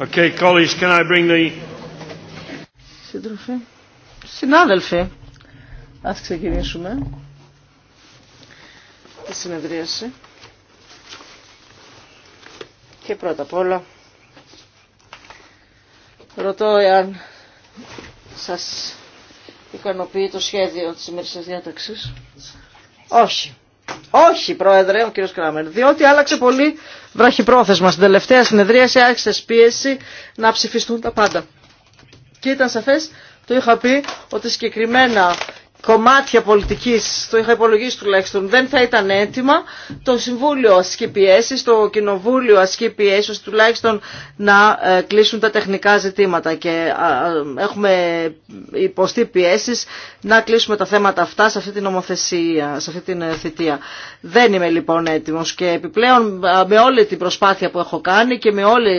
Okay, colleagues, can I bring the... Σύντροφοι. Συνάδελφοι, ας ξεκινήσουμε τη συνεδρίαση. Και πρώτα απ' όλα, ρωτώ εάν σας ικανοποιεί το σχέδιο της τη διάταξης. Όχι. Όχι, Πρόεδρε, ο κύριο Κράμερ, διότι άλλαξε πολύ βραχυπρόθεσμα. Στην τελευταία συνεδρίαση άρχισε πίεση να ψηφιστούν τα πάντα. Και ήταν σαφέ, το είχα πει, ότι συγκεκριμένα κομμάτια πολιτικής, το είχα υπολογίσει τουλάχιστον, δεν θα ήταν έτοιμα, το Συμβούλιο ασκεί πιέσει, το Κοινοβούλιο ασκεί πιέσει, τουλάχιστον να ε, κλείσουν τα τεχνικά ζητήματα. Και ε, έχουμε υποστεί πιέσει να κλείσουμε τα θέματα αυτά σε αυτή την νομοθεσία, σε αυτή την ε, θητεία. Δεν είμαι λοιπόν έτοιμος και επιπλέον με όλη την προσπάθεια που έχω κάνει και με όλη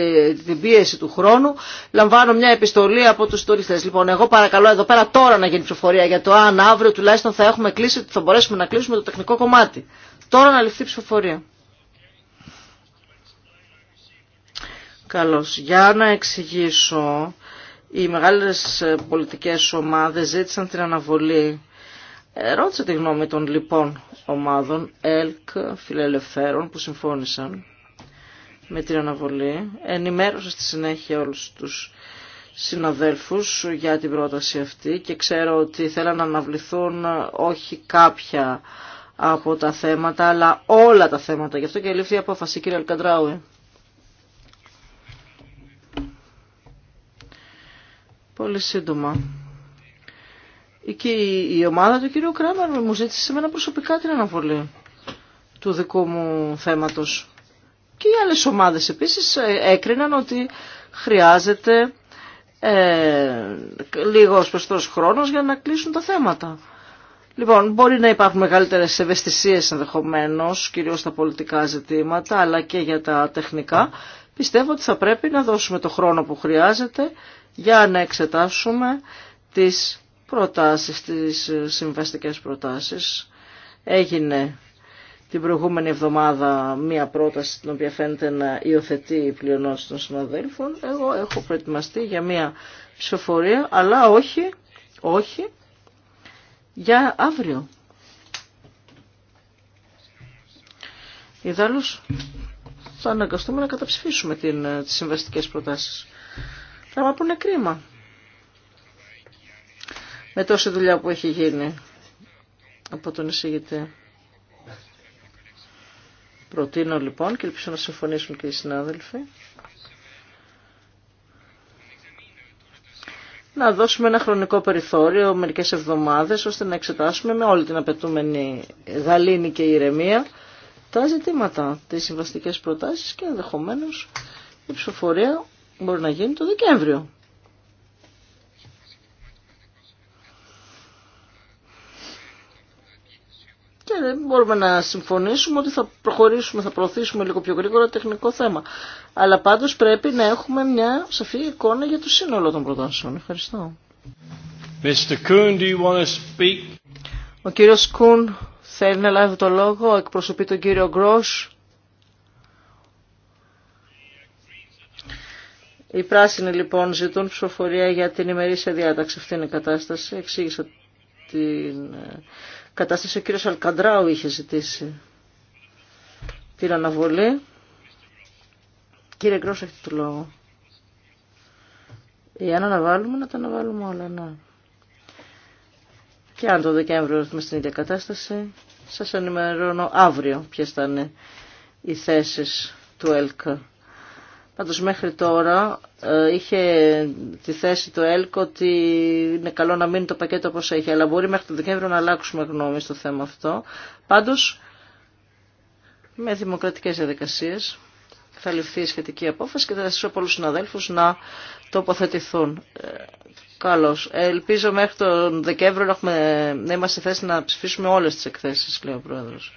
την πίεση του χρόνου λαμβάνω μια επιστολή από τους τουριστές. Λοιπόν, εγώ παρακαλώ εδώ πέρα τώρα να γίνει ψηφοφορία για το αν αύριο τουλάχιστον θα έχουμε κλείσει, θα μπορέσουμε να κλείσουμε το τεχνικό κομμάτι. Τώρα να ληφθεί ψηφοφορία. Καλώς. Για να εξηγήσω, οι μεγάλες ε, πολιτικές ομάδες ζήτησαν την αναβολή. Ε, Ρώτησα τη γνώμη των λοιπόν ομάδων, ΕΛΚ, φιλελευθέρων που συμφώνησαν με την αναβολή. Ενημέρωσα στη συνέχεια όλους τους συναδέλφους για την πρόταση αυτή και ξέρω ότι θέλαν να αναβληθούν όχι κάποια από τα θέματα, αλλά όλα τα θέματα. Γι' αυτό και λήφθη η απόφαση, κύριε Αλκαντράουι. Πολύ σύντομα. Και η ομάδα του κύριου Κράμερ μου ζήτησε σε μένα προσωπικά την αναβολή του δικού μου θέματος. Και οι άλλες ομάδες επίσης ε, έκριναν ότι χρειάζεται ε, λίγος περισσότερος χρόνος για να κλείσουν τα θέματα. Λοιπόν, μπορεί να υπάρχουν μεγαλύτερε ευαισθησίε ενδεχομένω, κυρίω στα πολιτικά ζητήματα, αλλά και για τα τεχνικά. Πιστεύω ότι θα πρέπει να δώσουμε το χρόνο που χρειάζεται για να εξετάσουμε τις προτάσεις, τις συμβαστικές προτάσεις. Έγινε την προηγούμενη εβδομάδα μία πρόταση την οποία φαίνεται να υιοθετεί η πλειονότητα των συναδέλφων. Εγώ έχω προετοιμαστεί για μία ψηφοφορία, αλλά όχι, όχι, για αύριο. Ιδάλλως θα αναγκαστούμε να καταψηφίσουμε την, ε, τις συμβαστικές προτάσεις. Πράγμα που είναι κρίμα. Με τόση δουλειά που έχει γίνει από τον εισηγητή. Προτείνω λοιπόν και ελπίζω να συμφωνήσουν και οι συνάδελφοι να δώσουμε ένα χρονικό περιθώριο μερικές εβδομάδες ώστε να εξετάσουμε με όλη την απαιτούμενη γαλήνη και ηρεμία τα ζητήματα, τις συμβαστικές προτάσεις και ενδεχομένω η ψηφοφορία μπορεί να γίνει το Δεκέμβριο Ε, δεν μπορούμε να συμφωνήσουμε ότι θα προχωρήσουμε, θα προωθήσουμε λίγο πιο γρήγορα τεχνικό θέμα. Αλλά πάντως πρέπει να έχουμε μια σαφή εικόνα για το σύνολο των προτάσεων. Ευχαριστώ. Mr. Kuhn, do you want to speak? Ο κύριος Κούν θέλει να λάβει το λόγο, εκπροσωπεί τον κύριο Γκρός. Οι πράσινοι λοιπόν ζητούν ψηφοφορία για την ημερήσια διάταξη. Αυτή είναι η κατάσταση. Εξήγησα την ε, κατάσταση. Ο κύριος Αλκαντράου είχε ζητήσει την αναβολή. Κύριε Γκρός, έχετε το λόγο. Ή αν αναβάλουμε, να τα αναβάλουμε όλα, ναι. Και αν το Δεκέμβριο έρθουμε στην ίδια κατάσταση, σας ενημερώνω αύριο ποιες θα είναι οι θέσεις του ΕΛΚΑ. Πάντως μέχρι τώρα ε, είχε τη θέση το ΕΛΚ ότι είναι καλό να μείνει το πακέτο όπως έχει, αλλά μπορεί μέχρι τον Δεκέμβριο να αλλάξουμε γνώμη στο θέμα αυτό. Πάντως, με δημοκρατικές διαδικασίες θα ληφθεί η σχετική απόφαση και θα ζητήσω τους συναδέλφους να τοποθετηθούν. Ε, καλώς. Ε, ελπίζω μέχρι τον Δεκέμβριο να, είμαστε θέση να ψηφίσουμε όλες τις εκθέσεις, λέει ο Πρόεδρος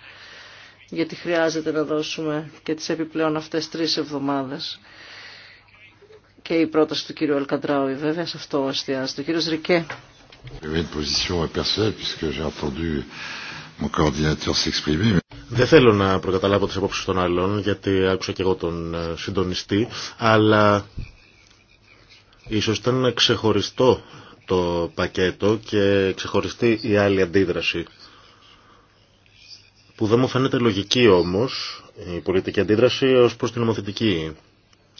γιατί χρειάζεται να δώσουμε και τις επιπλέον αυτές τρεις εβδομάδες. Και η πρόταση του κύριου Αλκαντράουι βέβαια σε αυτό εστιάζεται. Ο κύριος Ρικέ. Δεν θέλω να προκαταλάβω τις απόψεις των άλλων γιατί άκουσα και εγώ τον ε, συντονιστή αλλά ίσως ήταν ξεχωριστό το πακέτο και ξεχωριστή η άλλη αντίδραση που δεν μου φαίνεται λογική όμως η πολιτική αντίδραση ως προς την νομοθετική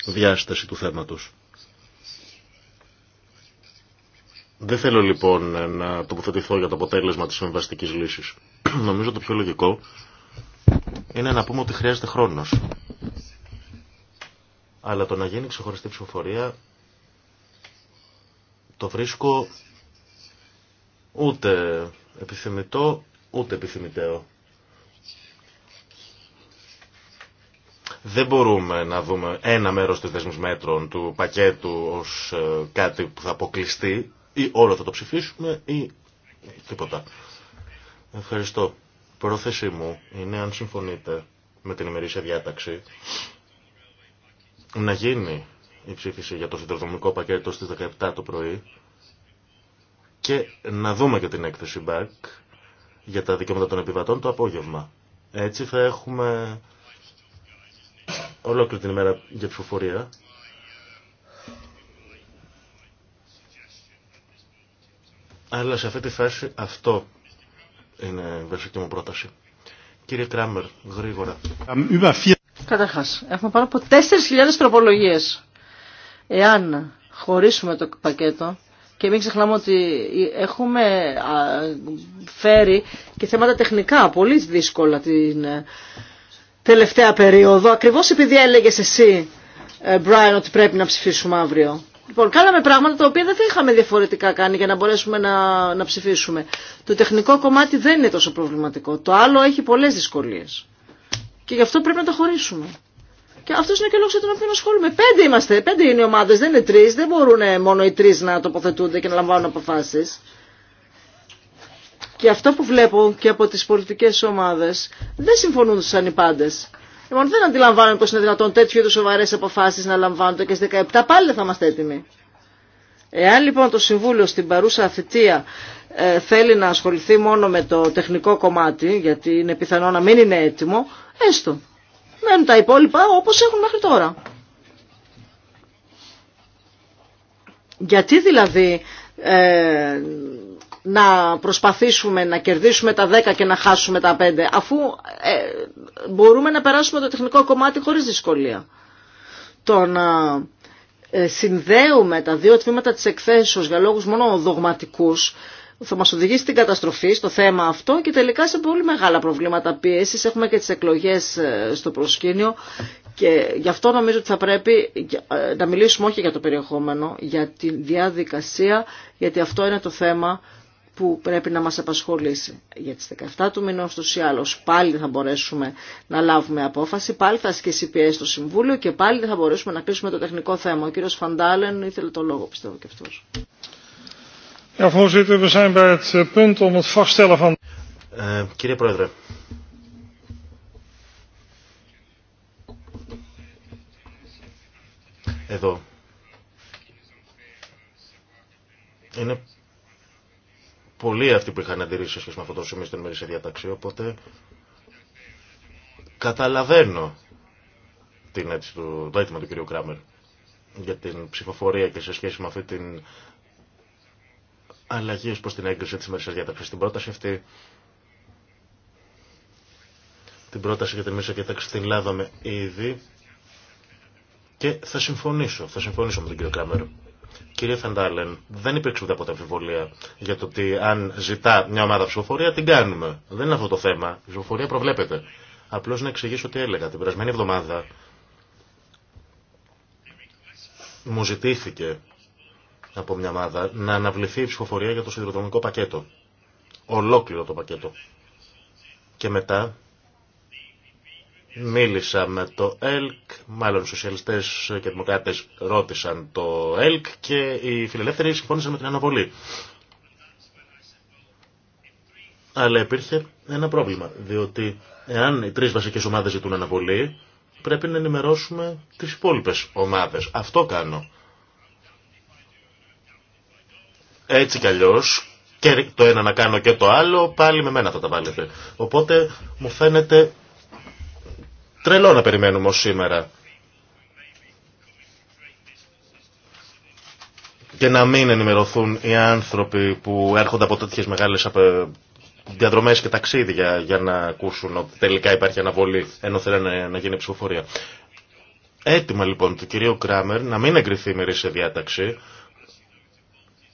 διάσταση του θέματος. Δεν θέλω λοιπόν να τοποθετηθώ για το αποτέλεσμα της συμβαστικής λύσης. Νομίζω το πιο λογικό είναι να πούμε ότι χρειάζεται χρόνος. Αλλά το να γίνει ξεχωριστή ψηφοφορία το βρίσκω ούτε επιθυμητό ούτε επιθυμητέο. Δεν μπορούμε να δούμε ένα μέρος της δέσμης μέτρων του πακέτου ως ε, κάτι που θα αποκλειστεί ή όλο θα το ψηφίσουμε ή τίποτα. Ευχαριστώ. Πρόθεσή μου είναι αν συμφωνείτε με την ημερήσια διάταξη να γίνει η ψήφιση για το συνδρομικό πακέτο στις 17 το πρωί και να δούμε και την έκθεση back για τα δικαιώματα των επιβατών το απόγευμα. Έτσι θα έχουμε ολόκληρη την ημέρα για ψηφοφορία. Αλλά σε αυτή τη φάση αυτό είναι η βασική μου πρόταση. Κύριε Κράμερ, γρήγορα. Καταρχά, έχουμε πάνω από 4.000 τροπολογίε. Εάν χωρίσουμε το πακέτο, και μην ξεχνάμε ότι έχουμε φέρει και θέματα τεχνικά πολύ δύσκολα την τελευταία περίοδο, ακριβώς επειδή έλεγες εσύ, ε, Brian, ότι πρέπει να ψηφίσουμε αύριο. Λοιπόν, κάναμε πράγματα τα οποία δεν θα είχαμε διαφορετικά κάνει για να μπορέσουμε να, να ψηφίσουμε. Το τεχνικό κομμάτι δεν είναι τόσο προβληματικό. Το άλλο έχει πολλές δυσκολίες. Και γι' αυτό πρέπει να τα χωρίσουμε. Και αυτό είναι και λόγο για τον οποίο ασχολούμαι. Πέντε είμαστε, πέντε είναι οι ομάδε, δεν είναι τρει. Δεν μπορούν μόνο οι τρει να τοποθετούνται και να λαμβάνουν αποφάσει. Και αυτό που βλέπω και από τις πολιτικές ομάδες δεν συμφωνούν οι πάντες. Λοιπόν, δεν αντιλαμβάνομαι πως είναι δυνατόν τέτοιου είδους σοβαρές αποφάσεις να λαμβάνονται και στις 17 πάλι δεν θα είμαστε έτοιμοι. Εάν λοιπόν το Συμβούλιο στην παρούσα αθητεία ε, θέλει να ασχοληθεί μόνο με το τεχνικό κομμάτι, γιατί είναι πιθανό να μην είναι έτοιμο, έστω. Μένουν τα υπόλοιπα όπως έχουν μέχρι τώρα. Γιατί δηλαδή ε, να προσπαθήσουμε να κερδίσουμε τα 10 και να χάσουμε τα 5, αφού ε, μπορούμε να περάσουμε το τεχνικό κομμάτι χωρίς δυσκολία. Το να ε, συνδέουμε τα δύο τμήματα της εκθέσεως για λόγους μόνο δογματικούς, θα μας οδηγήσει στην καταστροφή στο θέμα αυτό και τελικά σε πολύ μεγάλα προβλήματα πίεσης. Έχουμε και τις εκλογές ε, στο προσκήνιο και γι' αυτό νομίζω ότι θα πρέπει να μιλήσουμε όχι για το περιεχόμενο, για τη διαδικασία, γιατί αυτό είναι το θέμα που πρέπει να μας απασχολήσει. Για τις 17 του μηνός τους ή άλλως πάλι θα μπορέσουμε να λάβουμε απόφαση, πάλι θα ασκήσει πιέση στο Συμβούλιο και πάλι θα μπορέσουμε να κλείσουμε το τεχνικό θέμα. Ο κύριος Φαντάλεν ήθελε το λόγο πιστεύω και αυτός. κύριε Πρόεδρε, εδώ είναι πολλοί αυτοί που είχαν αντιρρήσει σε σχέση με αυτό το σημείο στην ημερήσια διαταξή, οπότε καταλαβαίνω την έτσι του, το αίτημα του κ. Κράμερ για την ψηφοφορία και σε σχέση με αυτή την αλλαγή προ την έγκριση της ημερήσιας διαταξής. Την πρόταση αυτή, την πρόταση για την ημερήσια διαταξή την λάβαμε ήδη και θα συμφωνήσω, θα συμφωνήσω με τον κ. Κράμερ. Κύριε Φεντάλεν, δεν υπήρξε ούτε ποτέ αμφιβολία για το ότι αν ζητά μια ομάδα ψηφοφορία την κάνουμε. Δεν είναι αυτό το θέμα. Η ψηφοφορία προβλέπεται. Απλώ να εξηγήσω τι έλεγα. Την περασμένη εβδομάδα μου ζητήθηκε από μια ομάδα να αναβληθεί η ψηφοφορία για το συνδρομικό πακέτο. Ολόκληρο το πακέτο. Και μετά Μίλησα με το ΕΛΚ, μάλλον οι σοσιαλιστές και δημοκράτες ρώτησαν το ΕΛΚ και οι φιλελεύθεροι συμφώνησαν με την αναβολή. Αλλά υπήρχε ένα πρόβλημα, διότι εάν οι τρεις βασικές ομάδες ζητούν αναβολή, πρέπει να ενημερώσουμε τις υπόλοιπες ομάδες. Αυτό κάνω. Έτσι κι αλλιώς, και το ένα να κάνω και το άλλο, πάλι με μένα θα τα βάλετε. Οπότε μου φαίνεται Τρελό να περιμένουμε ως σήμερα. Και να μην ενημερωθούν οι άνθρωποι που έρχονται από τέτοιες μεγάλες ε, διαδρομές και ταξίδια για να ακούσουν ότι τελικά υπάρχει αναβολή ενώ θέλανε να γίνει ψηφοφορία. Έτοιμα λοιπόν του κυρίου Κράμερ να μην εγκριθεί η σε διάταξη.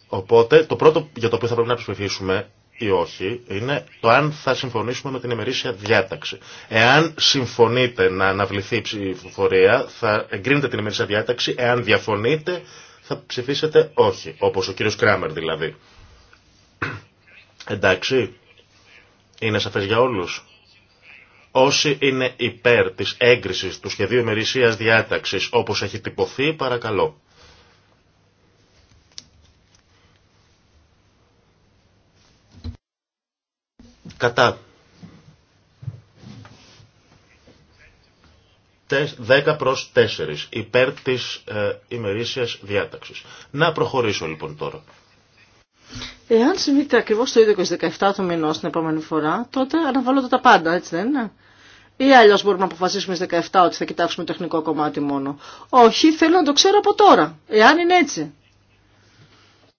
Οπότε το πρώτο για το οποίο θα πρέπει να ψηφίσουμε ή όχι είναι το αν θα συμφωνήσουμε με την ημερήσια διάταξη. Εάν συμφωνείτε να αναβληθεί η ψηφοφορία, θα εγκρίνετε την ημερήσια διάταξη. Εάν διαφωνείτε, θα ψηφίσετε όχι. Όπως ο κύριος Κράμερ δηλαδή. Εντάξει. Είναι σαφές για όλους. Όσοι είναι υπέρ της έγκρισης του σχεδίου ημερησίας διάταξης όπως έχει τυπωθεί, παρακαλώ. Κατά. 10 προς 4 υπέρ της ε, ημερήσιας διάταξης. Να προχωρήσω λοιπόν τώρα. Εάν συμβείτε ακριβώς το ίδιο 17 του μηνός την επόμενη φορά, τότε αναβάλλονται τα πάντα, έτσι δεν είναι. Ή αλλιώς μπορούμε να αποφασίσουμε στις 17 ότι θα κοιτάξουμε το τεχνικό κομμάτι μόνο. Όχι, θέλω να το ξέρω από τώρα, εάν είναι έτσι.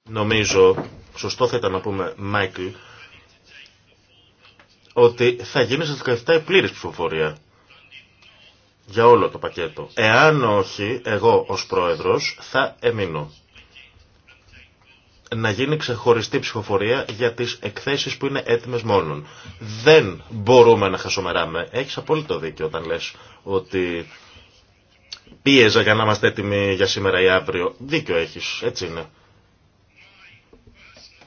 Νομίζω, σωστό θα ήταν να πούμε, Μάικλ, ότι θα γίνει στις 17 η πλήρης ψηφοφορία για όλο το πακέτο. Εάν όχι, εγώ ως πρόεδρος θα εμείνω να γίνει ξεχωριστή ψηφοφορία για τις εκθέσεις που είναι έτοιμες μόνον. Δεν μπορούμε να χασομεράμε. Έχεις απόλυτο δίκιο όταν λες ότι πίεζα για να είμαστε έτοιμοι για σήμερα ή αύριο. Δίκιο έχεις, έτσι είναι.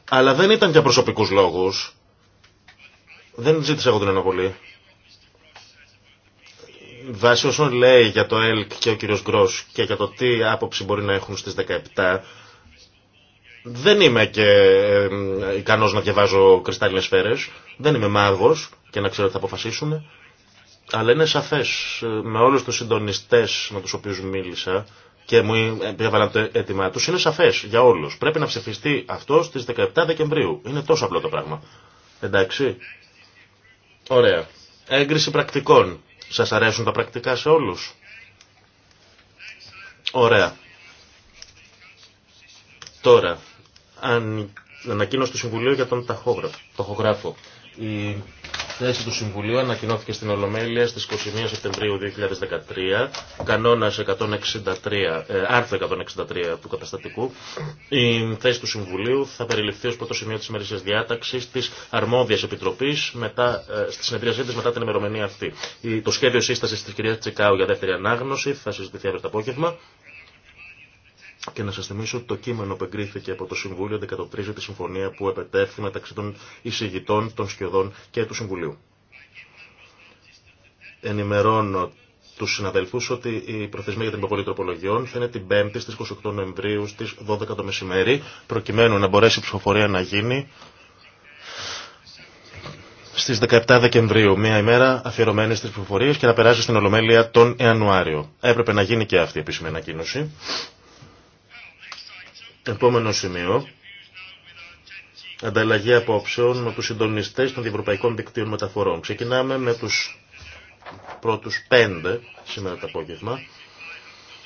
Αλλά δεν ήταν για προσωπικούς λόγους. Δεν ζήτησα εγώ την αναβολή. Βάσει όσων λέει για το ΕΛΚ και ο κύριος Γκρός και για το τι άποψη μπορεί να έχουν στις 17, δεν είμαι και ικανός να διαβάζω κρυστάλλινες σφαίρες, δεν είμαι μάγος και να ξέρω τι θα αποφασίσουν, αλλά είναι σαφές ε, με όλους τους συντονιστές με τους οποίους μίλησα και μου έβαλαν ε, το αίτημά τους, είναι σαφές για όλους. Πρέπει να ψηφιστεί αυτό στις 17 Δεκεμβρίου. Είναι τόσο απλό το πράγμα. Εντάξει. Ωραία. Έγκριση πρακτικών. Σας αρέσουν τα πρακτικά σε όλους. Ωραία. Τώρα, αν ανακοίνωση του Συμβουλίου για τον ταχόγραφο. Η θέση του Συμβουλίου ανακοινώθηκε στην Ολομέλεια στις 21 Σεπτεμβρίου 2013, κανόνας 163, ε, άρθρο 163 του καταστατικού. Η θέση του Συμβουλίου θα περιληφθεί ως πρώτο σημείο της ημερήσιας διάταξης της αρμόδιας επιτροπής μετά, ε, στη συνεδρίασή της μετά την ημερομηνία αυτή. το σχέδιο σύστασης της κυρίας Τσικάου για δεύτερη ανάγνωση θα συζητηθεί αύριο το απόγευμα. Και να σα θυμίσω ότι το κείμενο που εγκρίθηκε από το Συμβούλιο αντικατοπτρίζει τη συμφωνία που επετέφθη μεταξύ των εισηγητών, των σκιωδών και του Συμβουλίου. Ενημερώνω του συναδελφού ότι η προθεσμία για την υποβολή τροπολογιών θα είναι την 5η στι 28 Νοεμβρίου στι 12 το μεσημέρι, προκειμένου να μπορέσει η ψηφοφορία να γίνει στι 17 Δεκεμβρίου, μία ημέρα αφιερωμένη στι ψηφοφορίε και να περάσει στην Ολομέλεια τον Ιανουάριο. Έπρεπε να γίνει και αυτή η επίσημη ανακοίνωση. Επόμενο σημείο. Ανταλλαγή απόψεων με τους συντονιστές των διευρωπαϊκών δικτύων μεταφορών. Ξεκινάμε με τους πρώτους πέντε σήμερα το απόγευμα.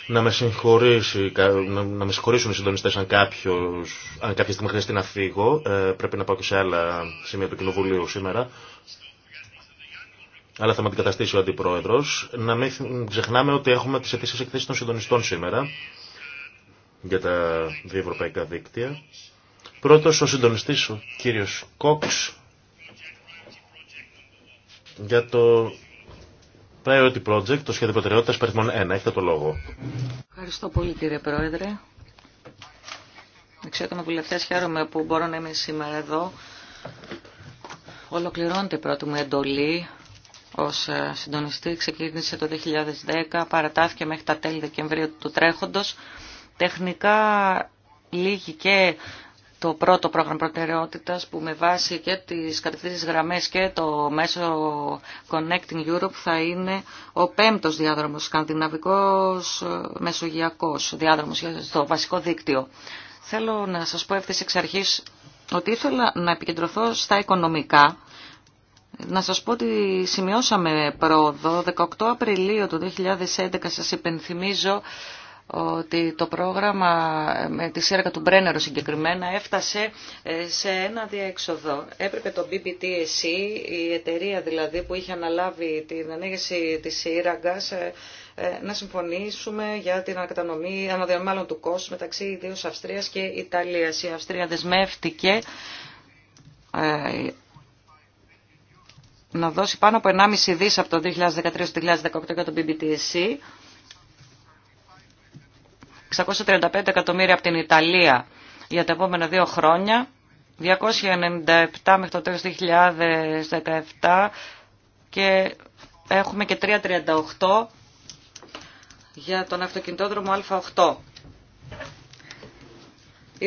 Να με, συγχωρήσουν οι συντονιστέ αν, αν κάποια στιγμή χρειαστεί να φύγω. Ε, πρέπει να πάω και σε άλλα σημεία του Κοινοβουλίου σήμερα. Αλλά θα με αντικαταστήσει ο Αντιπρόεδρο. Να μην ξεχνάμε ότι έχουμε τι αιτήσει εκθέσει των συντονιστών σήμερα για τα δύο ευρωπαϊκά δίκτυα. Πρώτος ο συντονιστής ο κύριος Κόξ για το Priority Project, το σχέδιο προτεραιότητας παριθμών 1. Έχετε το λόγο. Ευχαριστώ πολύ κύριε Πρόεδρε. Εξέτομα βουλευτές, χαίρομαι που μπορώ να είμαι σήμερα εδώ. Ολοκληρώνεται η πρώτη μου εντολή ως ε, συντονιστή. Ξεκίνησε το 2010, παρατάθηκε μέχρι τα τέλη Δεκεμβρίου του τρέχοντος. Τεχνικά λύγει και το πρώτο πρόγραμμα προτεραιότητας που με βάση και τις κατευθύνσεις γραμμές και το μέσο Connecting Europe θα είναι ο πέμπτος διάδρομος, σκανδιναβικός μεσογειακός διάδρομος στο βασικό δίκτυο. Θέλω να σας πω ευθύς εξ αρχής ότι ήθελα να επικεντρωθώ στα οικονομικά. Να σας πω ότι σημειώσαμε πρόοδο. 18 Απριλίου του 2011 σας υπενθυμίζω ότι το πρόγραμμα με τη σύραγγα του Μπρένερο συγκεκριμένα έφτασε ε, σε ένα διέξοδο. Έπρεπε το BBTSC, η εταιρεία δηλαδή που είχε αναλάβει την ανέγεση της σύραγγας, ε, ε, να συμφωνήσουμε για την ανακατανομή, αναδιαμάλων του κόσμου μεταξύ ιδίως Αυστρίας και Ιταλίας. Η Αυστρία δεσμεύτηκε να δώσει πάνω από 1,5 δις από το 2013-2018 για το BBTSC 635 εκατομμύρια από την Ιταλία για τα επόμενα δύο χρόνια, 297 μέχρι το τέλος 2017 και έχουμε και 338 για τον αυτοκινητόδρομο Α8.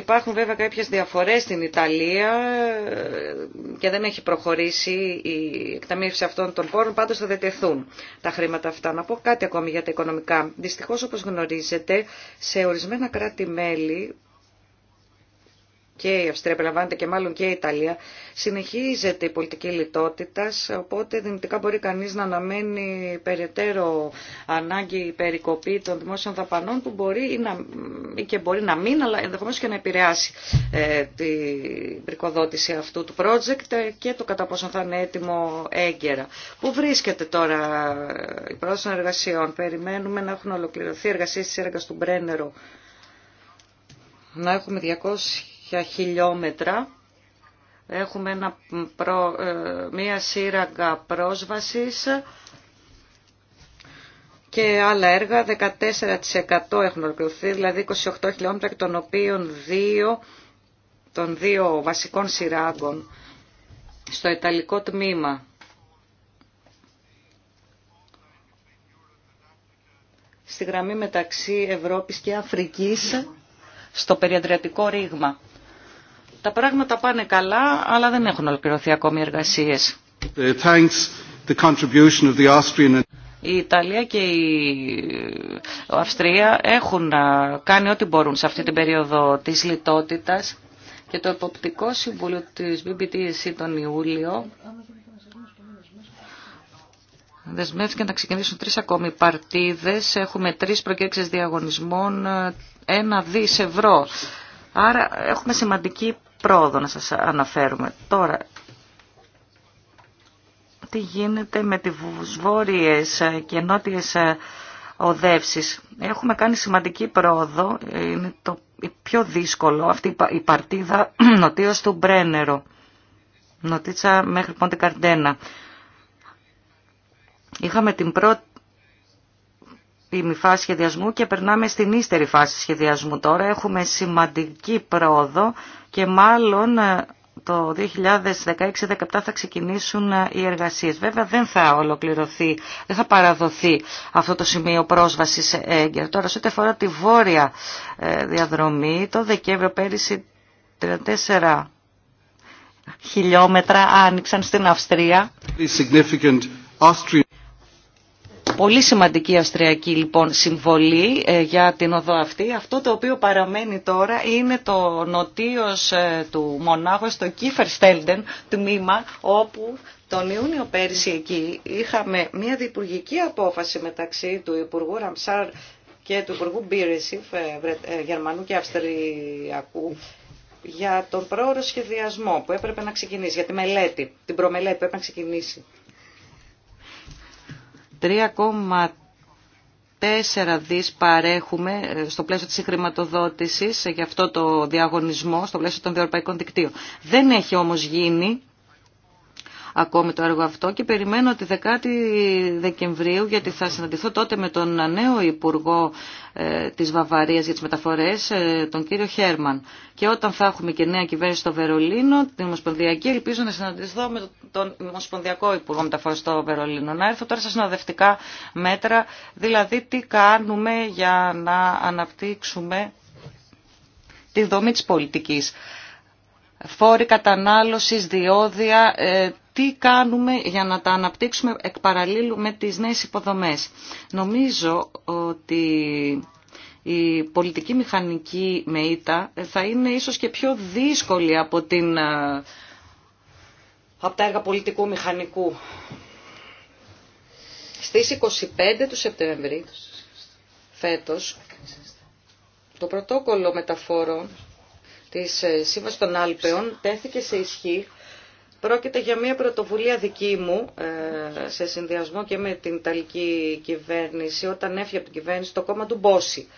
Υπάρχουν βέβαια κάποιες διαφορές στην Ιταλία ε, και δεν έχει προχωρήσει η εκταμίευση αυτών των πόρων, πάντως θα δετεθούν τα χρήματα αυτά. Να πω κάτι ακόμη για τα οικονομικά. Δυστυχώς όπως γνωρίζετε σε ορισμένα κράτη-μέλη και η Αυστρία περιλαμβάνεται και μάλλον και η Ιταλία, συνεχίζεται η πολιτική λιτότητα, οπότε δυνητικά μπορεί κανεί να αναμένει περαιτέρω ανάγκη περικοπή των δημόσιων δαπανών που μπορεί ή, να, και μπορεί να μην, αλλά ενδεχομένω και να επηρεάσει ε, την πρικοδότηση αυτού του project ε, και το κατά πόσο θα είναι έτοιμο έγκαιρα. Πού βρίσκεται τώρα ε, η πρόσφαση των εργασιών. Περιμένουμε να έχουν ολοκληρωθεί εργασίε τη έργα του Μπρένερο να έχουμε 200 για χιλιόμετρα. Έχουμε ένα προ, ε, μία σύραγγα πρόσβασης και άλλα έργα, 14% έχουν ολοκληρωθεί, δηλαδή 28 χιλιόμετρα και των οποίων δύο, των δύο βασικών σειράγγων στο Ιταλικό τμήμα. Στη γραμμή μεταξύ Ευρώπης και Αφρικής, στο περιαντριατικό ρήγμα. Τα πράγματα πάνε καλά, αλλά δεν έχουν ολοκληρωθεί ακόμη οι εργασίες. Ε, η Ιταλία και η Αυστρία έχουν κάνει ό,τι μπορούν σε αυτή την περίοδο της λιτότητας και το Εποπτικό Συμβούλιο της BBTC τον Ιούλιο δεσμεύτηκε να ξεκινήσουν τρεις ακόμη παρτίδες. Έχουμε τρεις προκέξεις διαγωνισμών, ε, ένα δις ευρώ. Άρα έχουμε σημαντική πρόοδο να σας αναφέρουμε. Τώρα, τι γίνεται με τι βόρειες και νότιες οδεύσεις. Έχουμε κάνει σημαντική πρόοδο, είναι το πιο δύσκολο, αυτή η παρτίδα νοτίως του Μπρένερο, νοτίτσα μέχρι Πόντε Καρντένα. Είχαμε την πρώτη φάση σχεδιασμού και περνάμε στην ύστερη φάση σχεδιασμού τώρα. Έχουμε σημαντική πρόοδο και μάλλον ε, το 2016-2017 θα ξεκινήσουν ε, οι εργασίες. Βέβαια δεν θα ολοκληρωθεί, δεν θα παραδοθεί αυτό το σημείο πρόσβασης σε έγκαιρα. Τώρα σε ό,τι αφορά τη βόρεια ε, διαδρομή, το Δεκέμβριο πέρυσι 34 χιλιόμετρα άνοιξαν στην Αυστρία. Πολύ σημαντική αυστριακή λοιπόν συμβολή ε, για την οδό αυτή. Αυτό το οποίο παραμένει τώρα είναι το νοτίος ε, του Μονάχου στο Κίφερ Στέλντεν τμήμα όπου τον Ιούνιο πέρυσι εκεί είχαμε μια διπουργική απόφαση μεταξύ του Υπουργού Ραμσάρ και του Υπουργού Μπίρεσιφ, ε, Γερμανού και Αυστριακού, για τον πρόωρο σχεδιασμό που έπρεπε να ξεκινήσει, για τη μελέτη, την προμελέτη που έπρεπε να ξεκινήσει 3,4 δις παρέχουμε ε, στο πλαίσιο της χρηματοδότησης ε, για αυτό το διαγωνισμό, στο πλαίσιο των διευρωπαϊκών δικτύων. Δεν έχει όμως γίνει ακόμη το έργο αυτό και περιμένω τη 10η Δεκεμβρίου γιατί θα συναντηθώ τότε με τον νέο Υπουργό ε, της Βαβαρίας για τις μεταφορές, ε, τον κύριο Χέρμαν. Και όταν θα έχουμε και νέα κυβέρνηση στο Βερολίνο, την Ομοσπονδιακή, ελπίζω να συναντηθώ με τον Ομοσπονδιακό Υπουργό Μεταφορών στο Βερολίνο. Να έρθω τώρα στα συνοδευτικά μέτρα, δηλαδή τι κάνουμε για να αναπτύξουμε τη δομή της πολιτικής. Φόροι κατανάλωσης, διόδια, ε, τι κάνουμε για να τα αναπτύξουμε εκ παραλλήλου με τις νέες υποδομές. Νομίζω ότι η πολιτική μηχανική με ήττα θα είναι ίσως και πιο δύσκολη από, την, ε, από τα έργα πολιτικού μηχανικού. Στις 25 του Σεπτεμβρίου φέτος το πρωτόκολλο μεταφόρων της ε, Σύμβασης των Άλπαιων τέθηκε σε ισχύ Πρόκειται για μια πρωτοβουλία δική μου ε, σε συνδυασμό και με την Ιταλική κυβέρνηση όταν έφυγε από την κυβέρνηση το κόμμα του Μπόση.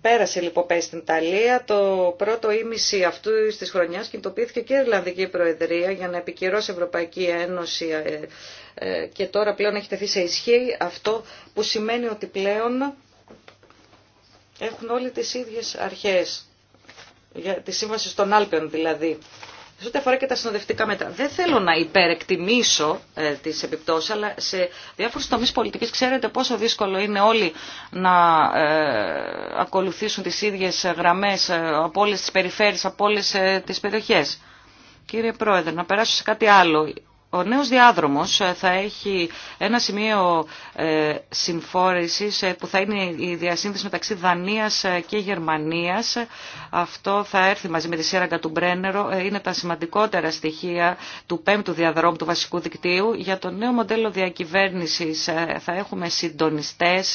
Πέρασε λοιπόν πέσει στην Ιταλία. Το πρώτο ήμιση αυτού της χρονιάς κινητοποιήθηκε και η Ιρλανδική Προεδρία για να επικυρώσει Ευρωπαϊκή Ένωση ε, ε, και τώρα πλέον έχει τεθεί σε ισχύ αυτό που σημαίνει ότι πλέον έχουν όλοι τις ίδιες αρχές, για τη σύμβαση των Άλπαιων δηλαδή, σε ό,τι αφορά και τα συνοδευτικά μέτρα. Δεν θέλω να υπερεκτιμήσω ε, τις επιπτώσεις, αλλά σε διάφορου τομεί πολιτική ξέρετε πόσο δύσκολο είναι όλοι να ε, ακολουθήσουν τις ίδιες γραμμές ε, από όλε τις περιφέρειες, από όλες ε, τις περιοχές. Κύριε Πρόεδρε, να περάσω σε κάτι άλλο. Ο νέος διάδρομος ε, θα έχει ένα σημείο ε, συμφόρησης ε, που θα είναι η διασύνδεση μεταξύ Δανίας και Γερμανίας. Αυτό θα έρθει μαζί με τη σύραγγα του Μπρένερο. Είναι τα σημαντικότερα στοιχεία του πέμπτου διαδρόμου του βασικού δικτύου. Για το νέο μοντέλο διακυβέρνησης θα έχουμε συντονιστές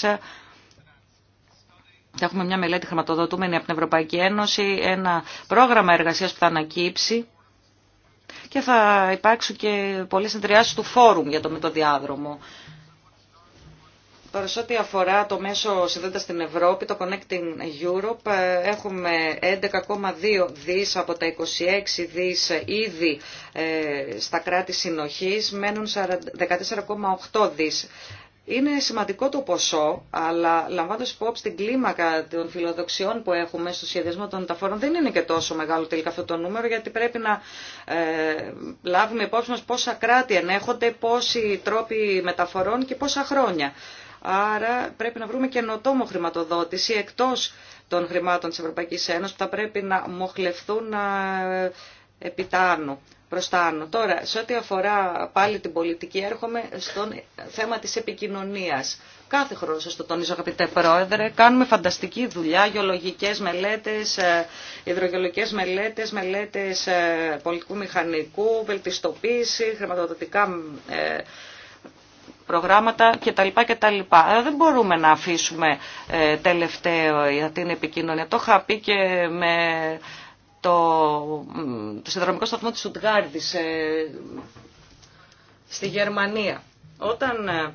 θα έχουμε μια μελέτη χρηματοδοτούμενη από την Ευρωπαϊκή Ένωση, ένα πρόγραμμα εργασίας που θα ανακύψει και θα υπάρξουν και πολλές συνδριάσεις του φόρουμ για το μετοδιάδρομο. Τώρα σε ό,τι αφορά το μέσο συνδέοντας στην Ευρώπη, το Connecting Europe, ε, έχουμε 11,2 δις από τα 26 δις ήδη ε, στα κράτη συνοχής, μένουν 14,8 δις είναι σημαντικό το ποσό, αλλά λαμβάνοντα υπόψη την κλίμακα των φιλοδοξιών που έχουμε στο σχεδιασμό των μεταφορών, δεν είναι και τόσο μεγάλο τελικά αυτό το νούμερο, γιατί πρέπει να ε, λάβουμε υπόψη μα πόσα κράτη ενέχονται, πόσοι τρόποι μεταφορών και πόσα χρόνια. Άρα πρέπει να βρούμε καινοτόμο χρηματοδότηση εκτό των χρημάτων τη Ευρωπαϊκή Ένωση που θα πρέπει να μοχλευθούν ε, επιτάνω προς τα άνω. Τώρα, σε ό,τι αφορά πάλι την πολιτική, έρχομαι στο θέμα της επικοινωνίας. Κάθε χρόνο, σας το τονίζω αγαπητέ Πρόεδρε, κάνουμε φανταστική δουλειά, γεωλογικές μελέτες, ε, υδρογεωλογικές μελέτες, μελέτες ε, πολιτικού μηχανικού, βελτιστοποίηση, χρηματοδοτικά ε, προγράμματα κτλ. κτλ. Δεν μπορούμε να αφήσουμε τελευταίο για την επικοινωνία. Το είχα πει και με το, το συνδρομικό σταθμό της Ουτγάρδης ε, στη Γερμανία. Όταν ε,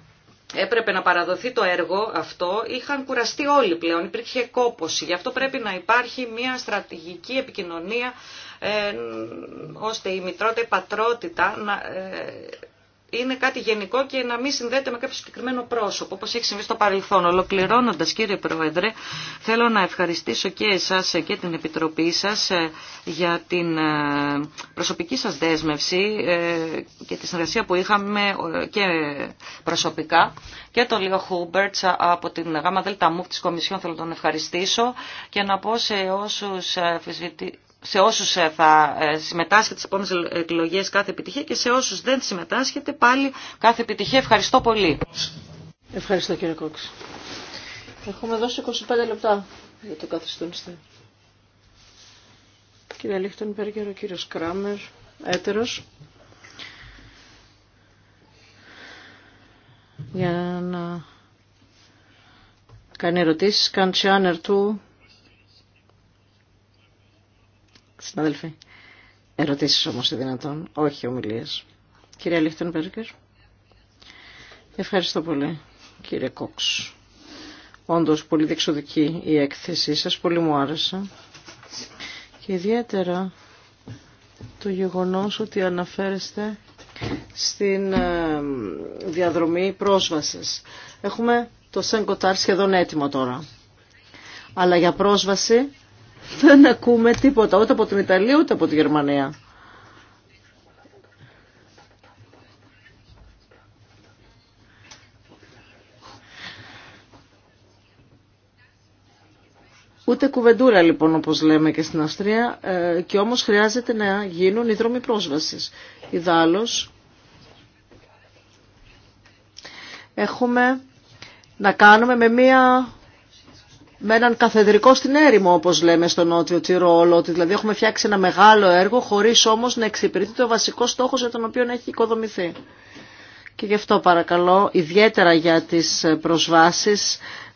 έπρεπε να παραδοθεί το έργο αυτό, είχαν κουραστεί όλοι πλέον, υπήρχε κόποση. Γι' αυτό πρέπει να υπάρχει μια στρατηγική επικοινωνία, ε, ώστε η μητρότητα, η πατρότητα να είναι κάτι γενικό και να μην συνδέεται με κάποιο συγκεκριμένο πρόσωπο, όπως έχει συμβεί στο παρελθόν. Ολοκληρώνοντας, κύριε Πρόεδρε, θέλω να ευχαριστήσω και εσάς και την Επιτροπή σας ε, για την ε, προσωπική σας δέσμευση ε, και τη συνεργασία που είχαμε και προσωπικά. Και τον Λίγο Χούμπερτς από την ΓΔΜ της Κομισιόν θέλω να τον ευχαριστήσω και να πω σε όσους σε όσους ε, θα ε, συμμετάσχετε στις επόμενες εκλογές κάθε επιτυχία και σε όσους δεν συμμετάσχετε πάλι κάθε επιτυχία. Ευχαριστώ πολύ. Ευχαριστώ κύριε Κόξ. Έχουμε δώσει 25 λεπτά για το καθιστούνιστε. Κύριε Λίχτον Πέργερο, κύριος Κράμερ, έτερος. Για να κάνει ερωτήσεις, καν του συνάδελφοι. ερωτήσει όμως είναι δυνατόν, όχι ομιλίες. Κυρία Λίχτενμπεργκερ. Ευχαριστώ πολύ, κύριε Κόξ. όντω πολύ διεξοδική η έκθεσή σας, πολύ μου άρεσε. Και ιδιαίτερα το γεγονός ότι αναφέρεστε στην ε, διαδρομή πρόσβασης. Έχουμε το Σεν Κοτάρ σχεδόν έτοιμο τώρα. Αλλά για πρόσβαση δεν ακούμε τίποτα ούτε από την Ιταλία ούτε από τη Γερμανία. Ούτε κουβεντούρα λοιπόν όπως λέμε και στην Αυστρία ε, και όμως χρειάζεται να γίνουν οι δρόμοι πρόσβασης. Ιδάλλως έχουμε να κάνουμε με μία με έναν καθεδρικό στην έρημο, όπω λέμε στο Νότιο Τυρόλο, ότι δηλαδή έχουμε φτιάξει ένα μεγάλο έργο χωρί όμω να εξυπηρετεί το βασικό στόχο για τον οποίο έχει οικοδομηθεί. Και γι' αυτό παρακαλώ, ιδιαίτερα για τι προσβάσει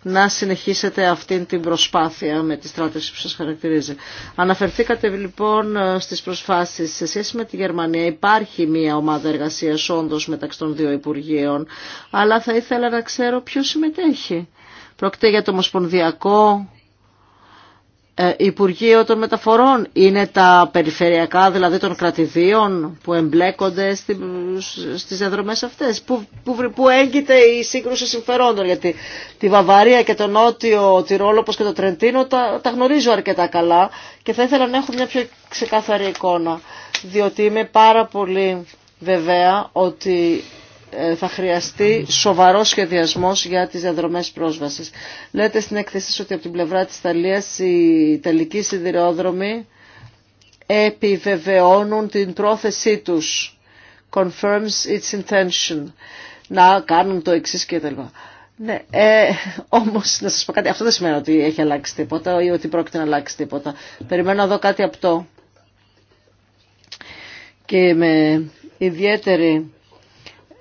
να συνεχίσετε αυτή την προσπάθεια με τη στράτευση που σας χαρακτηρίζει. Αναφερθήκατε λοιπόν στις προσφάσεις σε σχέση με τη Γερμανία. Υπάρχει μια ομάδα εργασίας όντως μεταξύ των δύο Υπουργείων, αλλά θα ήθελα να ξέρω ποιο συμμετέχει. Πρόκειται για το Ομοσπονδιακό ε, Υπουργείο των Μεταφορών. Είναι τα περιφερειακά δηλαδή των κρατηδίων που εμπλέκονται στις διαδρομές αυτές. Πού, που, που έγκυται η σύγκρουση συμφερόντων. Γιατί τη Βαβαρία και το Νότιο Τυρόλο όπως και το Τρεντίνο τα, τα γνωρίζω αρκετά καλά και θα ήθελα να έχω μια πιο ξεκάθαρη εικόνα. Διότι είμαι πάρα πολύ βεβαία ότι ε, θα χρειαστεί σοβαρό σχεδιασμό για τι διαδρομέ πρόσβαση. Λέτε στην έκθεση ότι από την πλευρά τη Ιταλία οι Ιταλικοί σιδηρόδρομοι επιβεβαιώνουν την πρόθεσή του. Confirms its intention. Να κάνουν το εξή κτλ. Ναι, ε, όμω να σα πω κάτι. Αυτό δεν σημαίνει ότι έχει αλλάξει τίποτα ή ότι πρόκειται να αλλάξει τίποτα. Περιμένω να κάτι από το. Και με ιδιαίτερη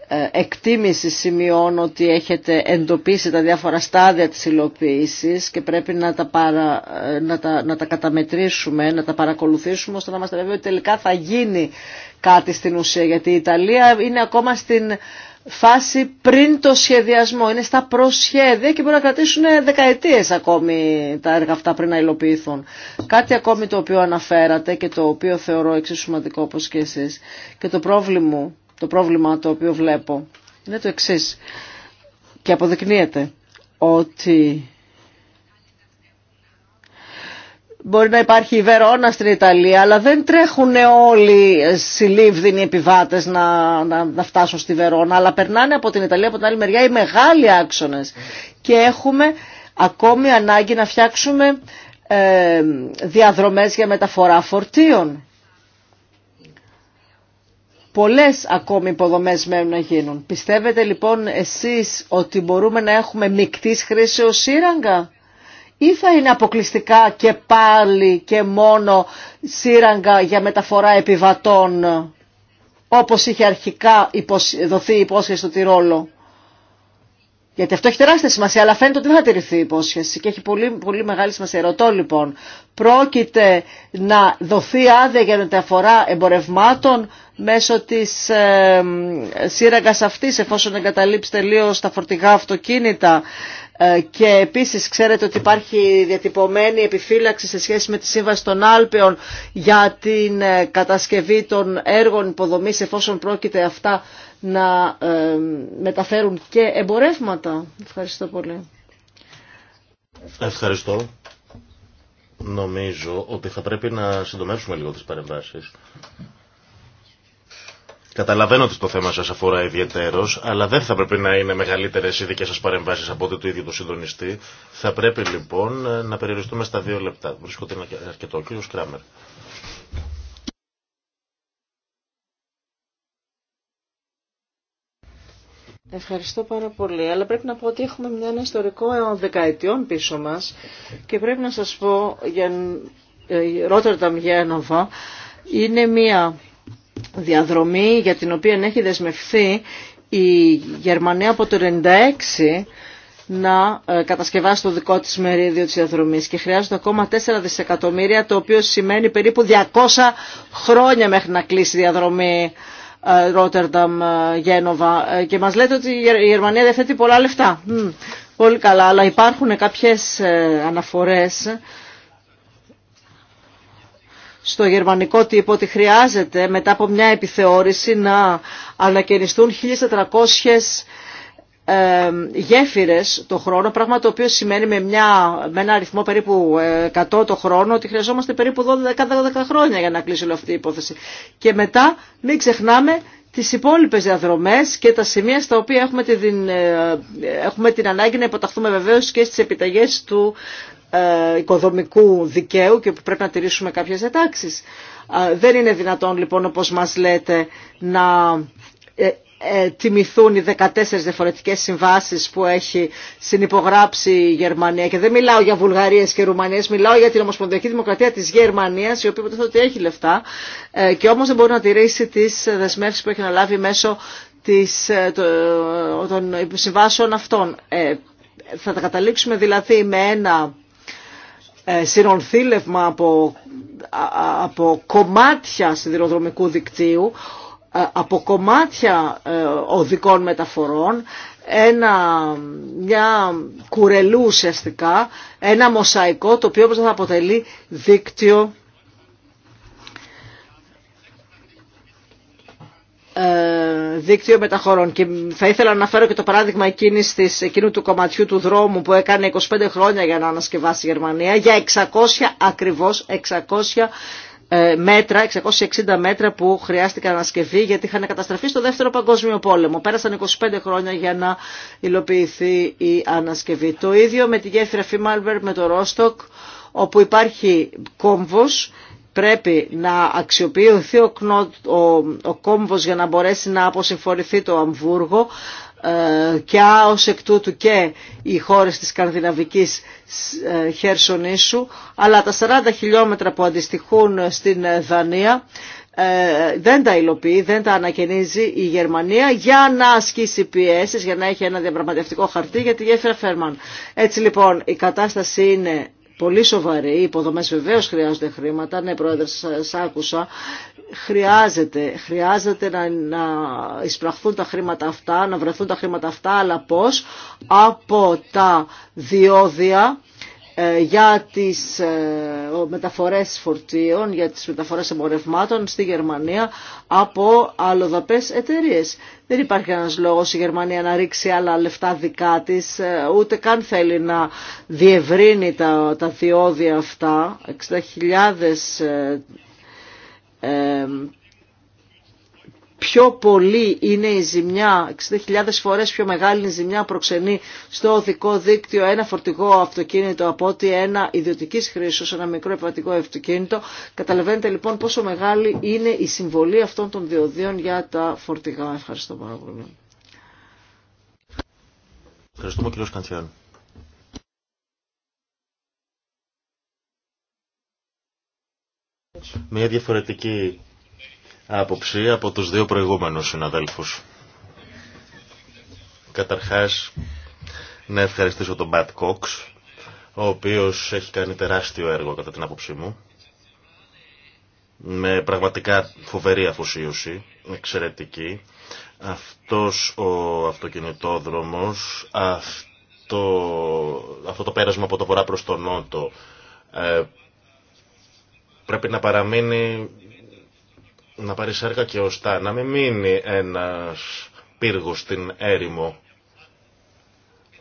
ε, εκτίμηση σημειώνω ότι έχετε εντοπίσει τα διάφορα στάδια της υλοποίηση και πρέπει να τα, παρα, ε, να, τα, να τα καταμετρήσουμε, να τα παρακολουθήσουμε ώστε να είμαστε βέβαιοι ότι τελικά θα γίνει κάτι στην ουσία γιατί η Ιταλία είναι ακόμα στην φάση πριν το σχεδιασμό, είναι στα προσχέδια και μπορεί να κρατήσουν δεκαετίες ακόμη τα έργα αυτά πριν να υλοποιηθούν. Κάτι ακόμη το οποίο αναφέρατε και το οποίο θεωρώ εξίσου σημαντικό όπως και εσείς και το πρόβλημα το πρόβλημα το οποίο βλέπω είναι το εξής και αποδεικνύεται ότι Μπορεί να υπάρχει η Βερόνα στην Ιταλία, αλλά δεν τρέχουν όλοι συλλήβδινοι επιβάτες να, να, να, φτάσουν στη Βερόνα, αλλά περνάνε από την Ιταλία από την άλλη μεριά οι μεγάλοι άξονες. Και έχουμε ακόμη ανάγκη να φτιάξουμε ε, διαδρομές για μεταφορά φορτίων. Πολλές ακόμη υποδομές μένουν να γίνουν. Πιστεύετε λοιπόν εσείς ότι μπορούμε να έχουμε μικτής χρήσεως σύραγγα ή θα είναι αποκλειστικά και πάλι και μόνο σύραγγα για μεταφορά επιβατών όπως είχε αρχικά δοθεί η υπόσχεση στο Τυρόλο. Γιατί αυτό έχει τεράστια σημασία, αλλά φαίνεται ότι δεν θα τηρηθεί η υπόσχεση και έχει πολύ, πολύ μεγάλη σημασία. Ρωτώ λοιπόν, πρόκειται να δοθεί άδεια για μεταφορά εμπορευμάτων μέσω της ε, σύραγγας αυτής, εφόσον εγκαταλείψει τελείω τα φορτηγά αυτοκίνητα. Ε, και επίσης ξέρετε ότι υπάρχει διατυπωμένη επιφύλαξη σε σχέση με τη Σύμβαση των Άλπαιων για την ε, κατασκευή των έργων υποδομής εφόσον πρόκειται αυτά να ε, μεταφέρουν και εμπορεύματα. Ευχαριστώ πολύ. Ευχαριστώ. Νομίζω ότι θα πρέπει να συντομεύσουμε λίγο τις παρεμβάσεις. Καταλαβαίνω ότι το θέμα σας αφορά ιδιαιτέρως, αλλά δεν θα πρέπει να είναι μεγαλύτερες οι δικές σας παρεμβάσεις από ότι το ίδιο του συντονιστή. Θα πρέπει λοιπόν να περιοριστούμε στα δύο λεπτά. Βρίσκονται αρκετό. Κύριος Κράμερ. Ευχαριστώ πάρα πολύ. Αλλά πρέπει να πω ότι έχουμε μια, ένα ιστορικό δεκαετιών πίσω μας και πρέπει να σας πω για ε, Ρότερταμ Γένοβα είναι μια διαδρομή για την οποία έχει δεσμευθεί η Γερμανία από το 1996 να ε, κατασκευάσει το δικό της μερίδιο της διαδρομής και χρειάζονται ακόμα 4 δισεκατομμύρια το οποίο σημαίνει περίπου 200 χρόνια μέχρι να κλείσει η διαδρομή ε, Ρότερνταμ, ε, Γένοβα ε, και μας λέτε ότι η Γερμανία διαθέτει πολλά λεφτά. Πολύ καλά, αλλά υπάρχουν κάποιες αναφορές στο γερμανικό τύπο ότι χρειάζεται μετά από μια επιθεώρηση να ανακαινιστούν 1.400 γέφυρες το χρόνο, πράγμα το οποίο σημαίνει με, μια, με ένα αριθμό περίπου 100 ε, το χρόνο ότι χρειαζόμαστε περίπου 12-12 χρόνια για να κλείσει όλη αυτή η υπόθεση. Και μετά μην ξεχνάμε τις υπόλοιπες διαδρομές και τα σημεία στα οποία έχουμε την, ε, έχουμε την ανάγκη να υποταχθούμε βεβαίως και στις επιταγές του ε, οικοδομικού δικαίου και που πρέπει να τηρήσουμε κάποιες διατάξεις. Δεν είναι δυνατόν λοιπόν όπως μας λέτε να ε, τιμηθούν οι 14 διαφορετικές συμβάσεις που έχει συνυπογράψει η Γερμανία και δεν μιλάω για Βουλγαρίες και Ρουμανίες, μιλάω για την Ομοσπονδιακή Δημοκρατία της Γερμανίας η οποία υποτίθεται ότι έχει λεφτά ε, και όμως δεν μπορεί να τηρήσει τις δεσμεύσεις που έχει να λάβει μέσω της, ε, των συμβάσεων αυτών. θα τα καταλήξουμε δηλαδή με ένα συνονθήλευμα από, από κομμάτια σιδηροδρομικού δικτύου ε, από κομμάτια ε, οδικών μεταφορών ένα, μια κουρελού ουσιαστικά, ένα μοσαϊκό το οποίο θα αποτελεί δίκτυο ε, δίκτυο μεταχωρών. Και θα ήθελα να αναφέρω και το παράδειγμα εκείνης της, εκείνου του κομματιού του δρόμου που έκανε 25 χρόνια για να ανασκευάσει η Γερμανία για 600 ακριβώς 600 ε, μέτρα, 660 μέτρα που χρειάστηκαν να γιατί είχαν καταστραφεί στο δεύτερο παγκόσμιο πόλεμο. Πέρασαν 25 χρόνια για να υλοποιηθεί η ανασκευή. Το ίδιο με τη γέφυρα Φιμάλβερ με το Ρόστοκ όπου υπάρχει κόμβος πρέπει να αξιοποιηθεί ο, ο, ο κόμβος για να μπορέσει να αποσυμφορηθεί το Αμβούργο ε, και ως εκ τούτου και οι χώρες της Σκανδιναβικής ε, Χέρσονήσου, αλλά τα 40 χιλιόμετρα που αντιστοιχούν στην ε, Δανία δεν τα υλοποιεί, δεν τα ανακαινίζει η Γερμανία για να ασκήσει πιέσεις, για να έχει ένα διαπραγματευτικό χαρτί για τη γέφυρα Φέρμαν. Έτσι λοιπόν η κατάσταση είναι πολύ σοβαρή. Οι υποδομέ βεβαίω χρειάζονται χρήματα. Ναι, πρόεδρε, σας άκουσα χρειάζεται, χρειάζεται να, να εισπραχθούν τα χρήματα αυτά, να βρεθούν τα χρήματα αυτά, αλλά πώς από τα διόδια ε, για τις ε, μεταφορές φορτίων, για τις μεταφορές εμπορευμάτων στη Γερμανία από αλλοδαπές εταιρείε. Δεν υπάρχει ένας λόγος η Γερμανία να ρίξει άλλα λεφτά δικά της, ε, ούτε καν θέλει να διευρύνει τα, τα διόδια αυτά. 60.000 πιο πολύ είναι η ζημιά, 60.000 φορές πιο μεγάλη είναι η ζημιά προξενή στο οδικό δίκτυο ένα φορτηγό αυτοκίνητο από ότι ένα ιδιωτικής χρήσης, ένα μικρό επιβατικό αυτοκίνητο. Καταλαβαίνετε λοιπόν πόσο μεγάλη είναι η συμβολή αυτών των διοδίων για τα φορτηγά. Ευχαριστώ πάρα πολύ. Ευχαριστούμε κύριο Σκαντσιάν. Μια διαφορετική άποψη από τους δύο προηγούμενους συναδέλφους. Καταρχάς, να ευχαριστήσω τον Μπατ Κόξ, ο οποίος έχει κάνει τεράστιο έργο κατά την άποψή μου, με πραγματικά φοβερή αφοσίωση, εξαιρετική. Αυτός ο αυτοκινητόδρομος, αυτό, αυτό το πέρασμα από το βορρά προς τον νότο, ε, Πρέπει να παραμείνει, να πάρει σάρκα και οστά, να μην μείνει ένας πύργος στην έρημο.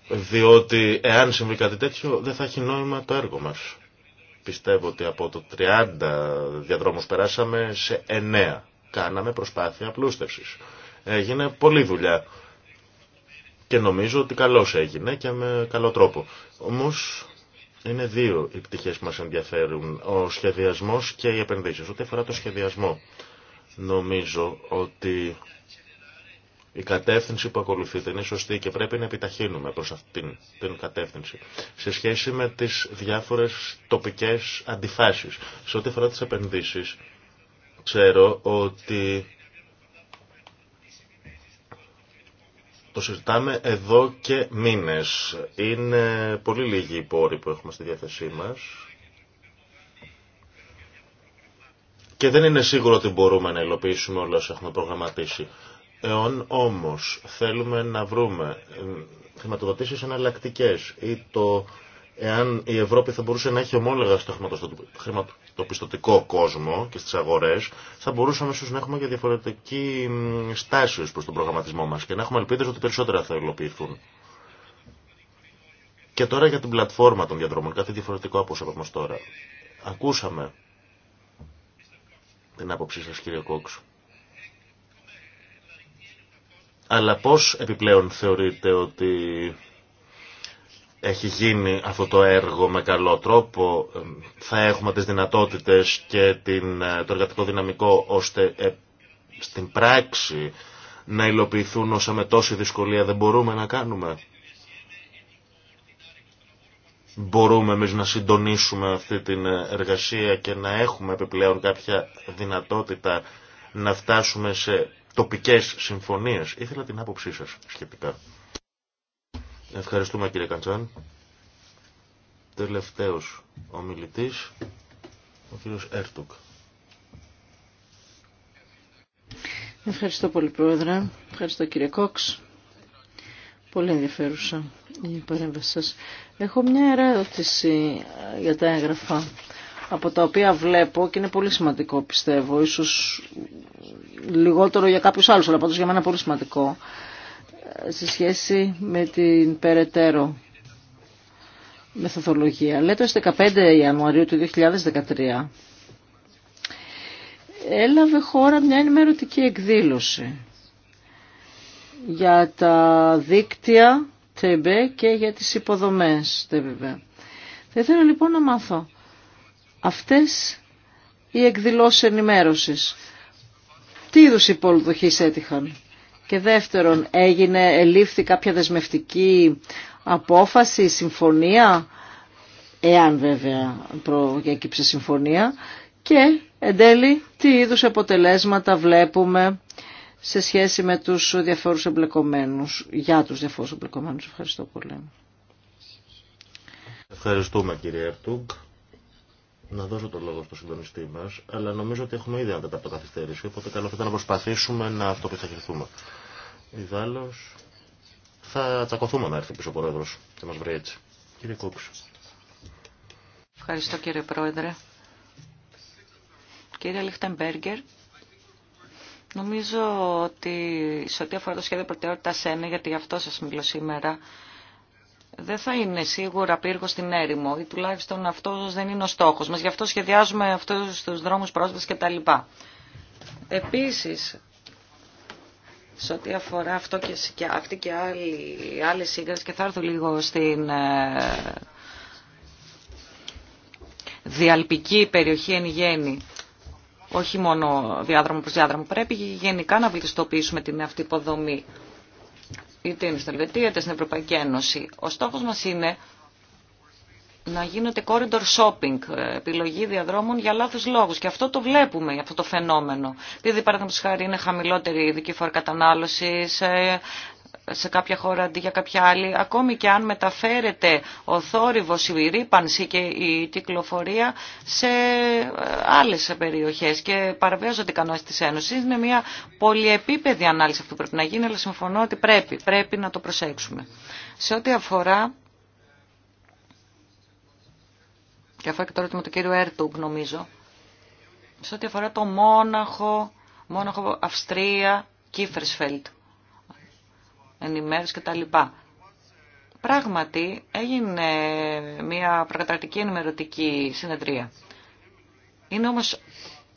Διότι εάν συμβεί κάτι τέτοιο δεν θα έχει νόημα το έργο μας. Πιστεύω ότι από το 30 διαδρόμους περάσαμε σε 9. Κάναμε προσπάθεια απλούστευσης. Έγινε πολλή δουλειά. Και νομίζω ότι καλώς έγινε και με καλό τρόπο. Όμως είναι δύο οι πτυχές που μας ενδιαφέρουν, ο σχεδιασμός και οι επενδύσεις. Ό,τι αφορά το σχεδιασμό, νομίζω ότι η κατεύθυνση που ακολουθείται είναι σωστή και πρέπει να επιταχύνουμε προς αυτήν την κατεύθυνση σε σχέση με τις διάφορες τοπικές αντιφάσεις. Σε ό,τι αφορά τις επενδύσεις, ξέρω ότι Το συζητάμε εδώ και μήνες. Είναι πολύ λίγοι οι πόροι που έχουμε στη διάθεσή μας. Και δεν είναι σίγουρο ότι μπορούμε να υλοποιήσουμε όλα όσα έχουμε προγραμματίσει. Εάν όμως θέλουμε να βρούμε ε, χρηματοδοτήσεις εναλλακτικέ ή το εάν η Ευρώπη θα μπορούσε να έχει ομόλογα στο χρηματοπιστωτικό κόσμο και στις αγορές, θα μπορούσαμε ίσως να έχουμε και διαφορετική στάση προς τον προγραμματισμό μας και να έχουμε ελπίδες ότι περισσότερα θα υλοποιηθούν. Και τώρα για την πλατφόρμα των διαδρομών, κάτι διαφορετικό από όσο τώρα. Ακούσαμε την άποψή σας κύριε Κόξ. Αλλά πώς επιπλέον θεωρείτε ότι έχει γίνει αυτό το έργο με καλό τρόπο, θα έχουμε τις δυνατότητες και την, ε, το εργατικό δυναμικό ώστε ε, στην πράξη να υλοποιηθούν όσα με τόση δυσκολία δεν μπορούμε να κάνουμε. Μπορούμε εμεί να συντονίσουμε αυτή την εργασία και να έχουμε επιπλέον κάποια δυνατότητα να φτάσουμε σε τοπικές συμφωνίες. Ήθελα την άποψή σας σχετικά. Ευχαριστούμε κύριε Καντσάν. Τελευταίος ομιλητής, ο κύριος Έρτουκ. Ευχαριστώ πολύ Πρόεδρε. Ευχαριστώ κύριε Κόξ. Πολύ ενδιαφέρουσα η παρέμβαση σας. Έχω μια ερώτηση ε, για τα έγγραφα από τα οποία βλέπω και είναι πολύ σημαντικό πιστεύω, ίσως λιγότερο για κάποιους άλλους, αλλά πάντως για μένα πολύ σημαντικό σε σχέση με την περαιτέρω μεθοδολογία. Λέτε στις 15 Ιανουαρίου του 2013 έλαβε χώρα μια ενημερωτική εκδήλωση για τα δίκτυα ΤΕΜΠΕ και για τις υποδομές ΤΕΜΠΕ. Θα ήθελα λοιπόν να μάθω αυτές οι εκδηλώσεις ενημέρωσης. Τι είδους υπόλοιποχής έτυχαν. Και δεύτερον, έγινε, ελήφθη κάποια δεσμευτική απόφαση, συμφωνία, εάν βέβαια προέκυψε συμφωνία, και εν τέλει τι είδους αποτελέσματα βλέπουμε σε σχέση με τους διαφόρους εμπλεκομένους, για τους διαφόρους εμπλεκομένους. Ευχαριστώ πολύ. Ευχαριστούμε κύριε Ερτούγκ. Να δώσω το λόγο στο συντονιστή μα, αλλά νομίζω ότι έχουμε ήδη ανταταπτοκαθυστέρηση, οπότε καλό θα ήταν να προσπαθήσουμε να αυτοπιθαχηθούμε. Ιδάλω. θα τσακωθούμε να έρθει πίσω ο Πρόεδρος και μα βρει έτσι. Κύριε Κόξ. Ευχαριστώ κύριε Πρόεδρε. Κύριε Λιχτεμπέργκερ, νομίζω ότι σε ό,τι αφορά το σχέδιο προτεραιότητα 1, γιατί γι' αυτό σα μιλώ σήμερα, δεν θα είναι σίγουρα πύργο στην έρημο ή τουλάχιστον αυτό δεν είναι ο στόχο. Μα Γι' αυτό σχεδιάζουμε αυτού του δρόμου πρόσβαση κτλ. Επίση, σε ό,τι αφορά αυτό και, αυτή και άλλη, άλλη σύγκριση και θα έρθω λίγο στην ε, διαλπική περιοχή εν γέννη όχι μόνο διάδρομο προς διάδρομο πρέπει γενικά να βελτιστοποιήσουμε την αυτή υποδομή είτε είναι στην Ελβετία είτε στην Ευρωπαϊκή Ένωση ο στόχος μας είναι να γίνεται corridor shopping, ε, επιλογή διαδρόμων για λάθος λόγους. Και αυτό το βλέπουμε, αυτό το φαινόμενο. Δηλαδή, παραδείγματος χάρη, είναι χαμηλότερη η δική φορά κατανάλωση σε κάποια χώρα αντί για κάποια άλλη, ακόμη και αν μεταφέρεται ο θόρυβος, η ρήπανση και η κυκλοφορία σε ε, άλλες περιοχές και παραβιάζονται οι κανόνες της Ένωσης. Είναι μια πολυεπίπεδη ανάλυση αυτό που πρέπει να γίνει, αλλά συμφωνώ ότι πρέπει, πρέπει να το προσέξουμε. Σε ό,τι αφορά Και αυτό και το ερώτημα του κύριου Έρτουγκ, νομίζω. Σε ό,τι αφορά το Μόναχο, Μόναχο Αυστρία, Κίφερσφελτ, ενημέρωση λοιπά, Πράγματι, έγινε μια προκαταρτική ενημερωτική συνεδρία. Είναι όμως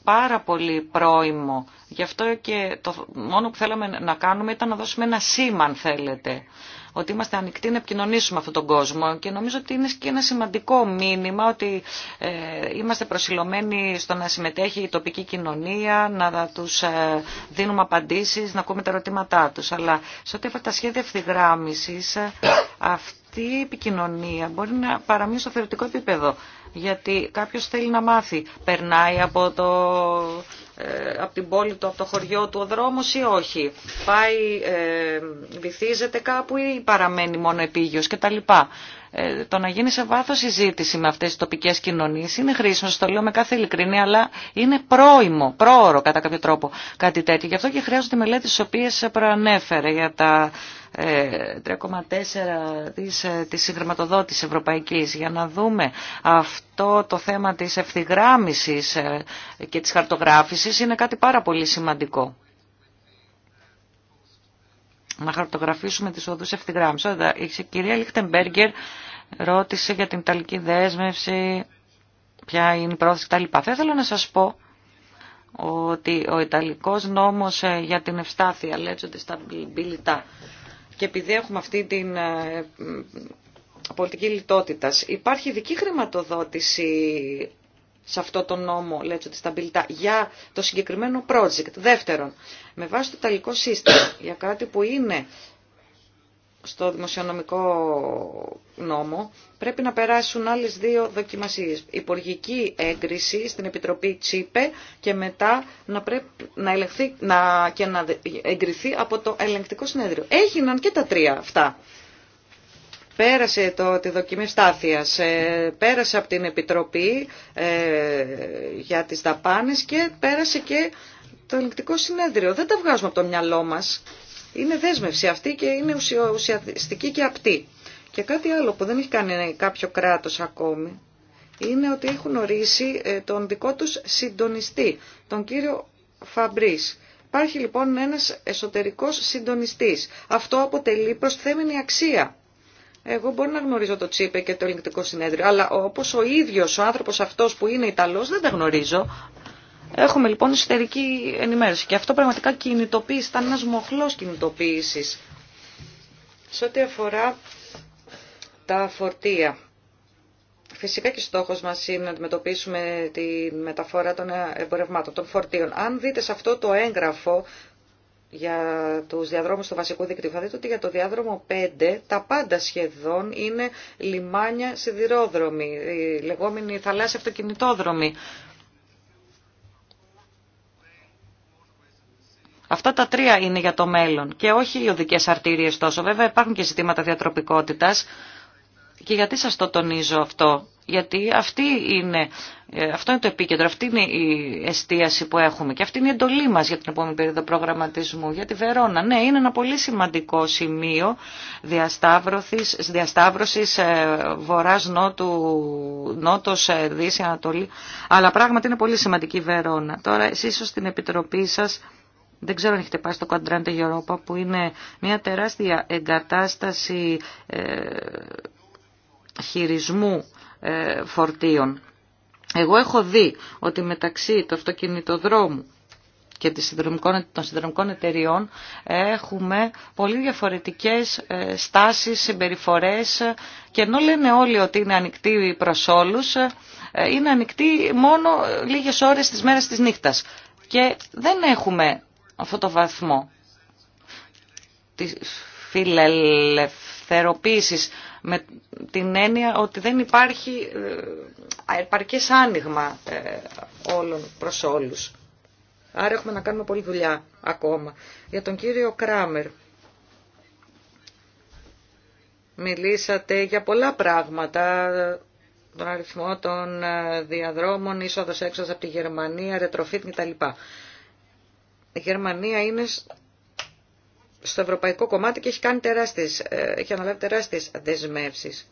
πάρα πολύ πρόημο. Γι' αυτό και το μόνο που θέλαμε να κάνουμε ήταν να δώσουμε ένα σήμα, αν θέλετε, ότι είμαστε ανοιχτοί να επικοινωνήσουμε αυτόν τον κόσμο και νομίζω ότι είναι και ένα σημαντικό μήνυμα ότι ε, είμαστε προσιλωμένοι στο να συμμετέχει η τοπική κοινωνία, να τους ε, δίνουμε απαντήσεις, να ακούμε τα ερωτήματά τους. Αλλά σε ό,τι αφορά τα σχέδια ευθυγράμμισης, ε, αυτή η επικοινωνία μπορεί να παραμείνει στο θεωρητικό επίπεδο γιατί κάποιος θέλει να μάθει. Περνάει από, το, ε, από την πόλη του, από το χωριό του ο δρόμος ή όχι. Πάει, ε, βυθίζεται κάπου ή παραμένει μόνο επίγειος κτλ. Ε, το να γίνει σε βάθος συζήτηση με αυτές τις τοπικές κοινωνίες είναι χρήσιμο, το λέω με κάθε ειλικρίνη, αλλά είναι πρόημο, πρόωρο κατά κάποιο τρόπο κάτι τέτοιο. Γι' αυτό και χρειάζονται μελέτες τις οποίες προανέφερε για τα 3,4 της, ε, της συγχρηματοδότησης ευρωπαϊκής για να δούμε αυτό το θέμα της ευθυγράμμισης ε, και της χαρτογράφησης είναι κάτι πάρα πολύ σημαντικό. Να χαρτογραφήσουμε τις οδούς ευθυγράμμισης. Η κυρία Λίχτεμπέργκερ ρώτησε για την Ιταλική δέσμευση, ποια είναι η πρόθεση κτλ. Θα ήθελα να σας πω ότι ο Ιταλικός νόμος ε, για την ευστάθεια, στα μπιλιτά, και επειδή έχουμε αυτή την ε, πολιτική λιτότητα, υπάρχει ειδική χρηματοδότηση σε αυτό το νόμο, λέτε, τη σταμπιλιτά, για το συγκεκριμένο project. Δεύτερον, με βάση το ταλικό σύστημα, για κάτι που είναι στο δημοσιονομικό νόμο πρέπει να περάσουν άλλες δύο δοκιμασίες. Υπουργική έγκριση στην Επιτροπή Τσίπε και μετά να, πρέπει, να, ελεγχθεί, και να εγκριθεί από το ελεγκτικό συνέδριο. Έγιναν και τα τρία αυτά. Πέρασε το, τη δοκιμή στάθειας, ε, πέρασε από την Επιτροπή ε, για τις δαπάνες και πέρασε και το ελεγκτικό συνέδριο. Δεν τα βγάζουμε από το μυαλό μας είναι δέσμευση αυτή και είναι ουσιαστική και απτή. Και κάτι άλλο που δεν έχει κάνει κάποιο κράτος ακόμη είναι ότι έχουν ορίσει ε, τον δικό τους συντονιστή, τον κύριο Φαμπρίς. Υπάρχει λοιπόν ένας εσωτερικός συντονιστής. Αυτό αποτελεί προσθέμενη αξία. Εγώ μπορώ να γνωρίζω το Τσίπε και το ελληνικό συνέδριο, αλλά όπως ο ίδιος ο άνθρωπος αυτός που είναι Ιταλός δεν τα γνωρίζω. Έχουμε λοιπόν εσωτερική ενημέρωση και αυτό πραγματικά κινητοποίηση, ήταν ένας μοχλός κινητοποίησης. Σε ό,τι αφορά τα φορτία, φυσικά και στόχο μα είναι να αντιμετωπίσουμε τη μεταφορά των εμπορευμάτων, των φορτίων. Αν δείτε σε αυτό το έγγραφο για του διαδρόμου του βασικού δικτύου, θα δείτε ότι για το διάδρομο 5 τα πάντα σχεδόν είναι λιμάνια σιδηρόδρομοι, οι λεγόμενοι θαλάσσιοι αυτοκινητόδρομοι Αυτά τα τρία είναι για το μέλλον και όχι οι οδικές αρτήριες τόσο. Βέβαια υπάρχουν και ζητήματα διατροπικότητας και γιατί σας το τονίζω αυτό. Γιατί αυτή είναι, ε, αυτό είναι το επίκεντρο, αυτή είναι η εστίαση που έχουμε και αυτή είναι η εντολή μας για την επόμενη περίοδο προγραμματισμού. Για τη Βερόνα, ναι, είναι ένα πολύ σημαντικό σημείο διασταύρωσης, διασταύρωσης ε, βορράς νότου, νότος, ε, δύση, ανατολή. Αλλά πράγματι είναι πολύ σημαντική η Βερόνα. Τώρα εσείς ίσως στην επιτροπή σας δεν ξέρω αν έχετε πάει στο Quadrante Europa που είναι μια τεράστια εγκατάσταση ε, χειρισμού ε, φορτίων. Εγώ έχω δει ότι μεταξύ του αυτοκινητοδρόμου και των συνδρομικών εταιριών έχουμε πολύ διαφορετικές ε, στάσεις, συμπεριφορές και ενώ λένε όλοι ότι είναι ανοιχτή προς όλους, είναι ανοιχτή μόνο λίγες ώρες της μέρας της νύχτας. Και δεν έχουμε αυτό το βαθμό της φιλελευθεροποίησης με την έννοια ότι δεν υπάρχει ε, επαρκές άνοιγμα ε, όλων προς όλους. Άρα έχουμε να κάνουμε πολλή δουλειά ακόμα. Για τον κύριο Κράμερ μιλήσατε για πολλά πράγματα, τον αριθμό των ε, διαδρόμων, είσοδος έξω από τη Γερμανία, ρετροφίτ κτλ. Η Γερμανία είναι στο ευρωπαϊκό κομμάτι και έχει, κάνει τεράστιες, ε, έχει αναλάβει τεράστιες δεσμεύσεις.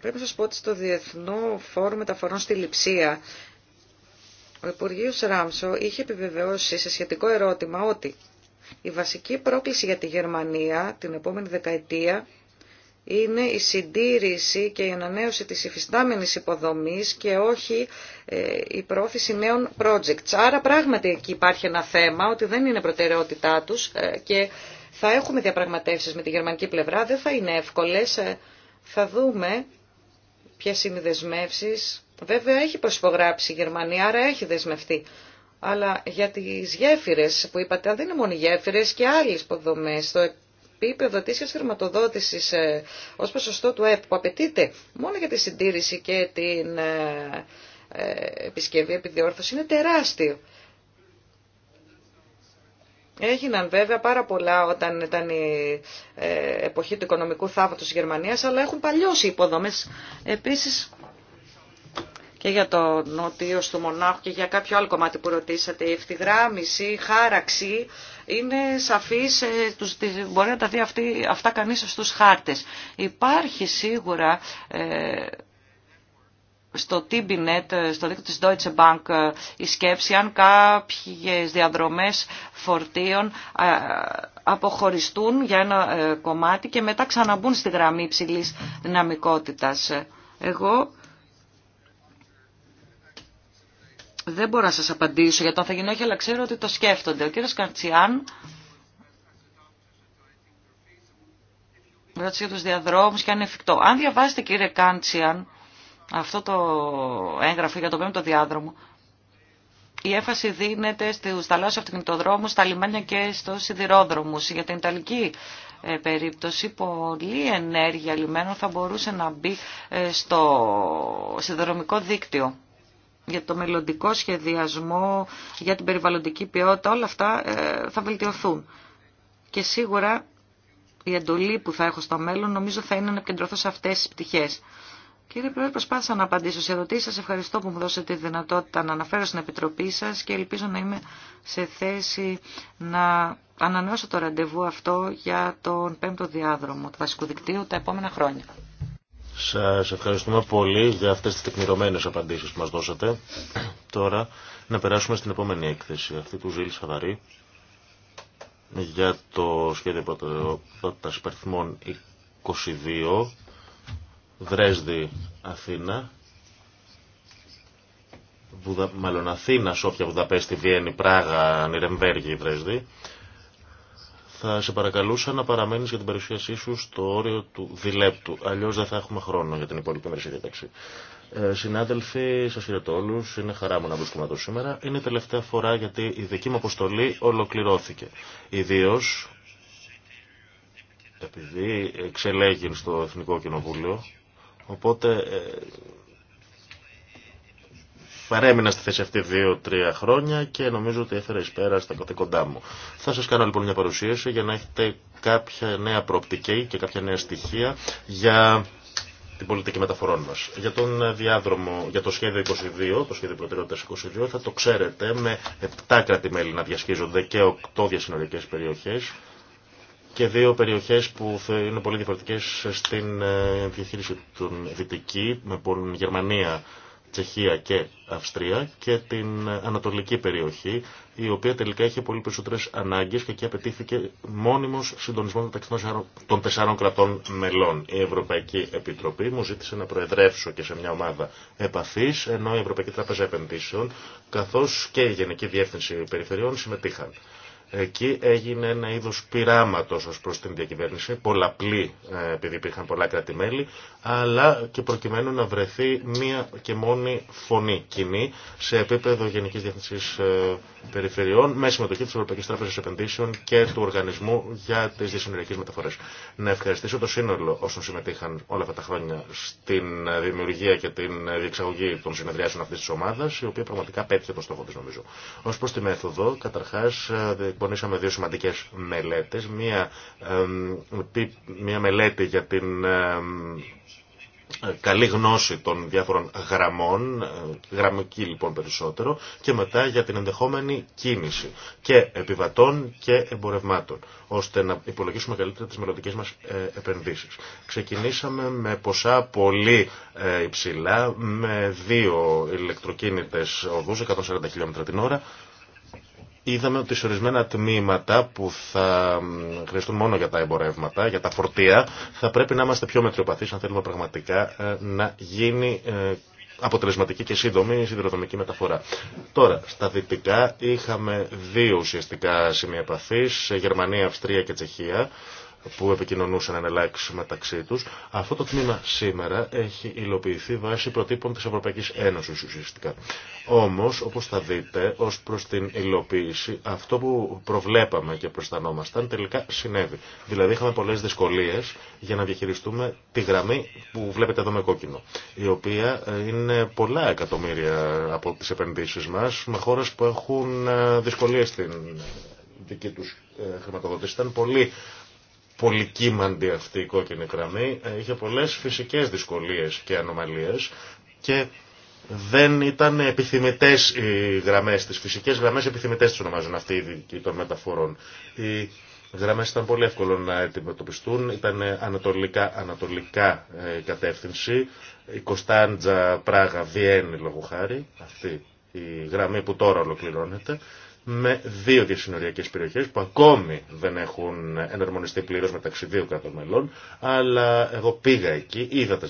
Πρέπει να σας πω ότι στο Διεθνό Φόρο Μεταφορών στη λυψία. ο Υπουργείο Ράμσο είχε επιβεβαιώσει σε σχετικό ερώτημα ότι η βασική πρόκληση για τη Γερμανία την επόμενη δεκαετία είναι η συντήρηση και η ανανέωση της υφιστάμενης υποδομής και όχι ε, η πρόθεση νέων projects. Άρα πράγματι εκεί υπάρχει ένα θέμα ότι δεν είναι προτεραιότητά τους ε, και θα έχουμε διαπραγματεύσεις με τη γερμανική πλευρά, δεν θα είναι εύκολες. Ε, θα δούμε ποιες είναι οι δεσμεύσεις. Βέβαια έχει προσυπογράψει η Γερμανία, άρα έχει δεσμευτεί. Αλλά για τις γέφυρες που είπατε, δεν είναι μόνο οι γέφυρες και άλλες υποδομές, το επίπεδο τη χρηματοδότηση ε, ω ποσοστό του ΕΠ που απαιτείται μόνο για τη συντήρηση και την ε, ε, επισκευή επιδιόρθωση είναι τεράστιο. Έγιναν βέβαια πάρα πολλά όταν ήταν η εποχή του οικονομικού θαύματος της Γερμανίας, αλλά έχουν παλιώσει οι υποδομές. Επίσης και για το νότιο του Μονάχου και για κάποιο άλλο κομμάτι που ρωτήσατε, η ευθυγράμμιση, η χάραξη είναι σαφής, ε, μπορεί να τα δει αυτή, αυτά κανείς στους χάρτες. Υπάρχει σίγουρα ε, στο TBNet, ε, στο δίκτυο της Deutsche Bank, η σκέψη αν κάποιες διαδρομές φορτίων αποχωριστούν για ένα κομμάτι και μετά ξαναμπούν στη γραμμή υψηλής δυναμικότητας. Εγώ Δεν μπορώ να σας απαντήσω για το αν θα γίνει όχι, αλλά ξέρω ότι το σκέφτονται. Ο κύριος Καντσιάν ρώτησε για τους διαδρόμους και αν είναι εφικτό. Αν διαβάσετε κύριε Κάντσιαν αυτό το έγγραφο για το πέμπτο διάδρομο, η έφαση δίνεται στους θαλάσσιους αυτοκινητοδρόμους, στα λιμάνια και στους σιδηρόδρομους. Για την Ιταλική ε, περίπτωση, πολλή ενέργεια λιμένων θα μπορούσε να μπει ε, στο σιδηροδρομικό δίκτυο για το μελλοντικό σχεδιασμό, για την περιβαλλοντική ποιότητα, όλα αυτά ε, θα βελτιωθούν. Και σίγουρα η εντολή που θα έχω στο μέλλον νομίζω θα είναι να επικεντρωθώ σε αυτές τις πτυχές. Κύριε Πρόεδρε, προσπάθησα να απαντήσω σε ερωτήσεις. Σας ευχαριστώ που μου δώσετε τη δυνατότητα να αναφέρω στην Επιτροπή σας και ελπίζω να είμαι σε θέση να ανανεώσω το ραντεβού αυτό για τον πέμπτο διάδρομο του βασικού δικτύου τα επόμενα χρόνια. Σας ευχαριστούμε πολύ για αυτές τις τεκμηρωμένες απαντήσεις που μας δώσατε. Τώρα να περάσουμε στην επόμενη έκθεση, αυτή του Ζήλ Σαβαρή, για το σχέδιο τα υπερθυμών 22, Δρέσδη, Αθήνα, Βουδα, μάλλον Αθήνα, Σόφια, Βουδαπέστη, Βιέννη, Πράγα, Νιρεμβέργη, Δρέσδη. Θα σε παρακαλούσα να παραμένει για την παρουσίασή σου στο όριο του διλέπτου. Αλλιώ δεν θα έχουμε χρόνο για την υπόλοιπη μερική διάταξη. Ε, συνάδελφοι, σα χαιρετώ όλου. Είναι χαρά μου να βρίσκομαι εδώ σήμερα. Είναι η τελευταία φορά γιατί η δική μου αποστολή ολοκληρώθηκε. Ιδίω επειδή εξελέγει στο Εθνικό Κοινοβούλιο. Οπότε ε, παρέμεινα στη θέση αυτή δύο-τρία χρόνια και νομίζω ότι έφερα εις πέρα στα κοντά μου. Θα σας κάνω λοιπόν μια παρουσίαση για να έχετε κάποια νέα προοπτική και κάποια νέα στοιχεία για την πολιτική μεταφορών μας. Για τον διάδρομο, για το σχέδιο 22, το σχέδιο προτεραιότητας 22, θα το ξέρετε με 7 κρατη να διασχίζονται και 8 διασυνοριακές περιοχές και δύο περιοχές που είναι πολύ διαφορετικές στην ε, διαχείριση των δυτική, με Γερμανία Τσεχία και Αυστρία και την ανατολική περιοχή, η οποία τελικά είχε πολύ περισσότερε ανάγκε και εκεί απαιτήθηκε μόνιμο συντονισμό μεταξύ των τεσσάρων κρατών μελών. Η Ευρωπαϊκή Επιτροπή μου ζήτησε να προεδρεύσω και σε μια ομάδα επαφή, ενώ η Ευρωπαϊκή Τράπεζα Επενδύσεων καθώ και η Γενική Διεύθυνση Περιφερειών συμμετείχαν. Εκεί έγινε ένα είδος πειράματος ως προς την διακυβέρνηση, πολλαπλή, ε, επειδή υπήρχαν πολλά κράτη-μέλη, αλλά και προκειμένου να βρεθεί μία και μόνη φωνή κοινή σε επίπεδο Γενικής Διεθνής ε, Περιφερειών με συμμετοχή της Ευρωπαϊκής Τράπεζας Επενδύσεων και του Οργανισμού για τις Διασυνοριακέ Μεταφορές. Να ευχαριστήσω το σύνολο όσων συμμετείχαν όλα αυτά τα χρόνια στην δημιουργία και την διεξαγωγή των συνεδριάσεων αυτή τη ομάδα, η οποία πραγματικά πέτυχε το στόχο της νομίζω. Ως προς τη μέθοδο, καταρχάς ε, εκπονήσαμε δύο σημαντικές μελέτες. Μία, μία μελέτη για την καλή γνώση των διάφορων γραμμών, ε, γραμμική λοιπόν περισσότερο, και μετά για την ενδεχόμενη κίνηση και επιβατών και εμπορευμάτων, ώστε να υπολογίσουμε καλύτερα τις μελλοντικές μας ε, επενδύσεις. Ξεκινήσαμε με ποσά πολύ ε, υψηλά, με δύο ηλεκτροκίνητες οδούς, 140 χιλιόμετρα την ώρα, είδαμε ότι σε ορισμένα τμήματα που θα χρειαστούν μόνο για τα εμπορεύματα, για τα φορτία, θα πρέπει να είμαστε πιο μετριοπαθείς αν θέλουμε πραγματικά ε, να γίνει ε, αποτελεσματική και σύντομη σιδηροδρομική μεταφορά. Τώρα, στα δυτικά είχαμε δύο ουσιαστικά σημεία επαφή, Γερμανία, Αυστρία και Τσεχία που επικοινωνούσαν εναλλάξει μεταξύ του. Αυτό το τμήμα σήμερα έχει υλοποιηθεί βάσει προτύπων τη Ευρωπαϊκή Ένωση, ουσιαστικά. Όμω, όπω θα δείτε, ω προ την υλοποίηση, αυτό που προβλέπαμε και προστανόμασταν τελικά συνέβη. Δηλαδή είχαμε πολλέ δυσκολίε για να διαχειριστούμε τη γραμμή που βλέπετε εδώ με κόκκινο, η οποία ε, είναι πολλά εκατομμύρια από τι επενδύσει μα με χώρε που έχουν ε, δυσκολίε στην ε, δική του χρηματοδότηση. Ήταν πολύ πολυκύμαντη αυτή η κόκκινη γραμμή, ε, είχε πολλές φυσικές δυσκολίες και ανομαλίες και δεν ήταν επιθυμητές οι γραμμές, τις φυσικές γραμμές επιθυμητές τις ονομάζουν αυτοί οι δικοί των μεταφορών. Οι γραμμές ήταν πολύ εύκολο να αντιμετωπιστούν, ήταν ανατολικά, ανατολικά ε, κατεύθυνση, η Κωνσταντζα, Πράγα, Βιέννη λόγω χάρη, αυτή η γραμμή που τώρα ολοκληρώνεται με δύο διασυνοριακές περιοχές που ακόμη δεν έχουν εναρμονιστεί πλήρως μεταξύ δύο κρατών μελών, αλλά εγώ πήγα εκεί, είδα τα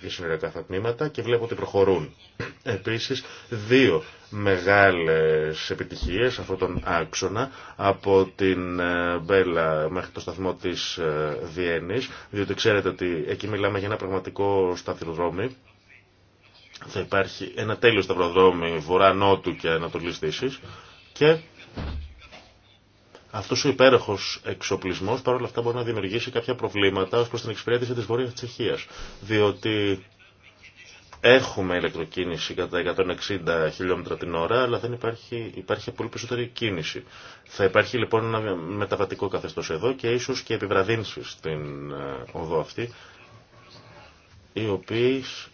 διασυνοριακά αυτά τμήματα και βλέπω ότι προχωρούν. Επίσης, δύο μεγάλες επιτυχίες αυτόν τον άξονα από την ε, Μπέλα μέχρι το σταθμό της ε, Βιέννης, διότι ξέρετε ότι εκεί μιλάμε για ένα πραγματικό σταθυροδρόμι, θα υπάρχει ένα τέλειο σταυροδρόμι βορρά-νότου και ανατολής δύσης, και αυτός ο υπέροχος εξοπλισμός παρόλα αυτά μπορεί να δημιουργήσει κάποια προβλήματα ως προς την εξυπηρέτηση της Βόρειας Τσεχίας. Διότι έχουμε ηλεκτροκίνηση κατά 160 χιλιόμετρα την ώρα, αλλά δεν υπάρχει, υπάρχει πολύ περισσότερη κίνηση. Θα υπάρχει λοιπόν ένα μεταβατικό καθεστώς εδώ και ίσως και επιβραδύνσεις στην ε, οδό αυτή, οι οποίες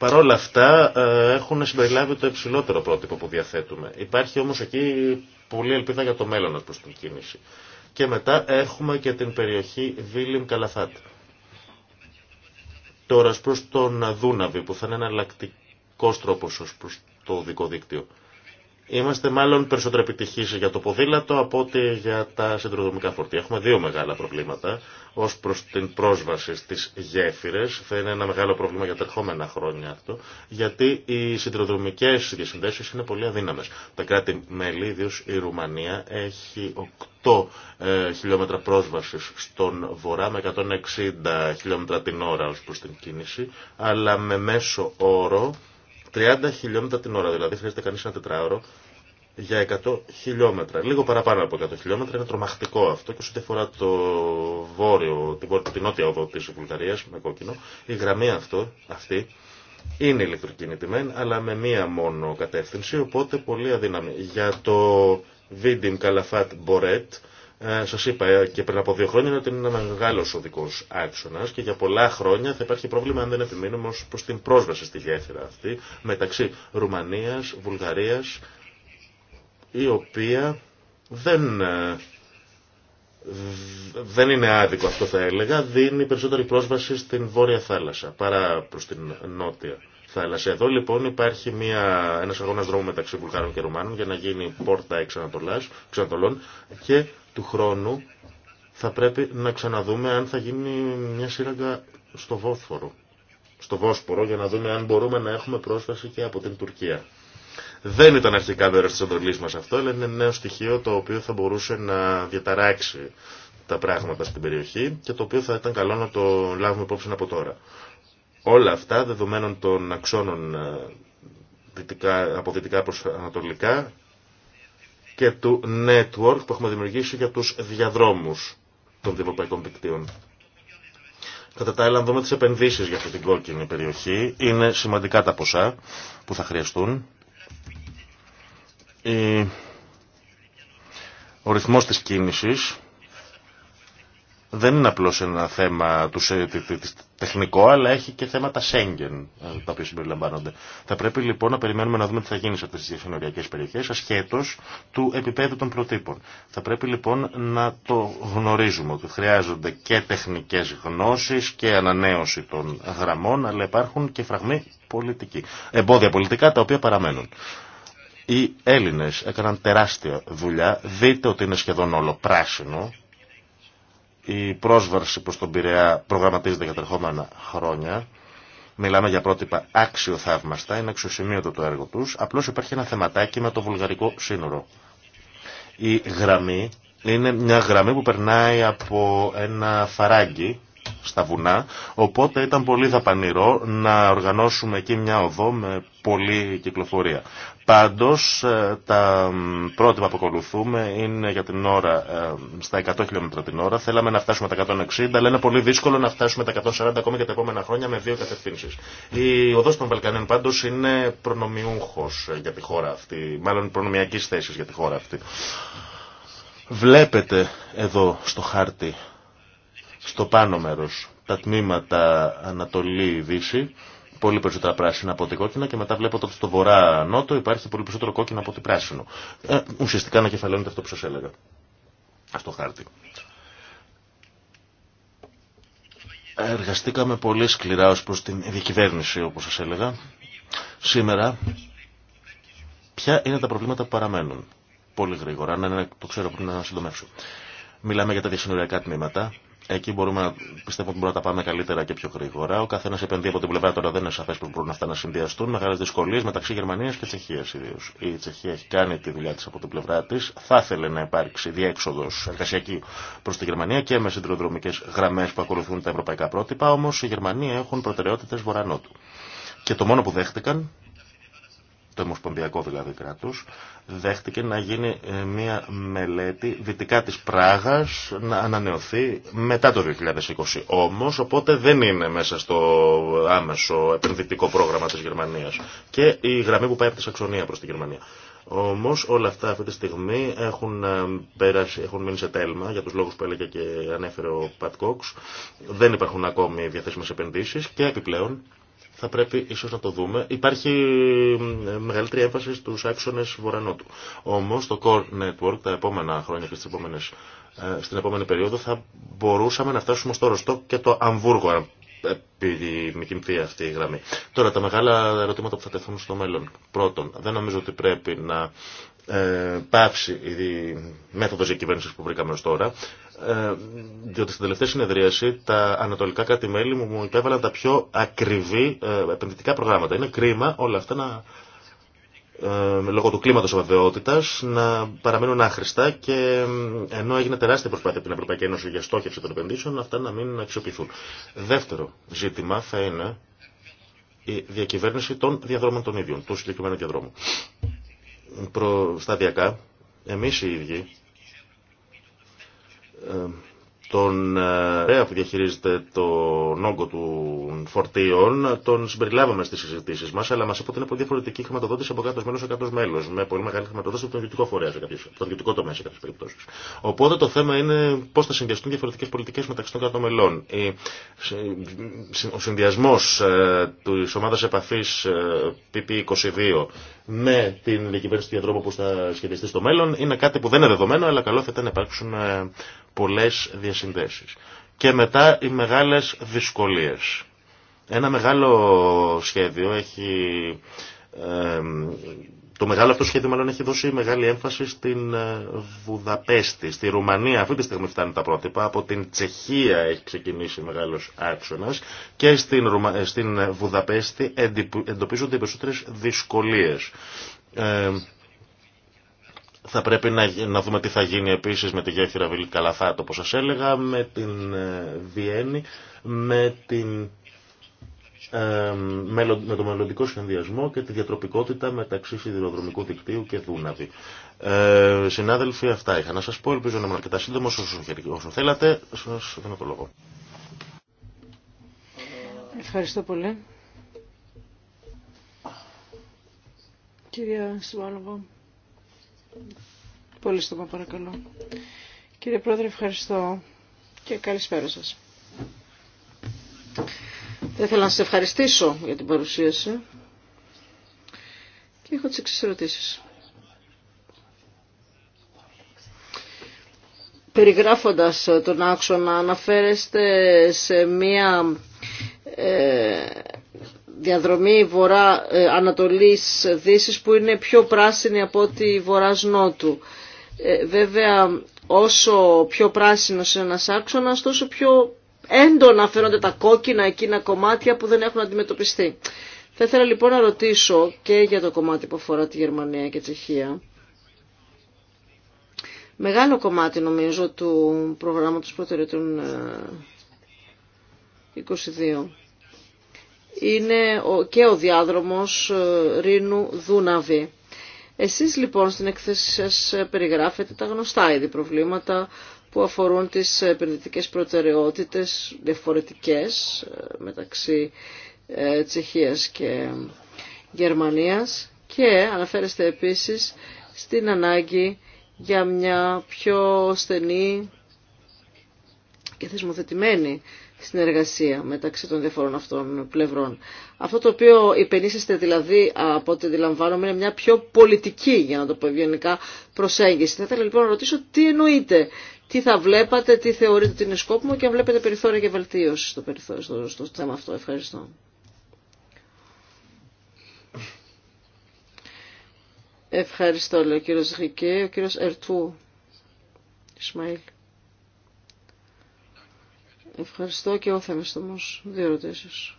Παρ' όλα αυτά ε, έχουν συμπεριλάβει το υψηλότερο πρότυπο που διαθέτουμε. Υπάρχει όμως εκεί πολλή ελπίδα για το μέλλον ως προς την κίνηση. Και μετά έχουμε και την περιοχή Βίλιμ Καλαθάτ. Τώρα προς τον Δούναβη που θα είναι εναλλακτικό τρόπος ως προς το δικό δίκτυο. Είμαστε μάλλον περισσότερο επιτυχεί για το ποδήλατο από ότι για τα συντροδομικά φορτία. Έχουμε δύο μεγάλα προβλήματα. Ω προ την πρόσβαση στι γέφυρε, θα είναι ένα μεγάλο πρόβλημα για τα ερχόμενα χρόνια αυτό, γιατί οι συντροδρομικέ διασυνδέσει είναι πολύ αδύναμε. Τα κράτη-μέλη, ιδίω η Ρουμανία, έχει 8 ε, χιλιόμετρα πρόσβαση στον βορρά με 160 χιλιόμετρα την ώρα ω προ την κίνηση, αλλά με μέσο όρο 30 χιλιόμετρα την ώρα, δηλαδή χρειάζεται κανείς ένα τετράωρο για 100 χιλιόμετρα. Λίγο παραπάνω από 100 χιλιόμετρα είναι τρομακτικό αυτό και σε ό,τι αφορά το βόρειο, την, νότια οδό της Βουλγαρίας με κόκκινο, η γραμμή αυτό, αυτή είναι ηλεκτροκινητημένη, αλλά με μία μόνο κατεύθυνση, οπότε πολύ αδύναμη. Για το Βίντιμ Καλαφάτ Μπορέτ, ε, Σα είπα ε, και πριν από δύο χρόνια ότι είναι ένα μεγάλο οδικό άξονα και για πολλά χρόνια θα υπάρχει πρόβλημα αν δεν επιμείνουμε ω προ την πρόσβαση στη γέφυρα αυτή μεταξύ Ρουμανία, Βουλγαρία, η οποία δεν ε, δεν είναι άδικο αυτό θα έλεγα, δίνει περισσότερη πρόσβαση στην βόρεια θάλασσα παρά προς την νότια θάλασσα. Εδώ λοιπόν υπάρχει μια, ένας αγώνας δρόμου μεταξύ Βουλγάρων και Ρουμάνων για να γίνει πόρτα εξ Ανατολών και του χρόνου θα πρέπει να ξαναδούμε αν θα γίνει μια σύραγγα στο Βόσφορο. Στο Βόσπορο για να δούμε αν μπορούμε να έχουμε πρόσβαση και από την Τουρκία. Δεν ήταν αρχικά μέρο τη εντολή μα αυτό, αλλά είναι νέο στοιχείο το οποίο θα μπορούσε να διαταράξει τα πράγματα στην περιοχή και το οποίο θα ήταν καλό να το λάβουμε υπόψη από τώρα. Όλα αυτά δεδομένων των αξώνων ε, δυτικά, από δυτικά προ ανατολικά και του network που έχουμε δημιουργήσει για τους διαδρόμους των διευρωπαϊκών δικτύων. Κατά τα άλλα, δούμε τις επενδύσεις για αυτή την κόκκινη περιοχή, είναι σημαντικά τα ποσά που θα χρειαστούν. Ο ρυθμός της κίνησης δεν είναι απλώς ένα θέμα του, τεχνικό, αλλά έχει και θέματα Σέγγεν, ε, τα οποία συμπεριλαμβάνονται. Θα πρέπει λοιπόν να περιμένουμε να δούμε τι θα γίνει σε αυτές τις διασυνοριακές περιοχές, ασχέτως του επίπεδου των προτύπων. Θα πρέπει λοιπόν να το γνωρίζουμε, ότι χρειάζονται και τεχνικές γνώσεις και ανανέωση των γραμμών, αλλά υπάρχουν και φραγμοί πολιτικοί. Εμπόδια πολιτικά τα οποία παραμένουν. Οι Έλληνες έκαναν τεράστια δουλειά. Δείτε ότι είναι σχεδόν όλο πράσινο η πρόσβαση προς τον Πειραιά προγραμματίζεται για τα ερχόμενα χρόνια. Μιλάμε για πρότυπα άξιο θαύμαστα, είναι αξιοσημείωτο το έργο τους. Απλώς υπάρχει ένα θεματάκι με το βουλγαρικό σύνορο. Η γραμμή είναι μια γραμμή που περνάει από ένα φαράγγι στα βουνά, οπότε ήταν πολύ δαπανηρό να οργανώσουμε εκεί μια οδό με πολλή κυκλοφορία. Πάντως ε, τα πρότυπα που ακολουθούμε είναι για την ώρα ε, στα 100 χιλιόμετρα την ώρα. Θέλαμε να φτάσουμε τα 160, αλλά είναι πολύ δύσκολο να φτάσουμε τα 140 ακόμα και τα επόμενα χρόνια με δύο κατευθύνσεις. Η οδός των Βαλκανίων πάντως είναι προνομιούχος για τη χώρα αυτή, μάλλον προνομιακής θέσης για τη χώρα αυτή. Βλέπετε εδώ στο χάρτη, στο πάνω μέρος, τα τμήματα Ανατολή-Δύση πολύ περισσότερα πράσινα από ότι κόκκινα και μετά βλέπω ότι στο βορρά νότο υπάρχει πολύ περισσότερο κόκκινο από ότι πράσινο. Ε, ουσιαστικά ανακεφαλαίνεται αυτό που σα έλεγα. Αυτό χάρτη. Εργαστήκαμε πολύ σκληρά ως προς την διακυβέρνηση όπως σας έλεγα. Σήμερα, ποια είναι τα προβλήματα που παραμένουν. Πολύ γρήγορα, να ναι, ναι, το ξέρω πριν να συντομεύσω. Μιλάμε για τα διασυνοριακά τμήματα, Εκεί μπορούμε να πιστεύουμε ότι μπορούμε να τα πάμε καλύτερα και πιο γρήγορα. Ο καθένα επενδύει από την πλευρά τώρα δεν είναι σαφέ που μπορούν αυτά να συνδυαστούν. Μεγάλε δυσκολίε μεταξύ Γερμανία και Τσεχία ιδίω. Η Τσεχία έχει κάνει τη δουλειά τη από την πλευρά τη. Θα ήθελε να υπάρξει διέξοδο εργασιακή προ τη Γερμανία και με συντροδρομικέ γραμμέ που ακολουθούν τα ευρωπαϊκά πρότυπα. Όμω οι Γερμανοί έχουν προτεραιότητε βορανότου. Και το μόνο που δέχτηκαν το Ομοσπονδιακό δηλαδή κράτος, δέχτηκε να γίνει ε, μια μελέτη δυτικά της Πράγας να ανανεωθεί μετά το 2020. Όμως, οπότε δεν είναι μέσα στο άμεσο επενδυτικό πρόγραμμα της Γερμανίας και η γραμμή που πάει από τη Σαξονία προς τη Γερμανία. Όμως όλα αυτά αυτή τη στιγμή έχουν, ε, πέρασει, έχουν μείνει σε τέλμα για τους λόγους που έλεγε και ανέφερε ο Πατ Κόξ. Δεν υπάρχουν ακόμη διαθέσιμες επενδύσεις και επιπλέον θα πρέπει ίσω να το δούμε. Υπάρχει μεγαλύτερη έμφαση στου άξονε βορανότου. Όμω το Core Network τα επόμενα χρόνια και στις επόμενες, ε, στην επόμενη περίοδο θα μπορούσαμε να φτάσουμε στο ροστό και το Αμβούργο, αν επιδεικνυθεί αυτή η γραμμή. Τώρα, τα μεγάλα ερωτήματα που θα τεθούν στο μέλλον. Πρώτον, δεν νομίζω ότι πρέπει να ε, πάψει η μέθοδο διακυβέρνηση που βρήκαμε ω τώρα. Ε, διότι στην τελευταία συνεδρίαση τα ανατολικά κράτη-μέλη μου υπέβαλαν τα πιο ακριβή ε, επενδυτικά προγράμματα. Είναι κρίμα όλα αυτά να, ε, λόγω του κλίματος αβεβαιότητας να παραμένουν άχρηστα και ενώ έγινε τεράστια προσπάθεια από την Ευρωπαϊκή Ένωση για στόχευση των επενδύσεων αυτά να μην αξιοποιηθούν. Δεύτερο ζήτημα θα είναι η διακυβέρνηση των διαδρόμων των ίδιων, του συγκεκριμένου διαδρόμου. Προ, σταδιακά, εμείς οι ίδιοι τον ε, ΡΕΑ που διαχειρίζεται τον όγκο του φορτίων, τον συμπεριλάβαμε στι συζητήσει μα, αλλά μα είναι πολύ διαφορετική χρηματοδότηση από κάτω μέλο σε κάτω μέλο, με πολύ μεγάλη χρηματοδότηση από τον ιδιωτικό φορέα, τον ιδιωτικό τομέα σε κάποιε περιπτώσει. Οπότε το θέμα είναι πώ θα συνδυαστούν διαφορετικέ πολιτικέ μεταξύ των κάτω μελών. Ο συνδυασμό ε, τη ομάδα επαφή ε, PP22 με την κυβέρνηση του διαδρόμου που θα σχεδιαστεί στο μέλλον είναι κάτι που δεν είναι δεδομένο, αλλά καλό θα ήταν να υπάρξουν ε, πολλέ διασυνδέσει. Και μετά οι μεγάλε δυσκολίε. Ένα μεγάλο σχέδιο έχει ε, το μεγάλο αυτό σχέδιο μάλλον έχει δώσει μεγάλη έμφαση στην ε, Βουδαπέστη. Στη Ρουμανία αυτή τη στιγμή φτάνουν τα πρότυπα. Από την Τσεχία έχει ξεκινήσει μεγάλος άξονας και στην, ε, στην Βουδαπέστη εντοπίζονται οι περισσότερες δυσκολίες. Ε, θα πρέπει να, να δούμε τι θα γίνει επίσης με τη γέφυρα Βιλικαλαθάτ, όπω σα έλεγα, με την ε, Βιέννη, με την ε, με το μελλοντικό συνδυασμό και τη διατροπικότητα μεταξύ σιδηροδρομικού δικτύου και Δούναβη. Ε, συνάδελφοι, αυτά είχα να σας πω. Ελπίζω να είμαι αρκετά σύντομο όσο, όσο θέλατε. Σας δίνω το λόγο. Ευχαριστώ πολύ. Κυρία Σουάλοβο, πολύ στόμα παρακαλώ. Κύριε Πρόεδρε, ευχαριστώ και καλησπέρα σας. Θα ήθελα να σας ευχαριστήσω για την παρουσίαση και έχω τις εξής ερωτήσεις. Περιγράφοντας τον άξονα αναφέρεστε σε μία ε, διαδρομή βορρά ε, Ανατολής Δύσης που είναι πιο πράσινη από τη βορράς Νότου. Ε, βέβαια όσο πιο πράσινος είναι ένας άξονας τόσο πιο έντονα φαίνονται τα κόκκινα εκείνα κομμάτια που δεν έχουν αντιμετωπιστεί. Θα ήθελα λοιπόν να ρωτήσω και για το κομμάτι που αφορά τη Γερμανία και Τσεχία. Μεγάλο κομμάτι νομίζω του προγράμματος προτεραιότητων 22 ε, είναι και ο διάδρομος ε, Ρήνου Δούναβη. Εσείς λοιπόν στην εκθέση σας περιγράφετε τα γνωστά ήδη προβλήματα που αφορούν τις επενδυτικές προτεραιότητες διαφορετικές ε, μεταξύ ε, Τσεχίας και Γερμανίας και αναφέρεστε επίσης στην ανάγκη για μια πιο στενή και θεσμοθετημένη συνεργασία μεταξύ των διαφορών αυτών πλευρών. Αυτό το οποίο υπενήσεστε δηλαδή από ό,τι αντιλαμβάνομαι είναι μια πιο πολιτική, για να το πω ευγενικά, προσέγγιση. Θα ήθελα λοιπόν να ρωτήσω τι εννοείτε τι θα βλέπατε, τι θεωρείτε ότι είναι σκόπιμο και αν βλέπετε περιθώρια και βελτίωση στο, περιθώριο, στο, θέμα αυτό. Ευχαριστώ. Ευχαριστώ, λέει ο κύριος Ρικέ, ο κύριος Ερτού. Ισμαήλ. Ευχαριστώ και ο Θεμεστομό. Δύο ερωτήσεις.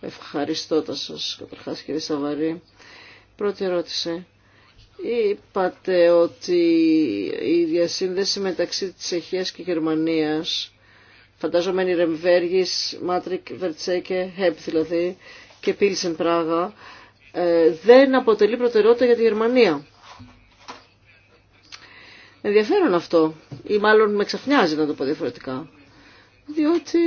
Ευχαριστώ τα σας, καταρχάς κύριε Σαβαρή. Πρώτη ερώτηση. Είπατε ότι η διασύνδεση μεταξύ της και Γερμανίας, φαντάζομαι είναι Ρεμβέργης, Μάτρικ, Βερτσέκε, Χέπ δηλαδή, και Πίλσεν Πράγα, ε, δεν αποτελεί προτεραιότητα για τη Γερμανία. Ενδιαφέρον αυτό, ή μάλλον με ξαφνιάζει να το πω διαφορετικά, διότι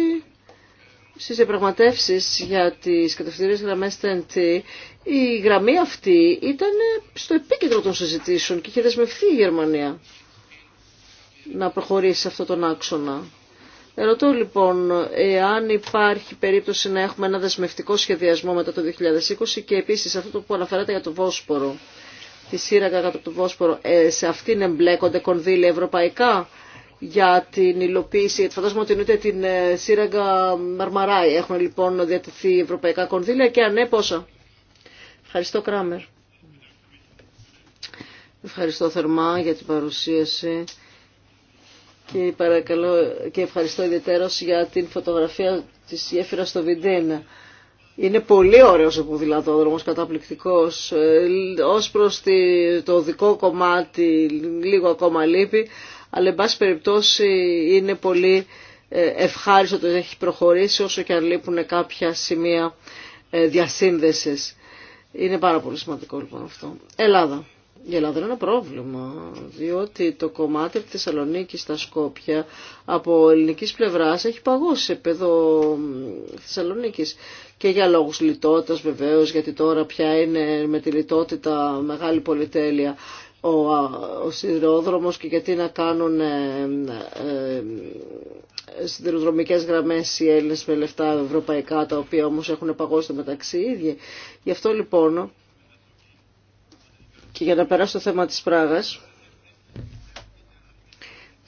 στις διαπραγματεύσεις για τις κατευθυντήριες γραμμές TNT, η γραμμή αυτή ήταν στο επίκεντρο των συζητήσεων και είχε δεσμευτεί η Γερμανία να προχωρήσει σε αυτόν τον άξονα. Ερωτώ λοιπόν, εάν υπάρχει περίπτωση να έχουμε ένα δεσμευτικό σχεδιασμό μετά το 2020 και επίσης αυτό που αναφέρατε για το Βόσπορο, τη σύραγγα κατά το Βόσπορο, ε, σε αυτήν εμπλέκονται κονδύλια ευρωπαϊκά για την υλοποίηση. Φαντάζομαι ότι εννοείται την ε, σύραγγα Μαρμαράη. Έχουν λοιπόν διατεθεί ευρωπαϊκά κονδύλια και ανέποσα. Ναι, ευχαριστώ Κράμερ. Ευχαριστώ θερμά για την παρουσίαση και, και ευχαριστώ ιδιαίτερως για την φωτογραφία της γέφυρα στο Βιντέν. Είναι πολύ ωραίος ο ποδηλατόδρομος, καταπληκτικός. Ε, ως προς το δικό κομμάτι λίγο ακόμα λείπει, αλλά εν πάση περιπτώσει είναι πολύ ε, ευχάριστο ότι έχει προχωρήσει όσο και αν λείπουν κάποια σημεία ε, διασύνδεσης. Είναι πάρα πολύ σημαντικό λοιπόν αυτό. Ελλάδα. Η Ελλάδα είναι ένα πρόβλημα, διότι το κομμάτι της τη Θεσσαλονίκη στα Σκόπια από ελληνικής πλευράς έχει παγώσει σε Θεσσαλονίκη Θεσσαλονίκης και για λόγους λιτότητας βεβαίως, γιατί τώρα πια είναι με τη λιτότητα μεγάλη πολυτέλεια ο, ο σιδηρόδρομος και γιατί να κάνουν ε, ε, ε, σιδηροδρομικές γραμμές οι Έλληνες με λεφτά ευρωπαϊκά τα οποία όμως έχουν παγώσει μεταξύ ίδιοι. Γι' αυτό λοιπόν και για να περάσω το θέμα της Πράγας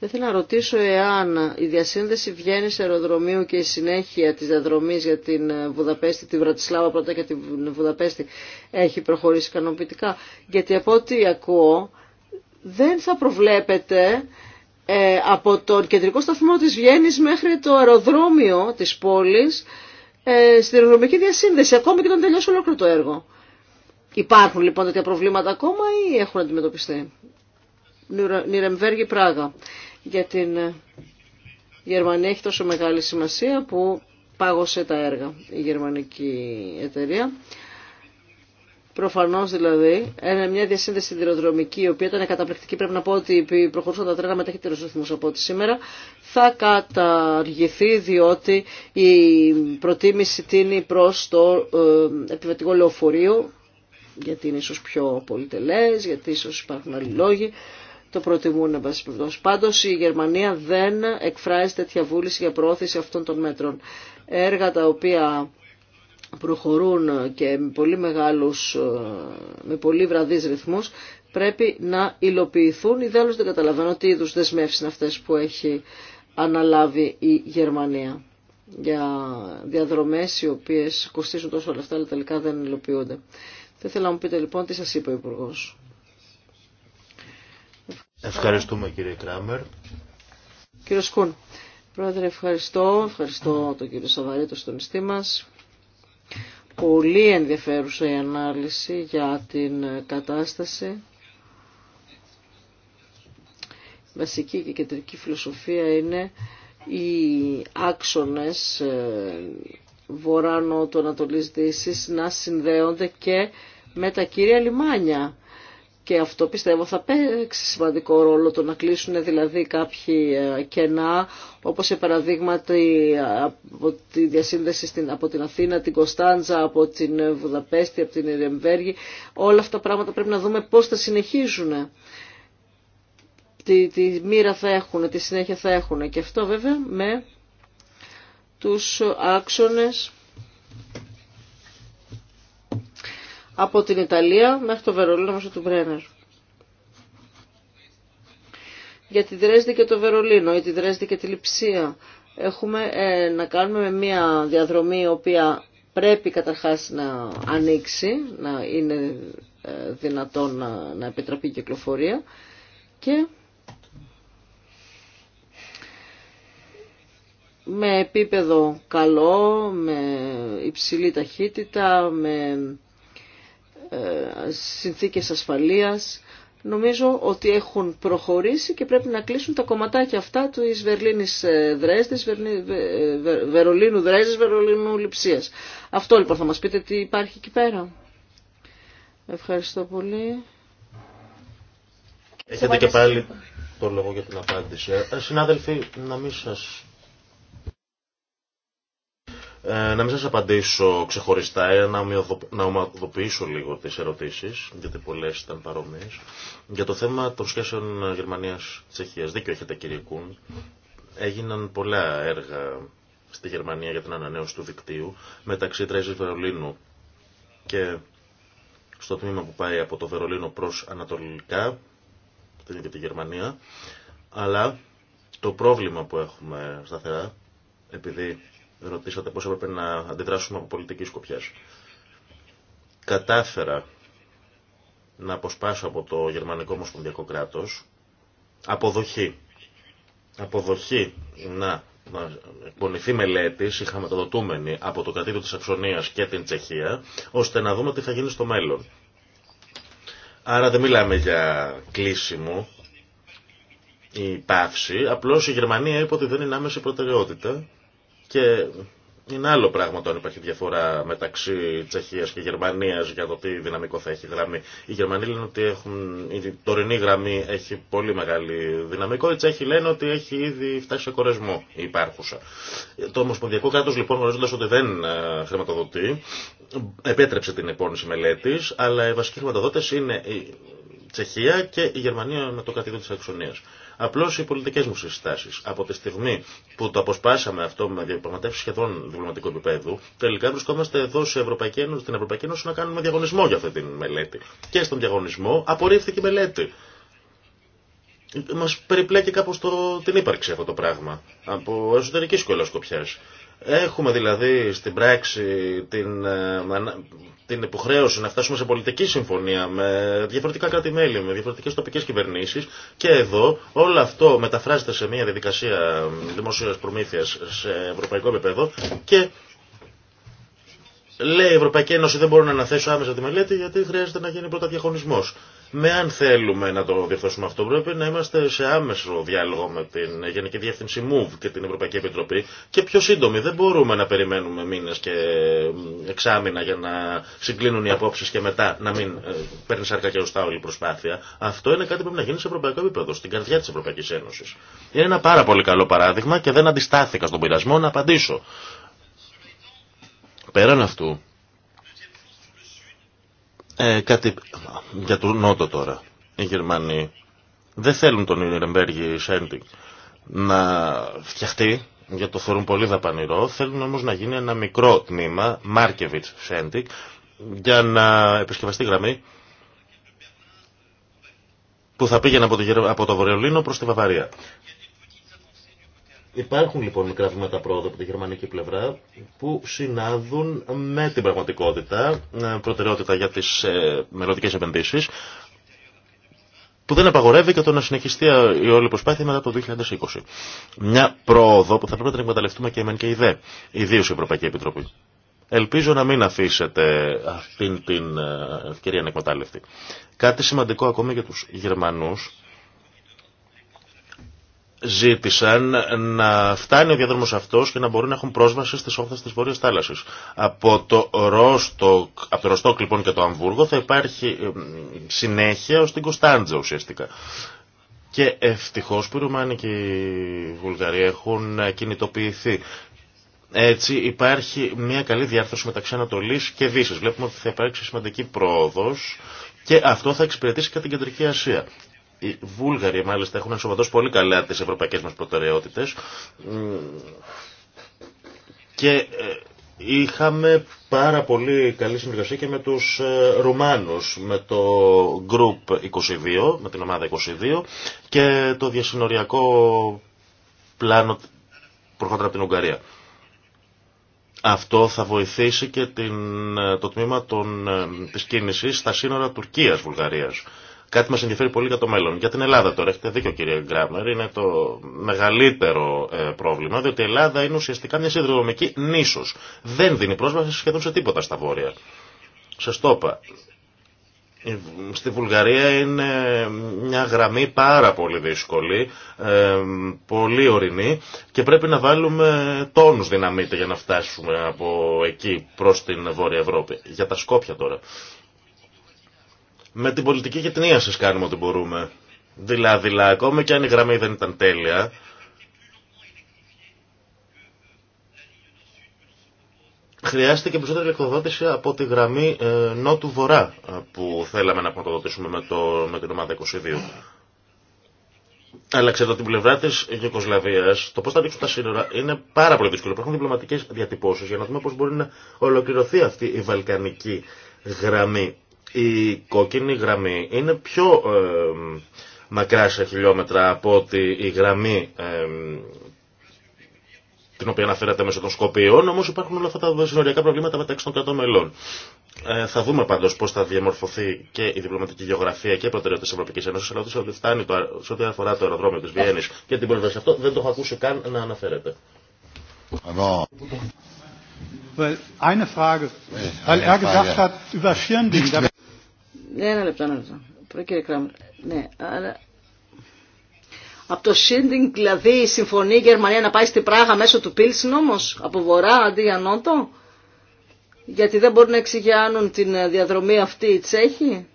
θα ήθελα να ρωτήσω εάν η διασύνδεση Βιέννης αεροδρομίου και η συνέχεια της διαδρομής για την Βουδαπέστη, την Βρατισλάβα πρώτα και την Βουδαπέστη έχει προχωρήσει ικανοποιητικά. Γιατί από ό,τι ακούω δεν θα προβλέπετε ε, από τον κεντρικό σταθμό της Βιέννης μέχρι το αεροδρόμιο της πόλης ε, στην αεροδρομική διασύνδεση, ακόμη και όταν τελειώσει ολόκληρο το έργο. Υπάρχουν λοιπόν τέτοια προβλήματα ακόμα ή έχουν αντιμετωπιστεί. Νιρεμβέργη Πράγα για την ε, Γερμανία έχει τόσο μεγάλη σημασία που πάγωσε τα έργα η γερμανική εταιρεία. Προφανώ δηλαδή, μια διασύνδεση σιδηροδρομική, η οποία ήταν καταπληκτική, πρέπει να πω ότι προχωρούσαν τα τρένα με ταχύτερου ρυθμού από ό,τι σήμερα, θα καταργηθεί διότι η προτίμηση τίνει προ το ε, επιβατικό λεωφορείο, γιατί είναι ίσω πιο πολυτελέ, γιατί ίσω υπάρχουν άλλοι λόγοι το προτιμούν εν πάση Πάντως η Γερμανία δεν εκφράζει τέτοια βούληση για προώθηση αυτών των μέτρων. Έργα τα οποία προχωρούν και με πολύ μεγάλους, ε, με πολύ βραδείς ρυθμούς πρέπει να υλοποιηθούν. Ιδέλος δεν καταλαβαίνω τι είδους δεσμεύσεις είναι αυτές που έχει αναλάβει η Γερμανία για διαδρομές οι οποίες κοστίζουν τόσο όλα αυτά αλλά τελικά δεν υλοποιούνται. Θα ήθελα να μου πείτε λοιπόν τι σας είπε ο Υπουργός. Ευχαριστούμε κύριε Κράμερ. Κύριο Σκούν, πρόεδρε ευχαριστώ. Ευχαριστώ τον κύριο Σαβαρίτο στον νηστή μας. Πολύ ενδιαφέρουσα η ανάλυση για την κατάσταση. Η βασική και κεντρική φιλοσοφία είναι οι άξονες ε, βορρά, νότου ανατολής, δύσης να συνδέονται και με τα κύρια λιμάνια και αυτό πιστεύω θα παίξει σημαντικό ρόλο το να κλείσουν δηλαδή κάποιοι ε, κενά, όπως σε παραδείγματι ε, από τη διασύνδεση στην, από την Αθήνα, την Κωνσταντζα, από την ε, Βουδαπέστη, από την Ιρεμβέργη Όλα αυτά τα πράγματα πρέπει να δούμε πώς θα συνεχίζουν. Τι, τι μοίρα θα έχουν, τι συνέχεια θα έχουν. Και αυτό βέβαια με τους άξονες από την Ιταλία μέχρι το Βερολίνο μέσω του Μπρένερ. Για τη Δρέσδη και το Βερολίνο ή τη Δρέσδη και τη Λιψία έχουμε ε, να κάνουμε με μια διαδρομή η οποία πρέπει καταρχάς να ανοίξει, να είναι ε, δυνατόν να, επιτραπεί η κυκλοφορία και με επίπεδο καλό, με υψηλή ταχύτητα, με ε, συνθήκες ασφαλείας. Νομίζω ότι έχουν προχωρήσει και πρέπει να κλείσουν τα κομματάκια αυτά του εις Βερολίνης ε, ε, Βερολίνου Δρέσδης, Βερολίνου Λειψίας. Αυτό λοιπόν θα μας πείτε τι υπάρχει εκεί πέρα. Ευχαριστώ πολύ. Έχετε και πάλι το λόγο για την απάντηση. Συνάδελφοι, να μην σας ε, να μην σας απαντήσω ξεχωριστά, ε, να, να ομαδοποιήσω λίγο τι ερωτήσεις, γιατί πολλέ ήταν παρόμοιε. Για το θέμα των σχέσεων Γερμανίας-Τσεχίας, δίκιο έχετε κύριε Κούν, έγιναν πολλά έργα στη Γερμανία για την ανανέωση του δικτύου, μεταξύ Τρέζη Βερολίνου και στο τμήμα που πάει από το Βερολίνο προς Ανατολικά, την ίδια τη Γερμανία, αλλά το πρόβλημα που έχουμε σταθερά, επειδή ρωτήσατε πώς έπρεπε να αντιδράσουμε από πολιτική σκοπιά. Κατάφερα να αποσπάσω από το γερμανικό ομοσπονδιακό κράτος αποδοχή. Αποδοχή να, να εκπονηθεί μελέτη τοδοτούμενη από το κρατήριο της Αξονίας και την Τσεχία, ώστε να δούμε τι θα γίνει στο μέλλον. Άρα δεν μιλάμε για κλείσιμο ή πάυση, απλώς η Γερμανία είπε ότι δεν είναι άμεση προτεραιότητα και είναι άλλο πράγμα το αν υπάρχει διαφορά μεταξύ Τσεχία και Γερμανία για το τι δυναμικό θα έχει η γραμμή. Οι Γερμανοί λένε ότι έχουν, η τωρινή γραμμή έχει πολύ μεγάλη δυναμικό. Οι Τσέχοι λένε ότι έχει ήδη φτάσει σε κορεσμό η υπάρχουσα. Το Ομοσπονδιακό κράτο λοιπόν γνωρίζοντα ότι δεν ε, χρηματοδοτεί, επέτρεψε την επόμενη μελέτη, αλλά οι βασικοί χρηματοδότε είναι η Τσεχία και η Γερμανία με το κατοίκιο τη Αξονία. Απλώ οι πολιτικέ μου συστάσει. Από τη στιγμή που το αποσπάσαμε αυτό με διαπραγματεύσει σχεδόν διπλωματικού επίπεδου, τελικά βρισκόμαστε εδώ σε Ευρωπαϊκή Ένωση, στην Ευρωπαϊκή Ένωση να κάνουμε διαγωνισμό για αυτή τη μελέτη. Και στον διαγωνισμό απορρίφθηκε η μελέτη. Μα περιπλέκει κάπω την ύπαρξη αυτό το πράγμα. Από εσωτερική σκοπιά. Έχουμε δηλαδή στην πράξη την, ε, την υποχρέωση να φτάσουμε σε πολιτική συμφωνία με διαφορετικά κράτη-μέλη, με διαφορετικές τοπικές κυβερνήσεις και εδώ όλο αυτό μεταφράζεται σε μια διαδικασία δημοσίας προμήθειας σε ευρωπαϊκό επίπεδο και λέει η Ευρωπαϊκή Ένωση δεν μπορεί να αναθέσω άμεσα τη μελέτη γιατί χρειάζεται να γίνει πρώτα διαχωνισμός με αν θέλουμε να το διορθώσουμε αυτό, πρέπει να είμαστε σε άμεσο διάλογο με την Γενική Διεύθυνση MOVE και την Ευρωπαϊκή Επιτροπή και πιο σύντομη. Δεν μπορούμε να περιμένουμε μήνε και εξάμεινα για να συγκλίνουν οι απόψει και μετά να μην ε, παίρνει αρκά και όλη η προσπάθεια. Αυτό είναι κάτι που πρέπει να γίνει σε ευρωπαϊκό επίπεδο, στην καρδιά τη Ευρωπαϊκή Ένωση. Είναι ένα πάρα πολύ καλό παράδειγμα και δεν αντιστάθηκα στον πειρασμό να απαντήσω. Πέραν αυτού, ε, κάτι για τον Νότο τώρα. Οι Γερμανοί δεν θέλουν τον Ιρεμπέργη Σέντινγκ να φτιαχτεί, γιατί το θεωρούν πολύ δαπανηρό. Θέλουν όμως να γίνει ένα μικρό τμήμα, Μάρκεβιτς Σέντικ, για να επισκευαστεί γραμμή που θα πήγαινε από το, από το Βορειολίνο προς τη Βαβαρία. Υπάρχουν λοιπόν μικρά βήματα πρόοδο από τη γερμανική πλευρά που συνάδουν με την πραγματικότητα, ε, προτεραιότητα για τις ε, μελλοντικές επενδύσεις, που δεν απαγορεύει και το να συνεχιστεί η όλη προσπάθεια μετά το 2020. Μια πρόοδο που θα πρέπει να την εκμεταλλευτούμε και εμένα και η ΔΕ, ιδίω η Ευρωπαϊκή Επιτροπή. Ελπίζω να μην αφήσετε αυτήν την ε, ευκαιρία να εκμεταλλευτεί. Κάτι σημαντικό ακόμη για τους Γερμανούς ζήτησαν να φτάνει ο διαδρόμος αυτός και να μπορούν να έχουν πρόσβαση στις όχθες της Βόρειας Θάλασσης. Από το Ρόστοκ, από το Ροστόκ λοιπόν και το Αμβούργο θα υπάρχει ε, συνέχεια ως την Κωνσταντζα ουσιαστικά. Και ευτυχώς που οι Ρουμάνοι και οι Βουλγαροί έχουν κινητοποιηθεί. Έτσι υπάρχει μια καλή διάρθρωση μεταξύ Ανατολής και Δύσης. Βλέπουμε ότι θα υπάρξει σημαντική πρόοδος και αυτό θα εξυπηρετήσει και την Κεντρική Ασία. Οι Βούλγαροι μάλιστα έχουν ενσωματώσει πολύ καλά τις ευρωπαϊκές μας προτεραιότητες και ε, είχαμε πάρα πολύ καλή συνεργασία και με τους ε, Ρουμάνους, με το Group 22, με την ομάδα 22 και το διασυνοριακό πλάνο προχώρα από την Ουγγαρία. Αυτό θα βοηθήσει και την, ε, το τμήμα των, της κίνησης στα σύνορα Τουρκίας-Βουλγαρίας. Κάτι μα ενδιαφέρει πολύ για το μέλλον. Για την Ελλάδα τώρα, έχετε δίκιο κύριε Γκράμερ, είναι το μεγαλύτερο ε, πρόβλημα, διότι η Ελλάδα είναι ουσιαστικά μια συνδρομική νήσο. Δεν δίνει πρόσβαση σχεδόν σε τίποτα στα βόρεια. Σας το είπα. Στη Βουλγαρία είναι μια γραμμή πάρα πολύ δύσκολη, ε, πολύ ορεινή και πρέπει να βάλουμε τόνους δυναμίτε για να φτάσουμε από εκεί προς την Βόρεια Ευρώπη. Για τα Σκόπια τώρα. Με την πολιτική γετνία σα κάνουμε ό,τι μπορούμε. Δηλαδή, ακόμα και αν η γραμμή δεν ήταν τέλεια, χρειάστηκε περισσότερη εκδοδότηση από τη γραμμή ε, νότου-βορρά ε, που θέλαμε να πρωτοδοτήσουμε με, το, με την ομάδα 22. Αλλά ξέρετε, από την πλευρά τη Γεκοσλαβία, το πώ θα δείξουν τα σύνορα είναι πάρα πολύ δύσκολο. Υπάρχουν διπλωματικέ διατυπώσει για να δούμε πώ μπορεί να ολοκληρωθεί αυτή η βαλκανική γραμμή η κόκκινη γραμμή είναι πιο ε, μακρά σε χιλιόμετρα από ότι η γραμμή ε, την οποία αναφέρατε μέσω των Σκοπίων, όμω υπάρχουν όλα αυτά τα συνοριακά προβλήματα μεταξύ των κρατών μελών. Ε, θα δούμε πάντω πώ θα διαμορφωθεί και η διπλωματική γεωγραφία και η προτεραιότητα τη Ευρωπαϊκή Ένωση, αλλά ό,τι φτάνει το, σε ό,τι αφορά το αεροδρόμιο τη Βιέννη και την πρόσβαση αυτό, δεν το έχω ακούσει καν να αναφέρεται. Ένα λεπτό, ένα λεπτό. Κύριε Κράμερ. Ναι, αλλά... Από το Σίντινγκ δηλαδή συμφωνεί η Γερμανία να πάει στην Πράγα μέσω του Πίλσιν όμως, από βορρά αντί για νότο. Γιατί δεν μπορούν να εξηγιάνουν την ε, διαδρομή αυτή οι Τσέχοι.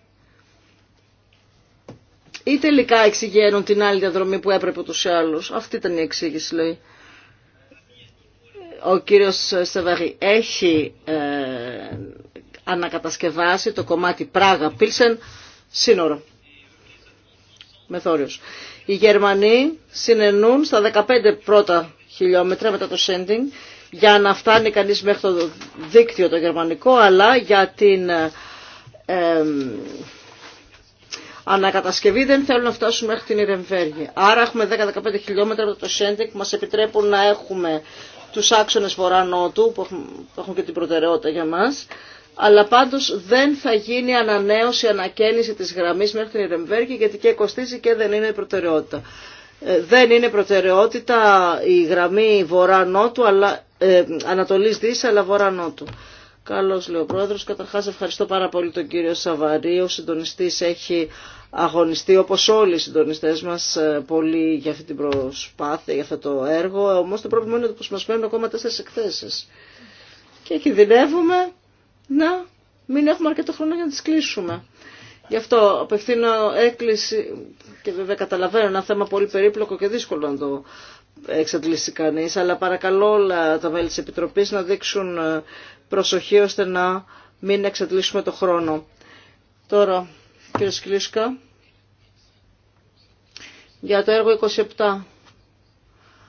Ή τελικά εξηγιάνουν την άλλη διαδρομή που έπρεπε τους ή άλλους. Αυτή ήταν η εξήγηση αλλους αυτη ηταν η εξηγηση λεει Ο κύριος Σεβαρή έχει ε, ανακατασκευάσει το κομμάτι Πράγα-Πίλσεν σύνορο. Μεθόριος. Οι Γερμανοί συνενούν στα 15 πρώτα χιλιόμετρα μετά το Σέντινγκ για να φτάνει κανείς μέχρι το δίκτυο το γερμανικό αλλά για την ε, ανακατασκευή δεν θέλουν να φτάσουν μέχρι την Ιρεμβέργη. Άρα έχουμε 10-15 χιλιόμετρα από το Σέντινγκ που μας επιτρέπουν να έχουμε τους άξονες βορρά-νότου που έχουν και την προτεραιότητα για μας αλλά πάντως δεν θα γίνει ανανέωση, ανακαίνιση της γραμμής μέχρι την Ιρεμβέργη γιατί και κοστίζει και δεν είναι προτεραιότητα. Ε, δεν είναι προτεραιότητα η γραμμή βορρά-νότου, αλλά, ε, ανατολής δύση, αλλά βορρά-νότου. Καλώς λέει ο Πρόεδρος. Καταρχάς ευχαριστώ πάρα πολύ τον κύριο Σαβαρή. Ο συντονιστής έχει αγωνιστεί όπως όλοι οι συντονιστές μας ε, πολύ για αυτή την προσπάθεια, για αυτό το έργο. Όμως το πρόβλημα είναι ότι μας μένουν ακόμα εκθέσεις. Και κινδυνεύουμε να μην έχουμε αρκετό χρόνο για να τις κλείσουμε. Γι' αυτό απευθύνω έκκληση και βέβαια καταλαβαίνω ένα θέμα πολύ περίπλοκο και δύσκολο να το εξαντλήσει κανεί, αλλά παρακαλώ όλα τα μέλη της Επιτροπής να δείξουν ε, προσοχή ώστε να μην εξαντλήσουμε το χρόνο. Τώρα, κύριε Σκλίσκα, για το έργο 27.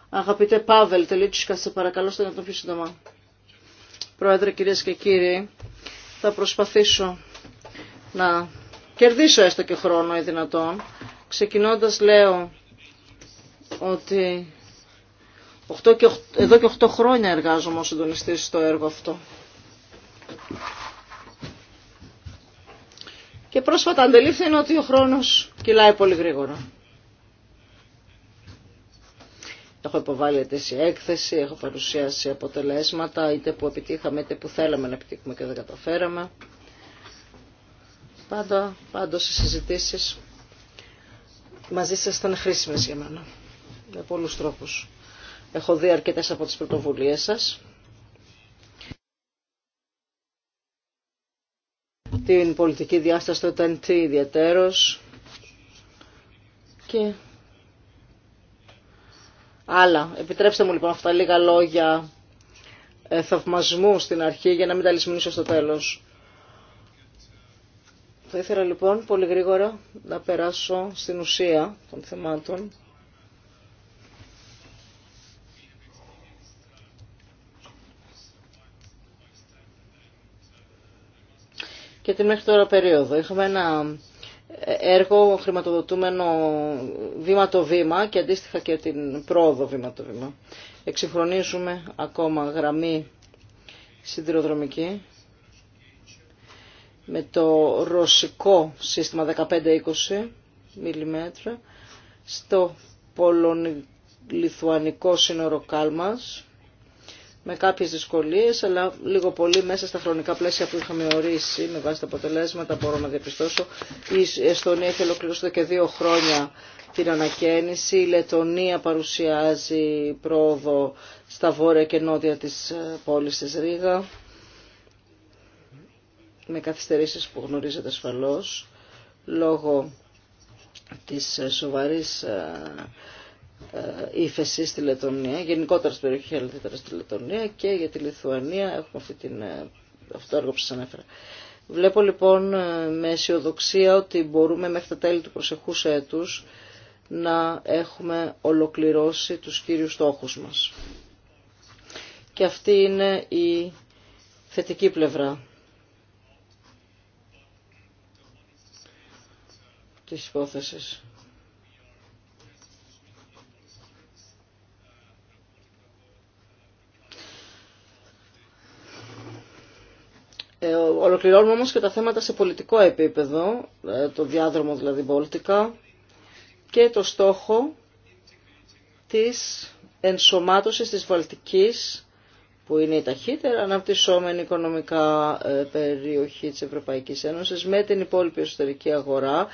Αγαπητέ Πάβελ, τελείτσικα, σε παρακαλώ, στο να το πει σύντομα. Πρόεδρε, κυρίες και κύριοι, θα προσπαθήσω να κερδίσω έστω και χρόνο ή δυνατόν. Ξεκινώντας λέω ότι 8 και εδώ και 8 χρόνια εργάζομαι ως συντονιστής στο έργο αυτό. Και πρόσφατα αντελήφθη είναι ότι ο χρόνος κυλάει πολύ γρήγορα. Έχω υποβάλει αιτήσια έκθεση, έχω παρουσιάσει αποτελέσματα, είτε που επιτύχαμε, είτε που θέλαμε να επιτύχουμε και δεν καταφέραμε. Πάντα, πάντως οι συζητήσεις μαζί σας ήταν χρήσιμες για μένα, με πολλούς τρόπους. Έχω δει αρκετές από τις πρωτοβουλίες σας. Την πολιτική διάσταση ήταν τί ιδιαίτερος και αλλά επιτρέψτε μου λοιπόν αυτά λίγα λόγια ε, θαυμασμού στην αρχή για να μην τα λησμονήσω στο τέλος. Θα ήθελα λοιπόν πολύ γρήγορα να περάσω στην ουσία των θεμάτων. Και την μέχρι τώρα περίοδο. Είχαμε ένα έργο χρηματοδοτούμενο βήμα το βήμα και αντίστοιχα και την πρόοδο βήμα το βήμα. Εξυγχρονίζουμε ακόμα γραμμή σιδηροδρομική με το ρωσικό σύστημα 15-20 mm στο πολωνικό λιθουανικό σύνορο Κάλμας με κάποιες δυσκολίες, αλλά λίγο πολύ μέσα στα χρονικά πλαίσια που είχαμε ορίσει με βάση τα αποτελέσματα μπορώ να διαπιστώσω. Η Εστονία έχει ολοκληρώσει εδώ και δύο χρόνια την ανακαίνιση. Η Λετωνία παρουσιάζει πρόοδο στα βόρεια και νότια της ε, πόλης της Ρήγα με καθυστερήσεις που γνωρίζετε ασφαλώς λόγω της ε, σοβαρής ε, ε, ύφεση στη Λετωνία, γενικότερα στην περιοχή, αλλά στη και για τη Λιθουανία έχουμε αυτή την, ε, αυτό το έργο που σας ανέφερα. Βλέπω λοιπόν ε, με αισιοδοξία ότι μπορούμε μέχρι τα τέλη του προσεχούς έτους να έχουμε ολοκληρώσει τους κύριους στόχους μας. Και αυτή είναι η θετική πλευρά της υπόθεσης. Ε, ολοκληρώνουμε όμως και τα θέματα σε πολιτικό επίπεδο, ε, το διάδρομο δηλαδή βόλτικα και το στόχο της ενσωμάτωσης της Βαλτικής που είναι η ταχύτερα αναπτυσσόμενη οικονομικά ε, περιοχή της Ευρωπαϊκής Ένωσης με την υπόλοιπη εσωτερική αγορά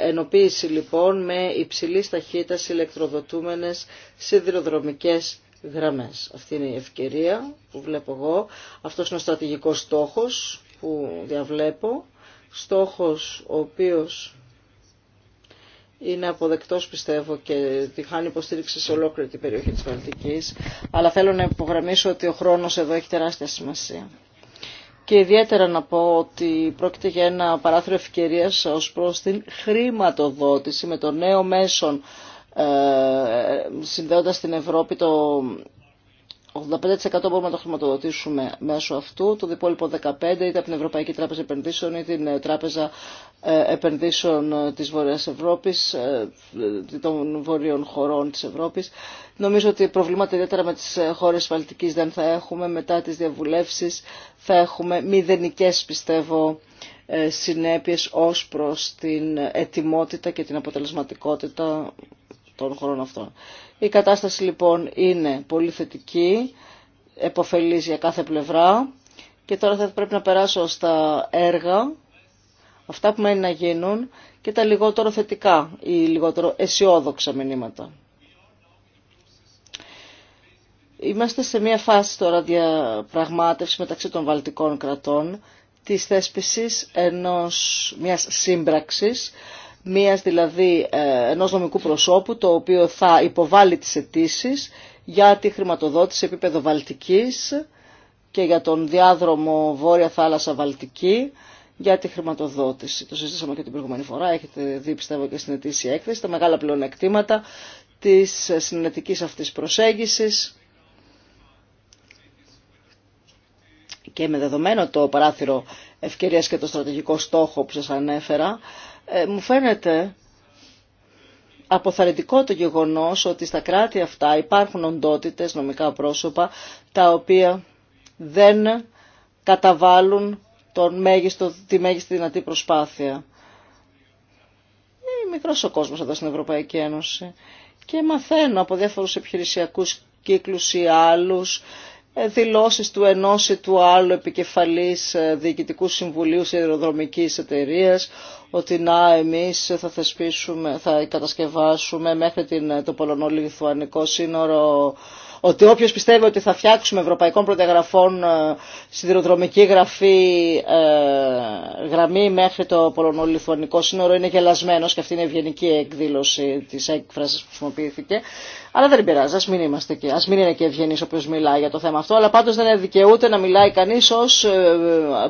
ενοποίηση λοιπόν με υψηλής ταχύτητας ηλεκτροδοτούμενες σιδηροδρομικές γραμμές. Αυτή είναι η ευκαιρία που βλέπω εγώ. Αυτός είναι ο στρατηγικός στόχος που διαβλέπω. Στόχος ο οποίος είναι αποδεκτός πιστεύω και τη χάνει υποστήριξη σε ολόκληρη την περιοχή της Βαλτικής. Αλλά θέλω να υπογραμμίσω ότι ο χρόνος εδώ έχει τεράστια σημασία. Και ιδιαίτερα να πω ότι πρόκειται για ένα παράθυρο ευκαιρίας ως προς την χρηματοδότηση με το νέο μέσον ε, συνδέοντας την Ευρώπη το 85% μπορούμε να το χρηματοδοτήσουμε μέσω αυτού, το υπόλοιπο 15% είτε από την Ευρωπαϊκή Τράπεζα Επενδύσεων ή την ε, Τράπεζα ε, Επενδύσεων της Βορειάς Ευρώπης, των βορείων χωρών της Ευρώπης. Νομίζω ότι προβλήματα ιδιαίτερα με τις χώρες Βαλτικής δεν θα έχουμε. Μετά τις διαβουλεύσεις θα έχουμε μηδενικές πιστεύω συνέπειες ως προς την ετοιμότητα και την αποτελεσματικότητα των χρόνο αυτών. Η κατάσταση λοιπόν είναι πολύ θετική, επωφελής για κάθε πλευρά και τώρα θα πρέπει να περάσω στα έργα, αυτά που μένει να γίνουν και τα λιγότερο θετικά ή λιγότερο αισιόδοξα μηνύματα. Είμαστε σε μια φάση τώρα διαπραγμάτευση μεταξύ των βαλτικών κρατών της θέσπισης ενός, μιας σύμπραξης μίας δηλαδή ε, ενός νομικού προσώπου το οποίο θα υποβάλει τις αιτήσει για τη χρηματοδότηση επίπεδο Βαλτικής και για τον διάδρομο Βόρεια Θάλασσα Βαλτική για τη χρηματοδότηση. Το συζήτησαμε και την προηγούμενη φορά, έχετε δει πιστεύω και στην ετήσια έκθεση, τα μεγάλα πλεονεκτήματα της συνενετικής αυτής προσέγγισης και με δεδομένο το παράθυρο ευκαιρίας και το στρατηγικό στόχο που σας ανέφερα, ε, μου φαίνεται αποθαρρυντικό το γεγονός ότι στα κράτη αυτά υπάρχουν οντότητες, νομικά πρόσωπα, τα οποία δεν καταβάλουν τον μέγιστο, τη μέγιστη δυνατή προσπάθεια. Είναι μικρός ο κόσμος εδώ στην Ευρωπαϊκή Ένωση και μαθαίνω από διάφορους επιχειρησιακούς κύκλους ή άλλους ε, δηλώσεις του ενός ή του άλλου επικεφαλής ε, διοικητικού συμβουλίου αεροδρομικής εταιρείας ότι να εμείς θα θα κατασκευάσουμε μέχρι την, ε, το πολωνο σύνορο ότι όποιος πιστεύει ότι θα φτιάξουμε ευρωπαϊκών Πρωτεγραφών ε, σιδηροδρομική γραφή, ε, γραμμή μέχρι το πολωνολιθουανικό σύνορο είναι γελασμένος και αυτή είναι η ευγενική εκδήλωση της έκφρασης που χρησιμοποιήθηκε. Αλλά δεν πειράζει, α μην, μην είναι και ευγενής όποιο μιλάει για το θέμα αυτό, αλλά πάντω δεν δικαιούται να μιλάει κανείς ως ε,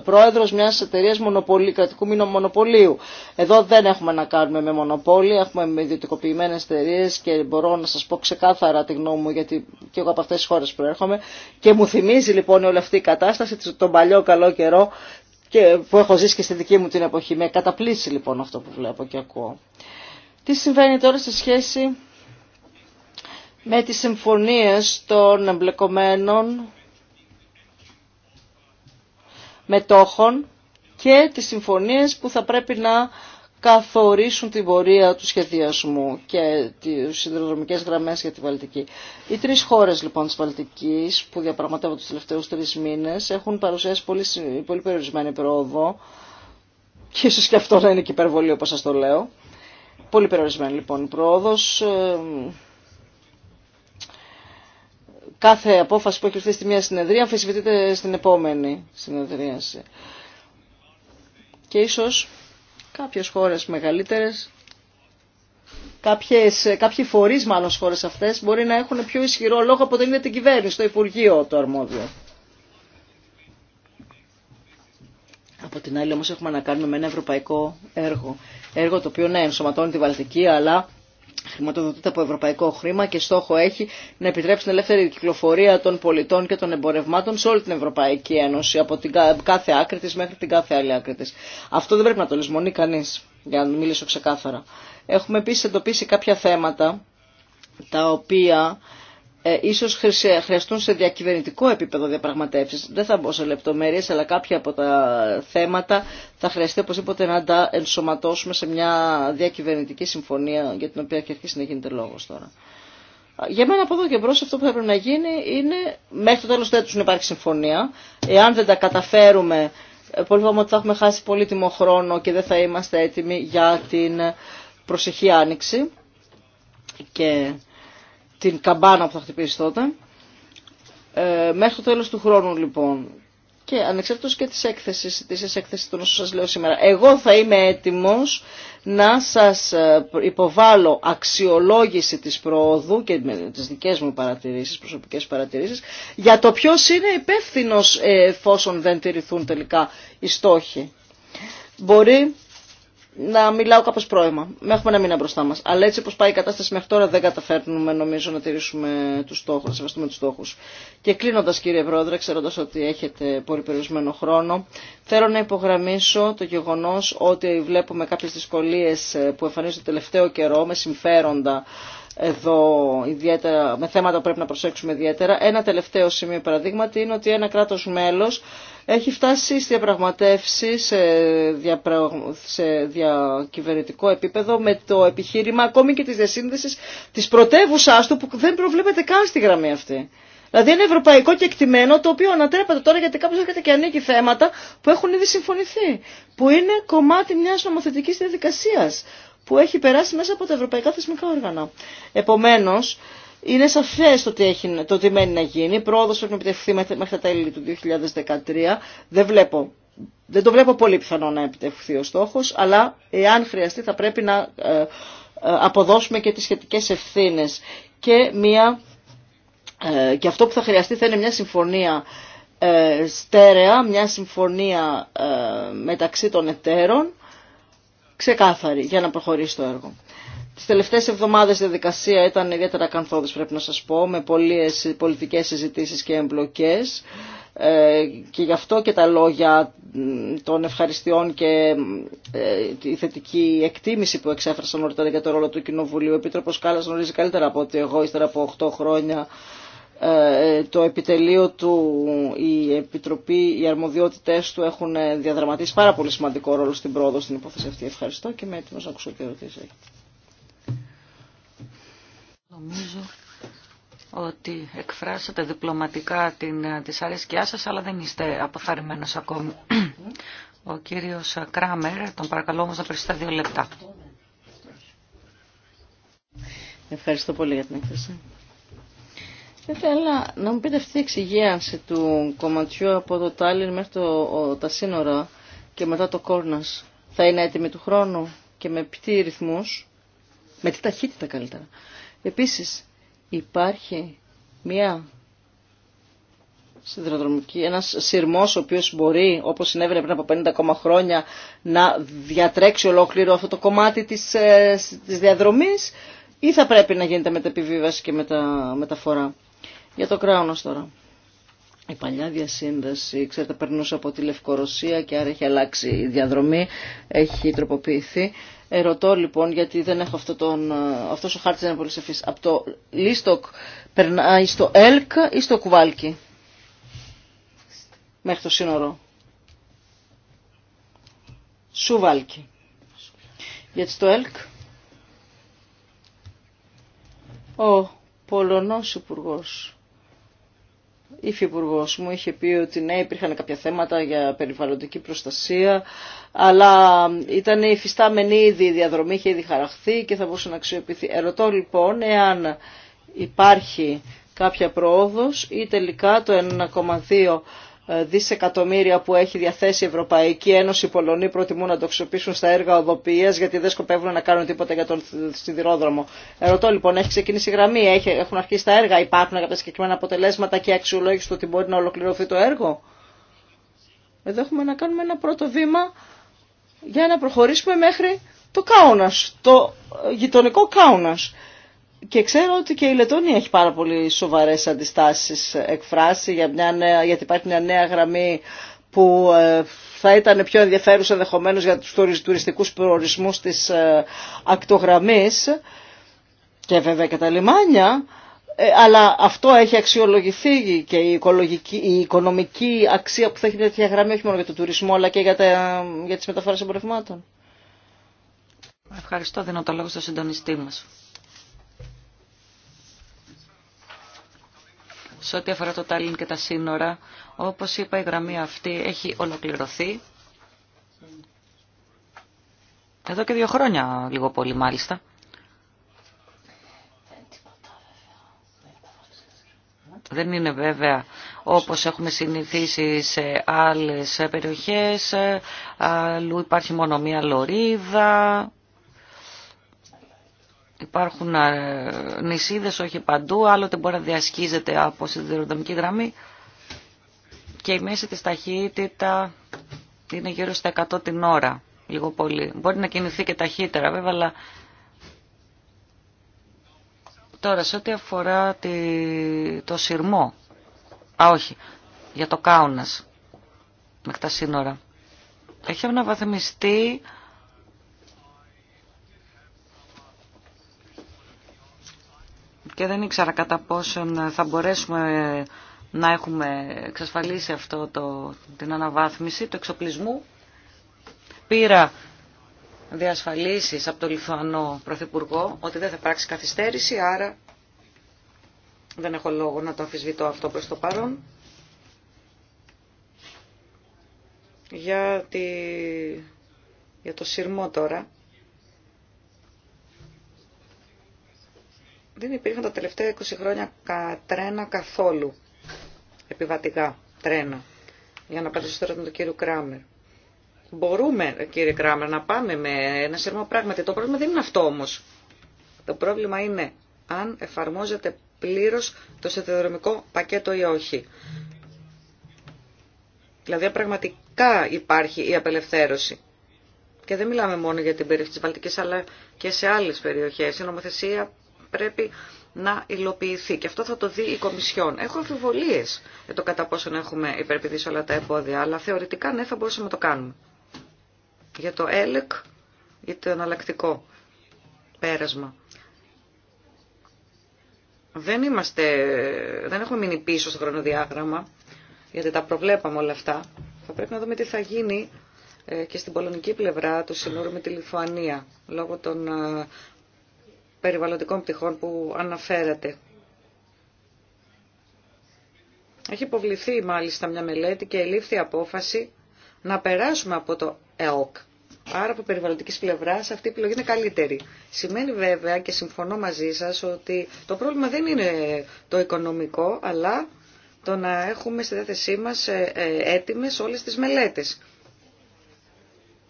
πρόεδρος μιας εταιρεία μονοπολί, κρατικού μονοπωλίου. Εδώ δεν έχουμε να κάνουμε με μονοπόλια, έχουμε με ιδιωτικοποιημένε εταιρείε και μπορώ να σα πω ξεκάθαρα τη γνώμη μου γιατί και εγώ από αυτές τις χώρες προέρχομαι και μου θυμίζει λοιπόν όλη αυτή η κατάσταση τον παλιό καλό καιρό και που έχω ζήσει και στη δική μου την εποχή. Με καταπλήσει λοιπόν αυτό που βλέπω και ακούω. Τι συμβαίνει τώρα σε σχέση με τις συμφωνίες των εμπλεκομένων μετόχων και τις συμφωνίες που θα πρέπει να καθορίσουν την πορεία του σχεδιασμού και τις συνδρομικές γραμμές για τη Βαλτική. Οι τρεις χώρες λοιπόν της Βαλτικής που διαπραγματεύονται τους τελευταίους τρεις μήνες έχουν παρουσιάσει πολύ, πολύ περιορισμένη πρόοδο και ίσως και αυτό να είναι και υπερβολή όπως σας το λέω. Πολύ περιορισμένη λοιπόν πρόοδος. Ε, κάθε απόφαση που έχει ληφθεί στη μία συνεδρία αμφισβητείται στην επόμενη συνεδρίαση. Και ίσως Κάποιες χώρες μεγαλύτερες, κάποιες, κάποιοι φορείς μάλλον στις χώρες αυτές μπορεί να έχουν πιο ισχυρό λόγο από την είναι την κυβέρνηση, το Υπουργείο το αρμόδιο. Από την άλλη όμως έχουμε να κάνουμε με ένα ευρωπαϊκό έργο. Έργο το οποίο ναι ενσωματώνει τη Βαλτική αλλά χρηματοδοτείται από ευρωπαϊκό χρήμα και στόχο έχει να επιτρέψει την ελεύθερη κυκλοφορία των πολιτών και των εμπορευμάτων σε όλη την Ευρωπαϊκή Ένωση, από την κάθε άκρη της μέχρι την κάθε άλλη άκρη της. Αυτό δεν πρέπει να το λησμονεί κανεί για να μιλήσω ξεκάθαρα. Έχουμε επίσης εντοπίσει κάποια θέματα τα οποία ε, ίσως χρειαστούν σε διακυβερνητικό επίπεδο διαπραγματεύσεις. Δεν θα μπω σε λεπτομέρειες, αλλά κάποια από τα θέματα θα χρειαστεί οπωσδήποτε να τα ενσωματώσουμε σε μια διακυβερνητική συμφωνία για την οποία και αρχίσει να γίνεται λόγος τώρα. Για μένα από εδώ και μπρος αυτό που θα πρέπει να γίνει είναι μέχρι το τέλος του να υπάρχει συμφωνία. Εάν δεν τα καταφέρουμε, ε, πολύ φοβάμαι ότι θα έχουμε χάσει πολύτιμο χρόνο και δεν θα είμαστε έτοιμοι για την προσεχή άνοιξη. Και την καμπάνα που θα χτυπήσει τότε. Ε, μέχρι το τέλος του χρόνου λοιπόν και ανεξάρτητος και της έκθεσης, της έκθεσης των όσων σας λέω σήμερα. Εγώ θα είμαι έτοιμος να σας ε, υποβάλω αξιολόγηση της προόδου και με τις δικές μου παρατηρήσεις, προσωπικές παρατηρήσεις, για το ποιος είναι υπεύθυνο ε, εφόσον δεν τηρηθούν τελικά οι στόχοι. Μπορεί να μιλάω κάπως πρόημα. Έχουμε ένα μήνα μπροστά μα. Αλλά έτσι όπως πάει η κατάσταση μέχρι τώρα δεν καταφέρνουμε νομίζω να τηρήσουμε του στόχου, να σεβαστούμε του στόχου. Και κλείνοντα κύριε Πρόεδρε, ξέροντα ότι έχετε πολύ περιορισμένο χρόνο, θέλω να υπογραμμίσω το γεγονό ότι βλέπουμε κάποιε δυσκολίε που εμφανίζονται τελευταίο καιρό με συμφέροντα εδώ ιδιαίτερα, με θέματα που πρέπει να προσέξουμε ιδιαίτερα. Ένα τελευταίο σημείο παραδείγματι είναι ότι ένα κράτος μέλος έχει φτάσει στις διαπραγματεύσει σε, διαπρα... διακυβερνητικό επίπεδο με το επιχείρημα ακόμη και της διασύνδεση της πρωτεύουσά του που δεν προβλέπεται καν στη γραμμή αυτή. Δηλαδή είναι ευρωπαϊκό κεκτημένο το οποίο ανατρέπεται τώρα γιατί κάπως έρχεται και ανήκει θέματα που έχουν ήδη συμφωνηθεί. Που είναι κομμάτι μιας νομοθετικής διαδικασίας που έχει περάσει μέσα από τα ευρωπαϊκά θεσμικά όργανα. Επομένως, είναι σαφέ το, το τι μένει να γίνει. Η πρόοδο πρέπει να επιτευχθεί μέχρι τα τέλη του 2013. Δεν βλέπω δεν το βλέπω πολύ πιθανό να επιτευχθεί ο στόχο, αλλά εάν χρειαστεί θα πρέπει να ε, ε, αποδώσουμε και τις σχετικές ευθύνες. Και, μια, ε, και αυτό που θα χρειαστεί θα είναι μια συμφωνία στέρεα, μια συμφωνία μεταξύ των εταίρων, ξεκάθαρη για να προχωρήσει το έργο. Τι τελευταίε εβδομάδε η διαδικασία ήταν ιδιαίτερα κανθόδη, πρέπει να σα πω, με πολλέ πολιτικέ συζητήσει και εμπλοκές ε, και γι' αυτό και τα λόγια των ευχαριστειών και ε, η θετική εκτίμηση που εξέφρασαν νωρίτερα για το ρόλο του Κοινοβουλίου. Ο Επίτροπος Κάλλα γνωρίζει καλύτερα από ότι εγώ, ύστερα από 8 χρόνια, ε, το επιτελείο του, η Επιτροπή, οι αρμοδιότητε του έχουν διαδραματίσει πάρα πολύ σημαντικό ρόλο στην πρόοδο στην υπόθεση αυτή. Ευχαριστώ και είμαι έτοιμο να ακούσω και ερωτήσει Νομίζω ότι εκφράσατε διπλωματικά την δυσαρέσκειά σας, αλλά δεν είστε αποθαρρυμένος ακόμη. Ο κύριος Κράμερ, τον παρακαλώ όμως να περιστά δύο λεπτά. Ευχαριστώ πολύ για την έκθεση. Θα ήθελα να μου πείτε αυτή η εξυγίανση του κομματιού από το Τάλιν μέχρι το, τα σύνορα και μετά το Κόρνας. Θα είναι έτοιμη του χρόνου και με τι ρυθμού με τι ταχύτητα καλύτερα. Επίσης υπάρχει μια σιδηροδρομική, ένας σειρμός ο οποίος μπορεί, όπως συνέβαινε πριν από 50 ακόμα χρόνια, να διατρέξει ολόκληρο αυτό το κομμάτι της, ε, της διαδρομής ή θα πρέπει να γίνεται μεταπιβίβαση και μετα, μεταφορά. Για το κράονος τώρα. Η παλιά διασύνδεση, ξέρετε, περνούσε από τη Λευκορωσία και άρα έχει αλλάξει η διαδρομή, έχει τροποποιηθεί. Ερωτώ λοιπόν, γιατί δεν έχω αυτό τον, αυτός ο χάρτης δεν είναι πολύ σαφής. Από το Λίστοκ περνάει στο Ελκ ή στο Κουβάλκι. Μέχρι το σύνορο. Σουβάλκι. Γιατί στο Ελκ ο Πολωνός Υπουργός υφυπουργό μου είχε πει ότι ναι, υπήρχαν κάποια θέματα για περιβαλλοντική προστασία, αλλά ήταν υφιστάμενη ήδη η διαδρομή, είχε ήδη χαραχθεί και θα μπορούσε να αξιοποιηθεί. Ερωτώ λοιπόν εάν υπάρχει κάποια προόδος ή τελικά το 1,2 ε, δισεκατομμύρια που έχει διαθέσει η Ευρωπαϊκή Ένωση, οι Πολωνοί προτιμούν να το αξιοποιήσουν στα έργα οδοποιία γιατί δεν σκοπεύουν να κάνουν τίποτα για τον σιδηρόδρομο. Ερωτώ λοιπόν, έχει ξεκινήσει η γραμμή, έχουν αρχίσει τα έργα, υπάρχουν κάποια συγκεκριμένα αποτελέσματα και αξιολόγηση του ότι μπορεί να ολοκληρωθεί το έργο. Εδώ έχουμε να κάνουμε ένα πρώτο βήμα για να προχωρήσουμε μέχρι το Κάουνας, το γειτονικό Κάουνας. Και ξέρω ότι και η Λετωνία έχει πάρα πολύ σοβαρές αντιστάσεις εκφράσει για μια νέα, γιατί υπάρχει μια νέα γραμμή που ε, θα ήταν πιο ενδιαφέρουσα ενδεχομένω για τους τουριστικούς προορισμούς της ε, ακτογραμμής και βέβαια και τα λιμάνια. Ε, αλλά αυτό έχει αξιολογηθεί και η, οικολογική, η οικονομική αξία που θα έχει τέτοια γραμμή όχι μόνο για τον τουρισμό αλλά και για, τα, για τις μεταφορές εμπορευμάτων. Ευχαριστώ. Δίνω το λόγο στο συντονιστή μας. σε ό,τι αφορά το Τάλιν και τα σύνορα. Όπως είπα, η γραμμή αυτή έχει ολοκληρωθεί. Εδώ και δύο χρόνια, λίγο πολύ μάλιστα. Δεν είναι βέβαια όπως έχουμε συνηθίσει σε άλλες περιοχές, αλλού υπάρχει μόνο μία λωρίδα, Υπάρχουν ε, νησίδες όχι παντού, άλλοτε μπορεί να διασχίζεται από σιδηροδρομική γραμμή και η μέση της ταχύτητα είναι γύρω στα 100 την ώρα, λίγο πολύ. Μπορεί να κινηθεί και ταχύτερα βέβαια, αλλά τώρα σε ό,τι αφορά το σειρμό, α όχι, για το κάουνας, μέχρι τα σύνορα, έχει αναβαθμιστεί και δεν ήξερα κατά πόσον θα μπορέσουμε να έχουμε εξασφαλίσει αυτό το, την αναβάθμιση του εξοπλισμού. Πήρα διασφαλίσεις από τον Λιθουανό Πρωθυπουργό ότι δεν θα υπάρξει καθυστέρηση, άρα δεν έχω λόγο να το αμφισβητώ αυτό προς το παρόν. Για, τη... για το σειρμό τώρα δεν υπήρχαν τα τελευταία 20 χρόνια τρένα καθόλου, επιβατικά τρένα, για να απαντήσω τώρα τον κύριο Κράμερ. Μπορούμε, κύριε Κράμερ, να πάμε με ένα σύρμα πράγματι. Το πρόβλημα δεν είναι αυτό όμως. Το πρόβλημα είναι αν εφαρμόζεται πλήρως το σιδηροδρομικό πακέτο ή όχι. Δηλαδή, αν πραγματικά υπάρχει η απελευθέρωση. Και δεν μιλάμε μόνο για την περιοχή τη Βαλτική, αλλά και σε άλλε περιοχέ. Η νομοθεσία πρέπει να υλοποιηθεί. Και αυτό θα το δει η Κομισιόν. Έχω αμφιβολίες για το κατά πόσον έχουμε υπερπηδήσει όλα τα εμπόδια, αλλά θεωρητικά ναι θα μπορούσαμε να το κάνουμε. Για το ΕΛΕΚ ή το εναλλακτικό πέρασμα. Δεν, είμαστε, δεν έχουμε μείνει πίσω στο χρονοδιάγραμμα, γιατί τα προβλέπαμε όλα αυτά. Θα πρέπει να δούμε τι θα γίνει ε, και στην πολωνική πλευρά του συνόρου με τη Λιθουανία, λόγω των ε, περιβαλλοντικών πτυχών που αναφέρατε. Έχει υποβληθεί μάλιστα μια μελέτη και ελήφθη απόφαση να περάσουμε από το ΕΟΚ. Άρα από περιβαλλοντική πλευρά αυτή η επιλογή είναι καλύτερη. Σημαίνει βέβαια και συμφωνώ μαζί σα ότι το πρόβλημα δεν είναι το οικονομικό, αλλά το να έχουμε στη διάθεσή μα ε, ε, έτοιμε όλε τι μελέτε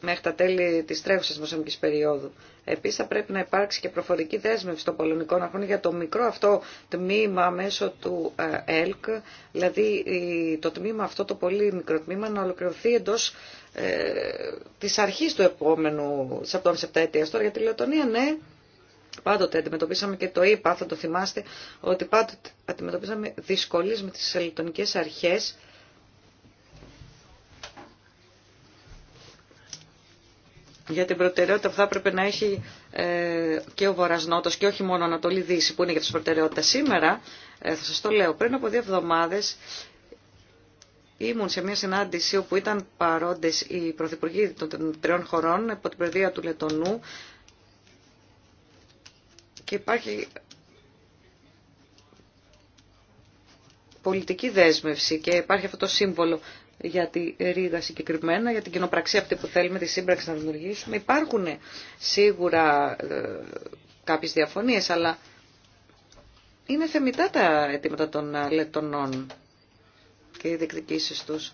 μέχρι τα τέλη τη τρέχουσα δημοσιονομική περίοδου. Επίση, θα πρέπει να υπάρξει και προφορική δέσμευση των πολωνικών αρχών για το μικρό αυτό τμήμα μέσω του ε, ΕΛΚ, δηλαδή το τμήμα αυτό, το πολύ μικρό τμήμα, να ολοκληρωθεί εντό ε, τη αρχή του επόμενου, τη επόμενη επταετία. Τώρα για τη Λετωνία, ναι, πάντοτε αντιμετωπίσαμε και το είπα, θα το θυμάστε, ότι πάντοτε αντιμετωπίσαμε δυσκολίε με τι λετωνικέ αρχέ για την προτεραιότητα που θα έπρεπε να έχει ε, και ο Βορρασνότος και όχι μόνο Ανατολή Δύση που είναι για τι προτεραιότητε. Σήμερα, ε, θα σα το λέω, πριν από δύο εβδομάδε ήμουν σε μια συνάντηση όπου ήταν παρόντε οι πρωθυπουργοί των τριών χωρών από την Περδία του Λετονού και υπάρχει πολιτική δέσμευση και υπάρχει αυτό το σύμβολο για τη Ρήγα συγκεκριμένα, για την κοινοπραξία αυτή που θέλουμε, τη σύμπραξη να δημιουργήσουμε. Υπάρχουν ε, σίγουρα ε, κάποιες διαφωνίες, αλλά είναι θεμητά τα αιτήματα των ε, Λετωνών και οι διεκδικήσεις τους.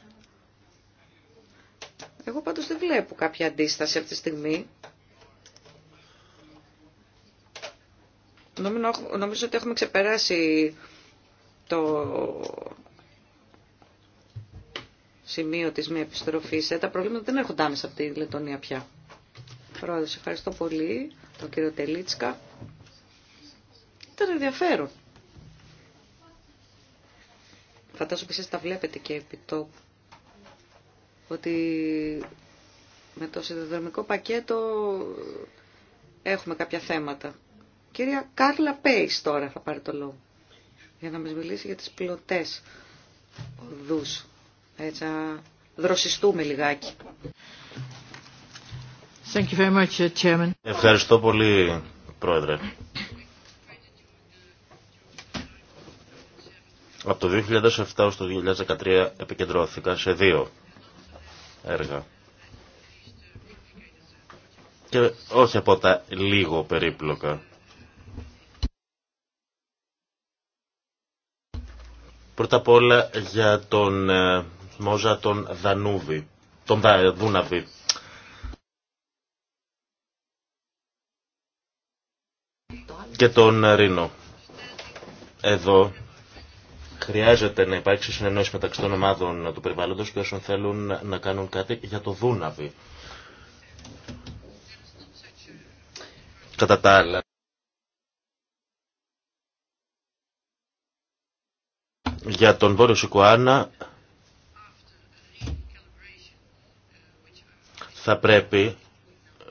Εγώ πάντως δεν βλέπω κάποια αντίσταση αυτή τη στιγμή. Νομίζω ότι έχουμε ξεπεράσει το σημείο της μη επιστροφής. Ε, τα προβλήματα δεν έρχονται άμεσα από τη Λετωνία πια. Πρόεδρος, ευχαριστώ πολύ τον κύριο Τελίτσκα. Ήταν ενδιαφέρον. Φαντάζομαι εσείς τα βλέπετε και επί το Ότι με το συνδεδρομικό πακέτο έχουμε κάποια θέματα. Κυρία Κάρλα Πέις τώρα θα πάρει το λόγο για να μας μιλήσει για τις πλωτές οδούς έτσι δροσιστούμε λιγάκι. Thank you very much, uh, Chairman. Ευχαριστώ πολύ, Πρόεδρε. Από το 2007 ως το 2013 επικεντρώθηκα σε δύο έργα. Και όχι από τα λίγο περίπλοκα. Πρώτα απ' όλα για τον ε, Μόζα τον Δανούβη, τον Δούναβη. Και τον Ρήνο. Εδώ χρειάζεται να υπάρξει συνεννόηση μεταξύ των ομάδων του περιβάλλοντος και όσων θέλουν να κάνουν κάτι για το Δούναβη. Κατά τα άλλα. Για τον Βόρειο Σικουάνα θα πρέπει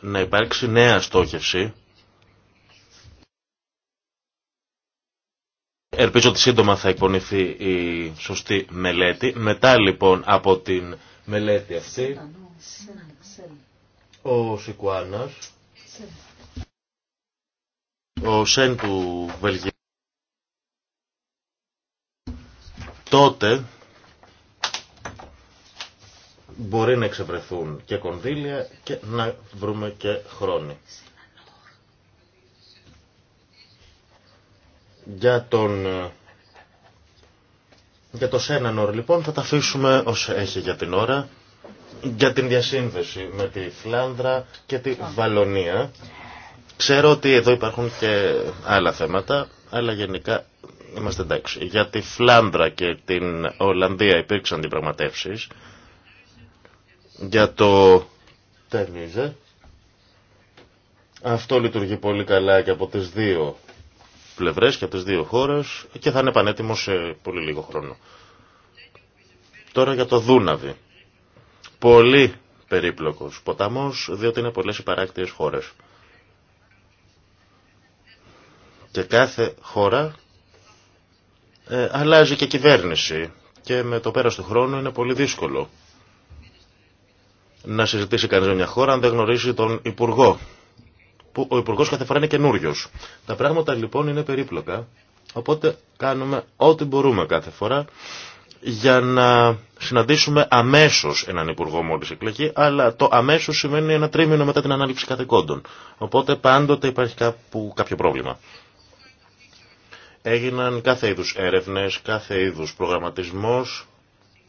να υπάρξει νέα στόχευση. Ελπίζω ότι σύντομα θα εκπονηθεί η σωστή μελέτη. Μετά λοιπόν από την μελέτη αυτή, ο Σικουάνας, ο Σεν του Βελγίου, τότε μπορεί να εξευρεθούν και κονδύλια και να βρούμε και χρόνο. Για τον... Για το Σένανορ λοιπόν θα τα αφήσουμε ως έχει για την ώρα για την διασύνδεση με τη Φλάνδρα και τη Βαλονία. Ξέρω ότι εδώ υπάρχουν και άλλα θέματα, αλλά γενικά είμαστε εντάξει. Για τη Φλάνδρα και την Ολλανδία υπήρξαν διπραγματεύσεις για το Τερνίζε, Αυτό λειτουργεί πολύ καλά και από τις δύο πλευρές και από τις δύο χώρες και θα είναι πανέτοιμο σε πολύ λίγο χρόνο. Τώρα για το Δούναβι. Πολύ περίπλοκος ποταμός, διότι είναι πολλές οι χώρες. Και κάθε χώρα ε, αλλάζει και κυβέρνηση και με το πέρας του χρόνου είναι πολύ δύσκολο να συζητήσει κανεί με μια χώρα αν δεν γνωρίζει τον Υπουργό. Που ο Υπουργό κάθε φορά είναι καινούριο. Τα πράγματα λοιπόν είναι περίπλοκα. Οπότε κάνουμε ό,τι μπορούμε κάθε φορά για να συναντήσουμε αμέσω έναν Υπουργό μόλι εκλεγεί, αλλά το αμέσω σημαίνει ένα τρίμηνο μετά την ανάληψη καθηκόντων. Οπότε πάντοτε υπάρχει κάποιο πρόβλημα. Έγιναν κάθε είδου έρευνε, κάθε είδου προγραμματισμό,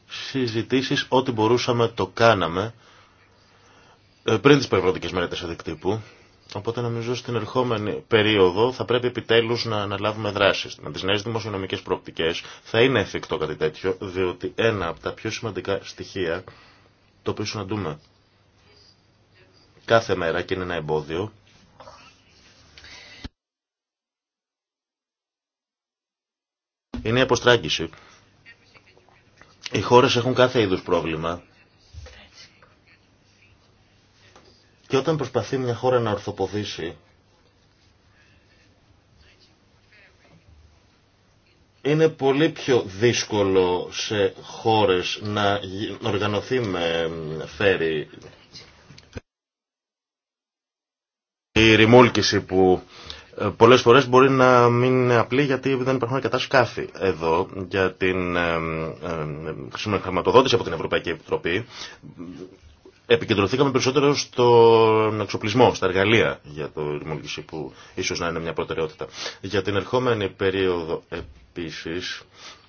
συζητήσεις, ό,τι μπορούσαμε το κάναμε ε, πριν τις περιβαλλοντικές μελέτες αδικτύπου, Οπότε νομίζω στην ερχόμενη περίοδο θα πρέπει επιτέλου να αναλάβουμε δράσει. Με τι νέε δημοσιονομικέ προοπτικέ θα είναι εφικτό κάτι τέτοιο, διότι ένα από τα πιο σημαντικά στοιχεία το οποίο συναντούμε κάθε μέρα και είναι ένα εμπόδιο είναι η αποστράγγιση. Οι χώρες έχουν κάθε είδου πρόβλημα Και όταν προσπαθεί μια χώρα να ορθοποδήσει, είναι πολύ πιο δύσκολο σε χώρες να οργανωθεί με φέρει η ρημούλκηση που ε, πολλές φορές μπορεί να μην είναι απλή γιατί δεν υπάρχουν αρκετά σκάφη εδώ για την ε, ε, χρηματοδότηση από την Ευρωπαϊκή Επιτροπή επικεντρωθήκαμε περισσότερο στον εξοπλισμό, στα εργαλεία για το δημιουργήση που ίσως να είναι μια προτεραιότητα. Για την ερχόμενη περίοδο επίσης,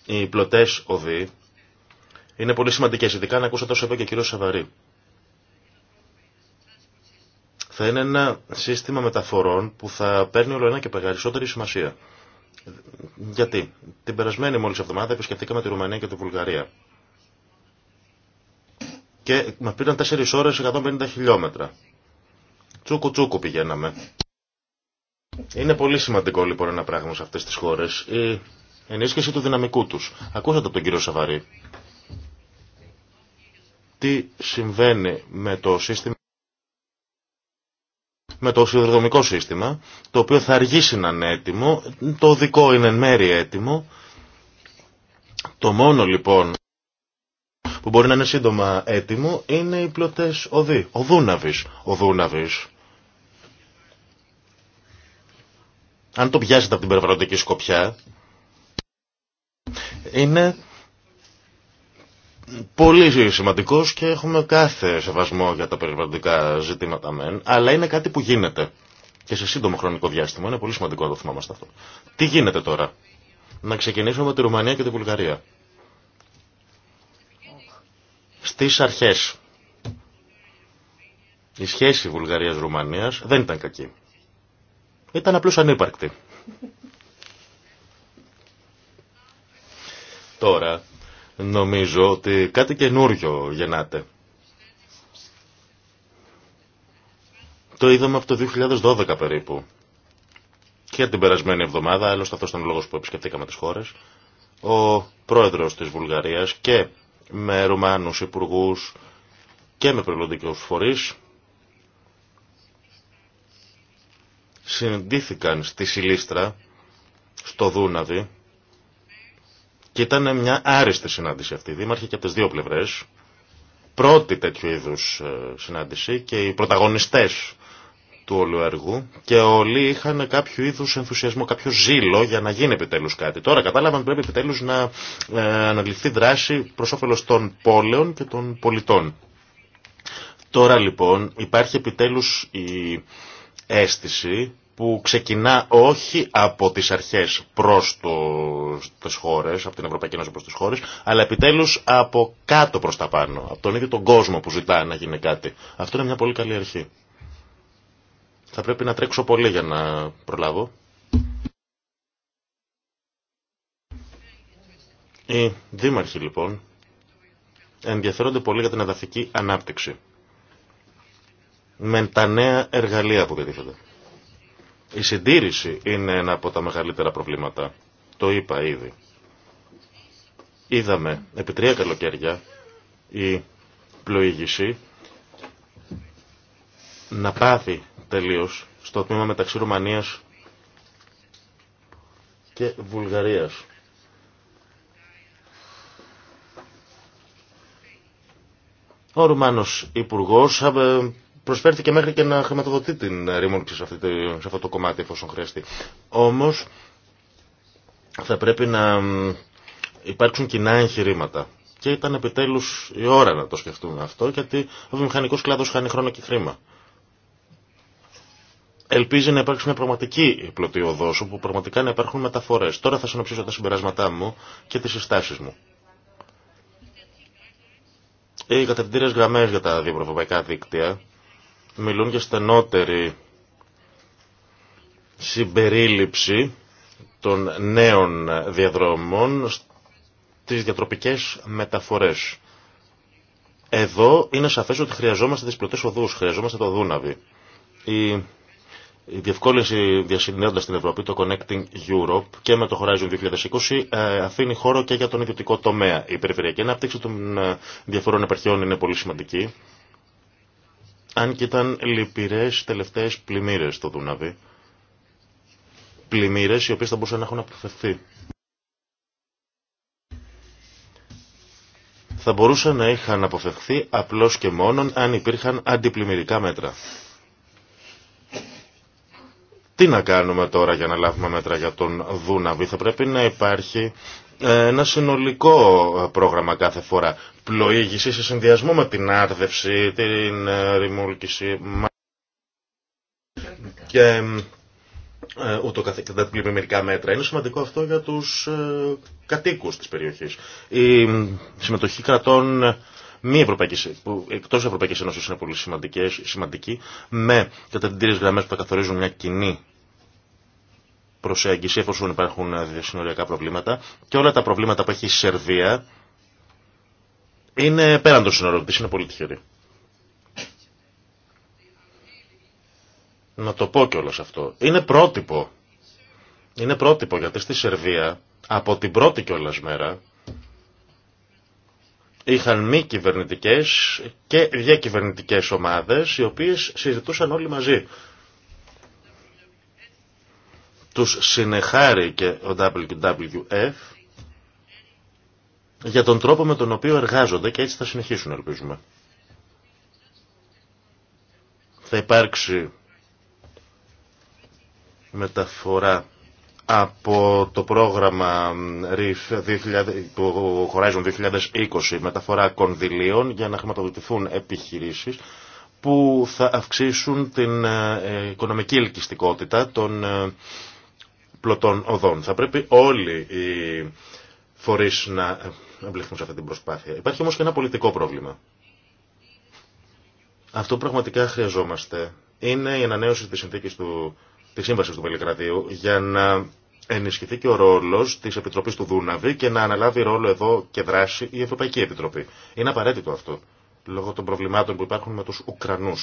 οι πλωτές οδοί είναι πολύ σημαντικές, ειδικά να ακούσα τόσο είπε και ο κύριος Σαβαρή. Θα είναι ένα σύστημα μεταφορών που θα παίρνει όλο ένα και περισσότερη σημασία. Γιατί την περασμένη μόλις εβδομάδα επισκεφτήκαμε τη Ρουμανία και τη Βουλγαρία και μα πήραν 4 ώρε 150 χιλιόμετρα. Τσούκου τσούκου πηγαίναμε. Είναι πολύ σημαντικό λοιπόν ένα πράγμα σε αυτές τις χώρε. η ενίσχυση του δυναμικού τους. Ακούσατε από τον κύριο Σαβαρή τι συμβαίνει με το σύστημα με το σιδηροδρομικό σύστημα, το οποίο θα αργήσει να είναι έτοιμο, το δικό είναι εν μέρη έτοιμο. Το μόνο λοιπόν που μπορεί να είναι σύντομα έτοιμο είναι οι πλωτές οδοί. Ο δούναβη, Ο Δούναβης. Αν το πιάσετε από την περιβαλλοντική σκοπιά, είναι πολύ σημαντικό και έχουμε κάθε σεβασμό για τα περιβαλλοντικά ζητήματα μεν, αλλά είναι κάτι που γίνεται. Και σε σύντομο χρονικό διάστημα είναι πολύ σημαντικό να το θυμάμαστε αυτό. Τι γίνεται τώρα. Να ξεκινήσουμε με τη Ρουμανία και τη Βουλγαρία στις αρχές. Η σχέση Βουλγαρίας-Ρουμανίας δεν ήταν κακή. Ήταν απλώς ανύπαρκτη. Τώρα νομίζω ότι κάτι καινούριο γεννάται. Το είδαμε από το 2012 περίπου. Και την περασμένη εβδομάδα, άλλωστε αυτό ήταν ο λόγος που επισκεφτήκαμε τις χώρες, ο πρόεδρος της Βουλγαρίας και με Ρουμάνους υπουργού και με προλοντικούς φορείς Συντήθηκαν στη Σιλίστρα, στο Δούναβι και ήταν μια άριστη συνάντηση αυτή. Δήμαρχε και από τις δύο πλευρές. Πρώτη τέτοιου είδους ε, συνάντηση και οι πρωταγωνιστές του όλου έργου και όλοι είχαν κάποιο είδου ενθουσιασμό, κάποιο ζήλο για να γίνει επιτέλου κάτι. Τώρα κατάλαβαν ότι πρέπει επιτέλου να ε, αναλυθεί δράση προ όφελο των πόλεων και των πολιτών. Τώρα λοιπόν υπάρχει επιτέλου η αίσθηση που ξεκινά όχι από τις αρχές προς τι χώρε, από την Ευρωπαϊκή Ένωση προς τις χώρες, αλλά επιτέλους από κάτω προς τα πάνω, από τον ίδιο τον κόσμο που ζητά να γίνει κάτι. Αυτό είναι μια πολύ καλή αρχή. Θα πρέπει να τρέξω πολύ για να προλάβω. Οι δήμαρχοι λοιπόν ενδιαφέρονται πολύ για την εδαφική ανάπτυξη. Με τα νέα εργαλεία που διατίθεται. Η συντήρηση είναι ένα από τα μεγαλύτερα προβλήματα. Το είπα ήδη. Είδαμε επί τρία καλοκαίρια η πλοήγηση να πάθει Τελείω στο τμήμα μεταξύ Ρουμανίας και Βουλγαρίας. Ο Ρουμάνος Υπουργός ε, προσφέρθηκε μέχρι και να χρηματοδοτεί την ρήμονξη σε, σε αυτό το κομμάτι εφόσον χρειαστεί. Όμως θα πρέπει να υπάρξουν κοινά εγχειρήματα. Και ήταν επιτέλους η ώρα να το σκεφτούμε αυτό γιατί ο βιομηχανικός κλάδος χάνει χρόνο και χρήμα ελπίζει να υπάρξει μια πραγματική πλωτή οδό, όπου πραγματικά να υπάρχουν μεταφορέ. Τώρα θα συνοψίσω τα συμπεράσματά μου και τι συστάσει μου. Οι κατευθυντήριε γραμμέ για τα διευρωπαϊκά δίκτυα μιλούν για στενότερη συμπερίληψη των νέων διαδρομών στις διατροπικές μεταφορές. Εδώ είναι σαφές ότι χρειαζόμαστε τις πλωτές οδούς, χρειαζόμαστε το Δούναβι. Η η διευκόλυνση διασυνδέοντα την Ευρώπη, το Connecting Europe και με το Horizon 2020 ε, αφήνει χώρο και για τον ιδιωτικό τομέα. Η περιφερειακή ανάπτυξη των ε, διαφορών επαρχιών είναι πολύ σημαντική. Αν και ήταν λυπηρέ τελευταίε πλημμύρε στο Δούναβι. Πλημμύρε οι οποίε θα μπορούσαν να έχουν αποφευθεί. Θα μπορούσαν να είχαν αποφευθεί απλώ και μόνον αν υπήρχαν αντιπλημμυρικά μέτρα. Τι να κάνουμε τώρα για να λάβουμε μέτρα για τον Δούναβη. Θα πρέπει να υπάρχει ε, ένα συνολικό ε, πρόγραμμα κάθε φορά. Πλοήγηση σε συνδυασμό με την άρδευση, την ε, ρημούλκηση και ούτω την μερικά μέτρα. Είναι σημαντικό αυτό για τους κατοίκους της περιοχής. Η συμμετοχή κρατών μη ευρωπαϊκή που εκτό Ευρωπαϊκή Ένωση είναι πολύ σημαντική, με κατευθυντήριε γραμμέ που θα καθορίζουν μια κοινή προσέγγιση εφόσον υπάρχουν διασυνοριακά προβλήματα και όλα τα προβλήματα που έχει η Σερβία είναι πέραν των συνορών της, είναι πολύ τυχεροί Να το πω κιόλα αυτό. Είναι πρότυπο. Είναι πρότυπο γιατί στη Σερβία από την πρώτη κιόλα μέρα είχαν μη κυβερνητικέ και διακυβερνητικέ ομάδε, οι οποίε συζητούσαν όλοι μαζί. του συνεχάρει και ο WWF για τον τρόπο με τον οποίο εργάζονται και έτσι θα συνεχίσουν ελπίζουμε. Θα υπάρξει μεταφορά από το πρόγραμμα RIF 2000, του Horizon 2020 μεταφορά κονδυλίων για να χρηματοδοτηθούν επιχειρήσεις που θα αυξήσουν την ε, οικονομική ελκυστικότητα των ε, πλωτών οδών. Θα πρέπει όλοι οι φορείς να εμπληκθούν σε αυτή την προσπάθεια. Υπάρχει όμως και ένα πολιτικό πρόβλημα. Αυτό που πραγματικά χρειαζόμαστε είναι η ανανέωση της συνθήκης του τη Σύμβαση του Βελιγραδίου για να ενισχυθεί και ο ρόλο τη Επιτροπή του Δούναβη και να αναλάβει ρόλο εδώ και δράση η Ευρωπαϊκή Επιτροπή. Είναι απαραίτητο αυτό, λόγω των προβλημάτων που υπάρχουν με του Ουκρανού.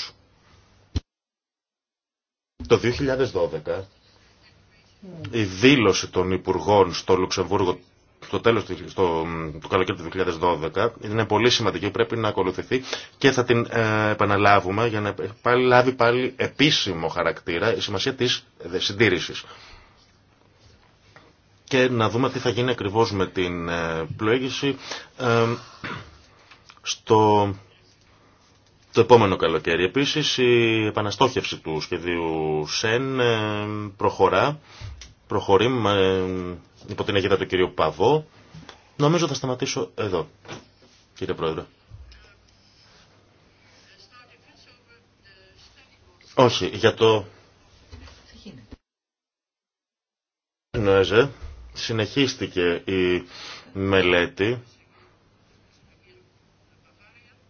Το 2012 η δήλωση των Υπουργών στο Λουξεμβούργο στο τέλος του, στο, του καλοκαίρι του 2012 είναι πολύ σημαντική, πρέπει να ακολουθηθεί και θα την ε, επαναλάβουμε για να πάλι, λάβει πάλι επίσημο χαρακτήρα η σημασία της ε, συντήρησης και να δούμε τι θα γίνει ακριβώς με την ε, πλοήγηση ε, στο το επόμενο καλοκαίρι. Επίσης η επαναστόχευση του σχεδίου ΣΕΝ προχωρά, προχωρεί υπό την αιγύδα του κυρίου Παβό. Νομίζω θα σταματήσω εδώ, κύριε Πρόεδρε. Όχι, για το... συνεχίστηκε η μελέτη.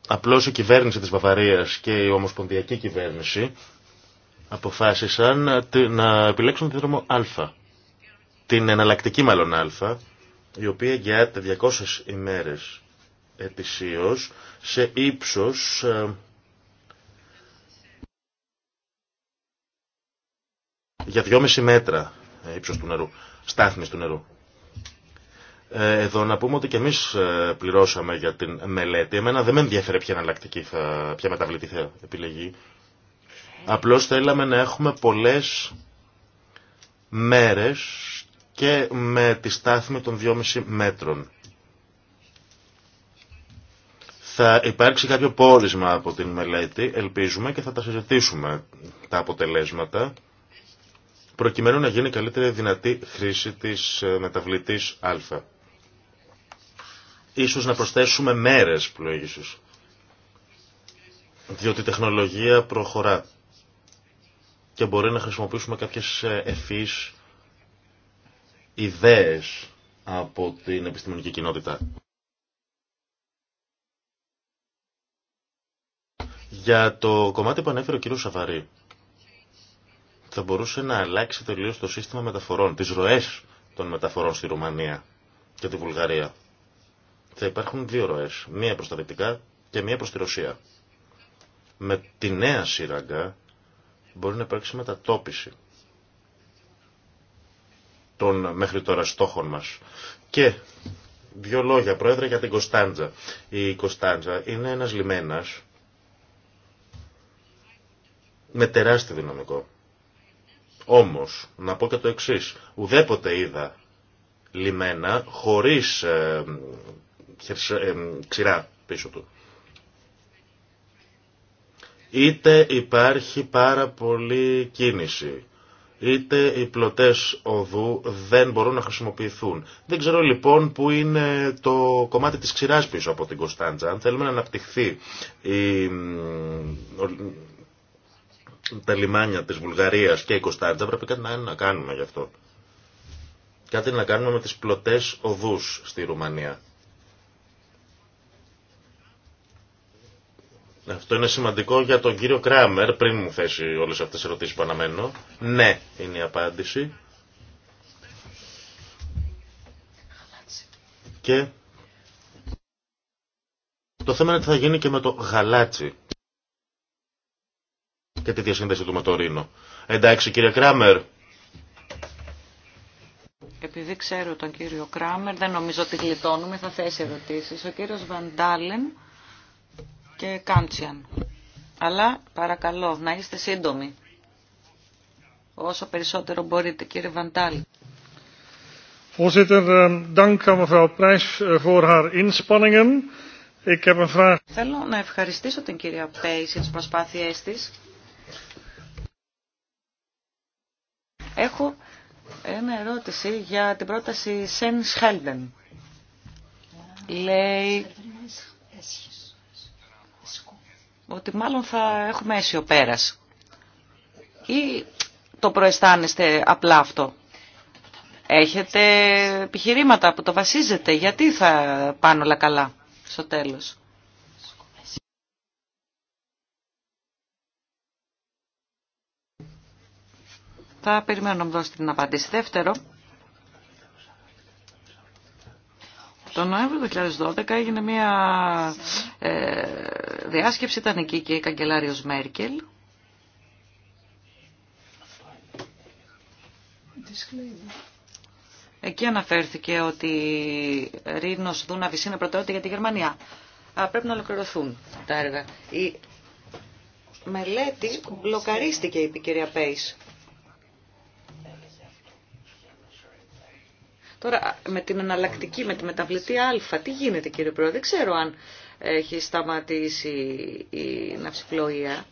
Απλώς η κυβέρνηση της Βαβαρίας και η ομοσπονδιακή κυβέρνηση αποφάσισαν να επιλέξουν τη δρόμο Α την εναλλακτική μάλλον α, η οποία εγγυάται 200 ημέρες ετησίως σε ύψος ε, για 2,5 μέτρα ε, ύψος του νερού, στάθμης του νερού. Ε, εδώ να πούμε ότι και εμείς πληρώσαμε για την μελέτη. Εμένα δεν με ενδιαφέρει ποια εναλλακτική, θα, ποια μεταβλητή θα επιλεγεί. Απλώς θέλαμε να έχουμε πολλές μέρες και με τη στάθμη των 2,5 μέτρων. Θα υπάρξει κάποιο πόρισμα από την μελέτη, ελπίζουμε, και θα τα συζητήσουμε τα αποτελέσματα, προκειμένου να γίνει καλύτερη δυνατή χρήση της ε, μεταβλητής α. Ίσως να προσθέσουμε μέρες πλοήγησης, διότι η τεχνολογία προχωρά και μπορεί να χρησιμοποιήσουμε κάποιες ε, ευφύς ιδέες από την επιστημονική κοινότητα. Για το κομμάτι που ανέφερε ο κ. Σαβαρή, θα μπορούσε να αλλάξει τελείως το σύστημα μεταφορών, τις ροές των μεταφορών στη Ρουμανία και τη Βουλγαρία. Θα υπάρχουν δύο ροές, μία προς τα δυτικά και μία προς τη Ρωσία. Με τη νέα σύραγγα μπορεί να υπάρξει μετατόπιση των μέχρι τώρα στόχων μας. Και δύο λόγια, Πρόεδρε, για την Κωνσταντζα. Η Κωνσταντζα είναι ένας λιμένας με τεράστιο δυναμικό. Όμως, να πω και το εξής, ουδέποτε είδα λιμένα χωρίς ε, ε ξηρά πίσω του. Είτε υπάρχει πάρα πολύ κίνηση είτε οι πλωτές οδού δεν μπορούν να χρησιμοποιηθούν. Δεν ξέρω λοιπόν που είναι το κομμάτι της ξηράς πίσω από την Κωνσταντζα. Αν θέλουμε να αναπτυχθεί η... τα λιμάνια της Βουλγαρίας και η Κωνσταντζα πρέπει κάτι να, να κάνουμε γι' αυτό. Κάτι να κάνουμε με τις πλωτές οδούς στη Ρουμανία. Αυτό είναι σημαντικό για τον κύριο Κράμερ, πριν μου θέσει όλες αυτές τις ερωτήσεις που αναμένω. Ναι, είναι η απάντηση. Και το θέμα είναι τι θα γίνει και με το γαλάτσι και τη διασύνδεση του με το Ρήνο. Εντάξει κύριε Κράμερ. Επειδή ξέρω τον κύριο Κράμερ, δεν νομίζω ότι γλιτώνουμε, θα θέσει ερωτήσεις. Ο κύριος Βαντάλεν και Κάντσιαν. Αλλά παρακαλώ να είστε σύντομοι. Όσο περισσότερο μπορείτε κύριε Βαντάλη. Θέλω να ευχαριστήσω την κυρία Πέις για τις προσπάθειές της. Έχω ένα ερώτηση για την πρόταση Σεν Σχέλντεν. Λέει ότι μάλλον θα έχουμε αίσιο πέρας. Ή το προαισθάνεστε απλά αυτό. Έχετε επιχειρήματα που το βασίζετε. Γιατί θα πάνε όλα καλά στο τέλος. Θα περιμένω να μου δώσετε την απάντηση. Δεύτερο, Το Νοέμβριο του 2012 έγινε μια ε, διάσκεψη, ήταν εκεί και η καγκελάριος Μέρκελ. Εκεί αναφέρθηκε ότι Ρήνος Δούναβης είναι προτεραιότητα για τη Γερμανία. Α, πρέπει να ολοκληρωθούν τα έργα. Η μελέτη μπλοκαρίστηκε, είπε η κυρία Πέις. Τώρα με την εναλλακτική, με τη μεταβλητή α, τι γίνεται κύριε Πρόεδρε, δεν ξέρω αν έχει σταματήσει η ναυσιπλοεία.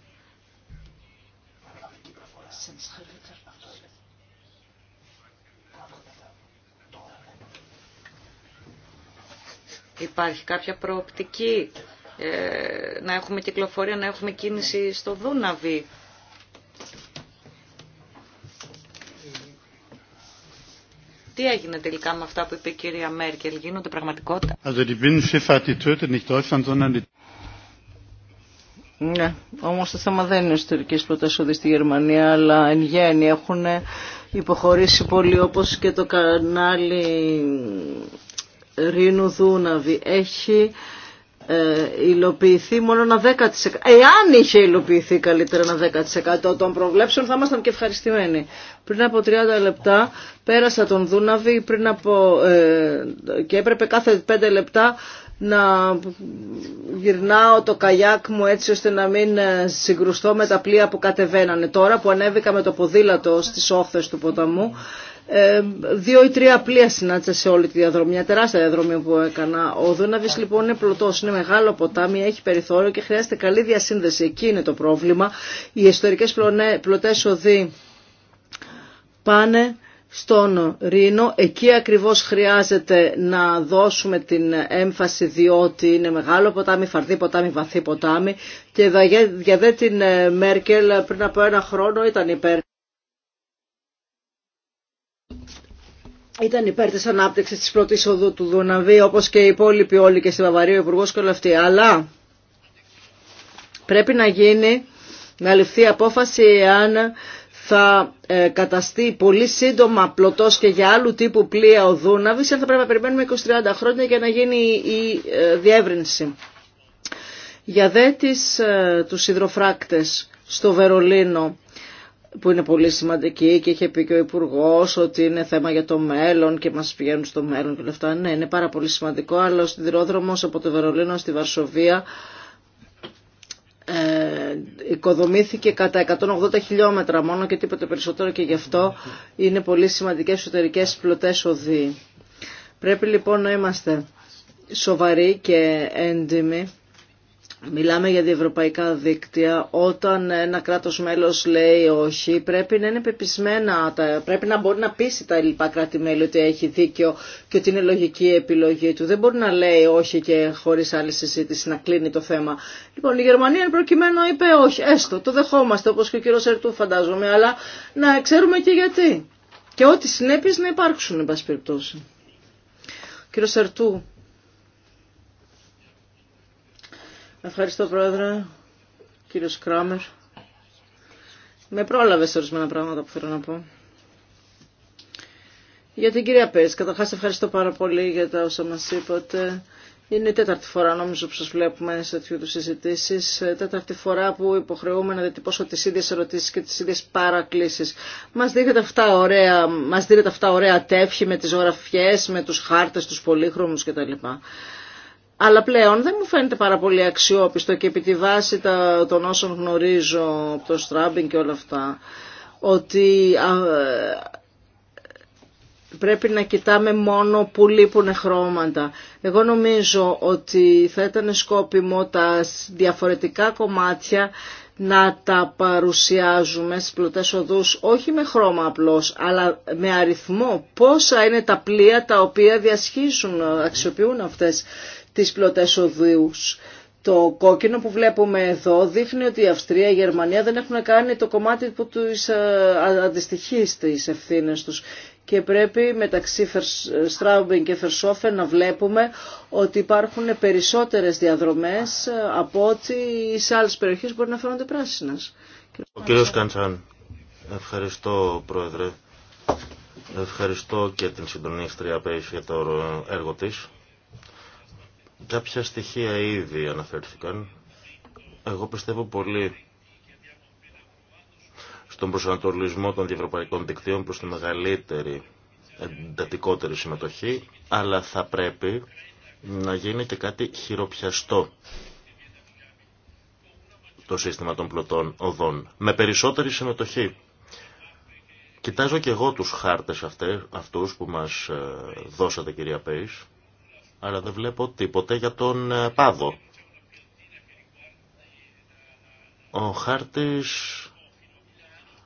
Υπάρχει κάποια προοπτική ε, να έχουμε κυκλοφορία, να έχουμε κίνηση στο Δούναβι τι έγινε τελικά με αυτά που είπε η κυρία Μέρκελ, γίνονται πραγματικότητα. Ναι, όμω το θέμα δεν είναι ιστορικές προτάσεις στη Γερμανία, αλλά εν γέννη έχουν υποχωρήσει πολύ όπως και το κανάλι Ρήνου Δούναβη. Έχει ε, υλοποιηθεί μόνο ένα 10%. Εάν είχε υλοποιηθεί καλύτερα ένα 10% των προβλέψεων θα ήμασταν και ευχαριστημένοι. Πριν από 30 λεπτά πέρασα τον Δούναβη πριν από, ε, και έπρεπε κάθε 5 λεπτά να γυρνάω το καγιάκ μου έτσι ώστε να μην ε, συγκρουστώ με τα πλοία που κατεβαίνανε. Τώρα που ανέβηκα με το ποδήλατο στις όχθες του ποταμού ε, δύο ή τρία πλοία συνάντησα σε όλη τη διαδρομή, μια τεράστια διαδρομή που έκανα. Ο Δούναβης λοιπόν είναι πλωτός, είναι μεγάλο ποτάμι, έχει περιθώριο και χρειάζεται καλή διασύνδεση. Εκεί είναι το πρόβλημα. Οι ιστορικές πλωτές οδοί πάνε στον Ρήνο. Εκεί ακριβώς χρειάζεται να δώσουμε την έμφαση διότι είναι μεγάλο ποτάμι, φαρδί ποτάμι, βαθύ ποτάμι και για δε την Μέρκελ πριν από ένα χρόνο ήταν υπέρ ήταν υπέρ της ανάπτυξης της πρώτης οδού του Δουναβή, όπως και οι υπόλοιποι όλοι και στη Βαβαρία, ο Υπουργός και όλα αυτοί. Αλλά πρέπει να γίνει, να ληφθεί απόφαση εάν θα ε, καταστεί πολύ σύντομα πλωτός και για άλλου τύπου πλοία ο Δούναβης, αν θα πρέπει να περιμένουμε 20-30 χρόνια για να γίνει η ε, διεύρυνση. Για δε τις, ε, τους υδροφράκτες στο Βερολίνο, που είναι πολύ σημαντική και είχε πει και ο Υπουργό ότι είναι θέμα για το μέλλον και μας πηγαίνουν στο μέλλον και όλα αυτά. Ναι, είναι πάρα πολύ σημαντικό, αλλά ο σιδηρόδρομος από το Βερολίνο στη Βαρσοβία ε, οικοδομήθηκε κατά 180 χιλιόμετρα μόνο και τίποτε περισσότερο και γι' αυτό είναι πολύ σημαντικές εσωτερικές πλωτές οδοί. Πρέπει λοιπόν να είμαστε σοβαροί και έντιμοι Μιλάμε για διευρωπαϊκά δίκτυα. Όταν ένα κράτος μέλος λέει όχι, πρέπει να είναι πεπισμένα, πρέπει να μπορεί να πείσει τα λοιπά κράτη-μέλη ότι έχει δίκιο και ότι είναι λογική η επιλογή του. Δεν μπορεί να λέει όχι και χωρίς άλλη συζήτηση να κλείνει το θέμα. Λοιπόν, η Γερμανία προκειμένου είπε όχι. Έστω, το δεχόμαστε όπως και ο κύριο Ερτού φαντάζομαι, αλλά να ξέρουμε και γιατί. Και ό,τι συνέπειες να υπάρξουν, εν πάση περιπτώσει. Κύριο Σερτού, Ευχαριστώ πρόεδρε, κύριο Κράμερ. Με πρόλαβε ορισμένα πράγματα που θέλω να πω. Για την κυρία Πέτ, καταρχάς ευχαριστώ πάρα πολύ για τα όσα μας είπατε. Είναι η τέταρτη φορά νομίζω που σας βλέπουμε σε τέτοιου είδου συζητήσεις, τέταρτη φορά που υποχρεούμε να διατυπώσω δηλαδή, τις ίδιες ερωτήσεις και τις ίδιες παρακλήσεις. Μας δίνετε αυτά ωραία, μας δίνετε αυτά ωραία τεύχη με τις ζωγραφιές, με τους χάρτες, τους πολύχρωμους κτλ. Αλλά πλέον δεν μου φαίνεται πάρα πολύ αξιόπιστο και επί τη βάση των όσων γνωρίζω από το στράμπινγκ και όλα αυτά ότι πρέπει να κοιτάμε μόνο που λείπουν χρώματα. Εγώ νομίζω ότι θα ήταν σκόπιμο τα διαφορετικά κομμάτια να τα παρουσιάζουμε στις πλωτές οδούς όχι με χρώμα απλώς, αλλά με αριθμό πόσα είναι τα πλοία τα οποία διασχίζουν, αξιοποιούν αυτές τις πλωτές οδούς. Το κόκκινο που βλέπουμε εδώ δείχνει ότι η Αυστρία, η Γερμανία δεν έχουν κάνει το κομμάτι που τους ε, αντιστοιχεί στις ευθύνες τους. Και πρέπει μεταξύ Στράουμπιν και Φερσόφεν να βλέπουμε ότι υπάρχουν περισσότερες διαδρομές ε, από ότι σε άλλες περιοχές μπορεί να φαίνονται πράσινες. Ο κύριος Καντσάν, ευχαριστώ πρόεδρε. Ευχαριστώ και την συντονίστρια Πέις για το έργο της. Κάποια στοιχεία ήδη αναφέρθηκαν. Εγώ πιστεύω πολύ στον προσανατολισμό των διευρωπαϊκών δικτύων προς τη μεγαλύτερη εντατικότερη συμμετοχή, αλλά θα πρέπει να γίνει και κάτι χειροπιαστό το σύστημα των πλωτών οδών, με περισσότερη συμμετοχή. Κοιτάζω και εγώ τους χάρτες αυτούς που μας ε, δώσατε κυρία Πέης αλλά δεν βλέπω τίποτε για τον ε, Πάδο. Ο χάρτης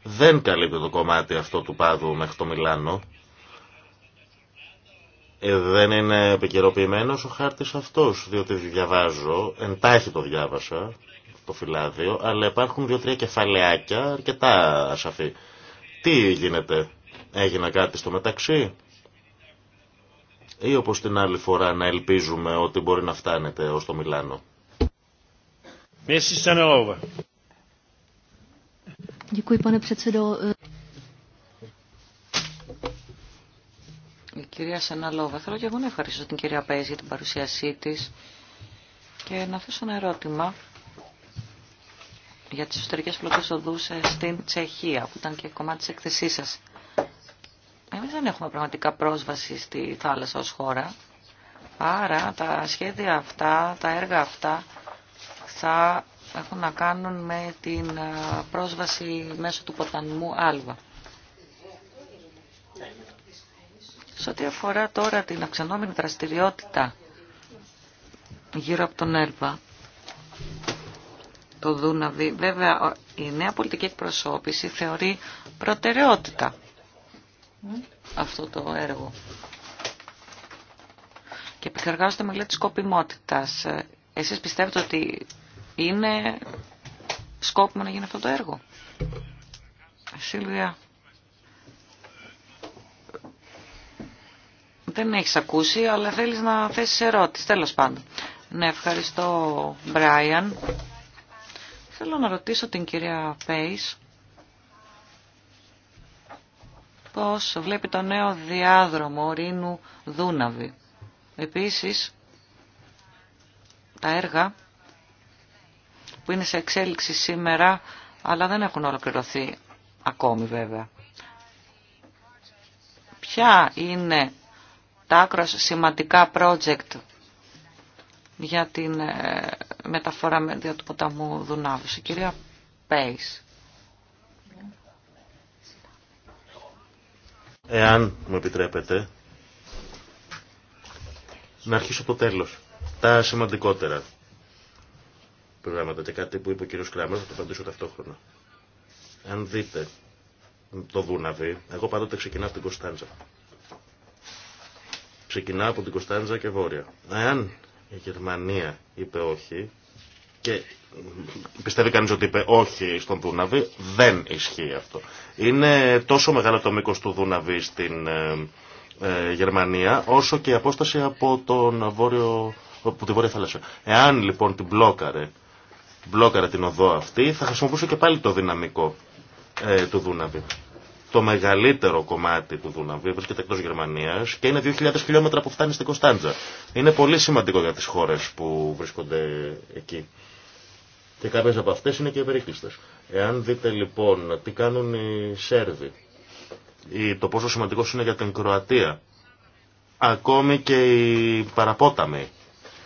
δεν καλύπτει το κομμάτι αυτό του Πάδου μέχρι το Μιλάνο. Ε, δεν είναι επικαιροποιημένο ο χάρτης αυτός, διότι διαβάζω, εντάχει το διάβασα, το φυλάδιο, αλλά υπάρχουν δύο-τρία κεφαλαιάκια αρκετά ασαφή. Τι γίνεται, έγινε κάτι στο μεταξύ, ή όπως την άλλη φορά να ελπίζουμε ότι μπορεί να φτάνετε ως το Μιλάνο. Η κυρία Σεναλόβα, θέλω και εγώ να ευχαριστήσω την κυρία Πέζ για την παρουσίασή της και να θέσω ένα ερώτημα για τις εσωτερικές πλοκές οδούς ε, στην Τσεχία, που ήταν και κομμάτι της εκθεσής σας. Εμείς δεν έχουμε πραγματικά πρόσβαση στη θάλασσα ως χώρα. Άρα τα σχέδια αυτά, τα έργα αυτά θα έχουν να κάνουν με την πρόσβαση μέσω του ποταμού Άλβα. Σε ό,τι αφορά τώρα την αυξανόμενη δραστηριότητα γύρω από τον Έλβα, το Δούναβι, βέβαια η νέα πολιτική εκπροσώπηση θεωρεί προτεραιότητα αυτό το έργο. Και επεξεργάζονται μελέτη σκοπιμότητας. Ε, εσείς πιστεύετε ότι είναι σκόπιμο να γίνει αυτό το έργο. Σίλβια, δεν έχεις ακούσει, αλλά θέλεις να θέσεις ερώτηση, τέλος πάντων. Ναι, ευχαριστώ, Μπράιαν. Θέλω να ρωτήσω την κυρία Πέις πώς βλέπει το νέο διάδρομο Ρήνου Δούναβη. Επίσης, τα έργα που είναι σε εξέλιξη σήμερα, αλλά δεν έχουν ολοκληρωθεί ακόμη βέβαια. Ποια είναι τα άκρο σημαντικά project για την ε, μεταφορά του ποταμού Δουνάβου. Η κυρία Πέις. εάν μου επιτρέπετε, να αρχίσω από το τέλος. Τα σημαντικότερα προγράμματα και κάτι που είπε ο κύριος Κράμερ, θα το απαντήσω ταυτόχρονα. Αν δείτε το Δούναβι, εγώ πάντοτε ξεκινάω από την Κωνσταντζα. Ξεκινάω από την Κωνσταντζα και βόρεια. Εάν η Γερμανία είπε όχι, και πιστεύει κανείς ότι είπε όχι στον Δούναβη, δεν ισχύει αυτό. Είναι τόσο μεγάλο το μήκος του Δούναβη στην ε, ε, Γερμανία, όσο και η απόσταση από, τον βόρειο, από τη Βόρεια Θάλασσα. Εάν λοιπόν την μπλόκαρε, μπλόκαρε την οδό αυτή, θα χρησιμοποιούσε και πάλι το δυναμικό ε, του Δούναβη. Το μεγαλύτερο κομμάτι του Δούναβη βρίσκεται εκτό Γερμανία και είναι 2.000 χιλιόμετρα που φτάνει στην Κωνσταντζα. Είναι πολύ σημαντικό για τι χώρε που βρίσκονται εκεί. Και κάποιες από αυτές είναι και ευερήκλειστες. Εάν δείτε λοιπόν τι κάνουν οι Σέρβοι ή το πόσο σημαντικό είναι για την Κροατία, ακόμη και οι παραπόταμοι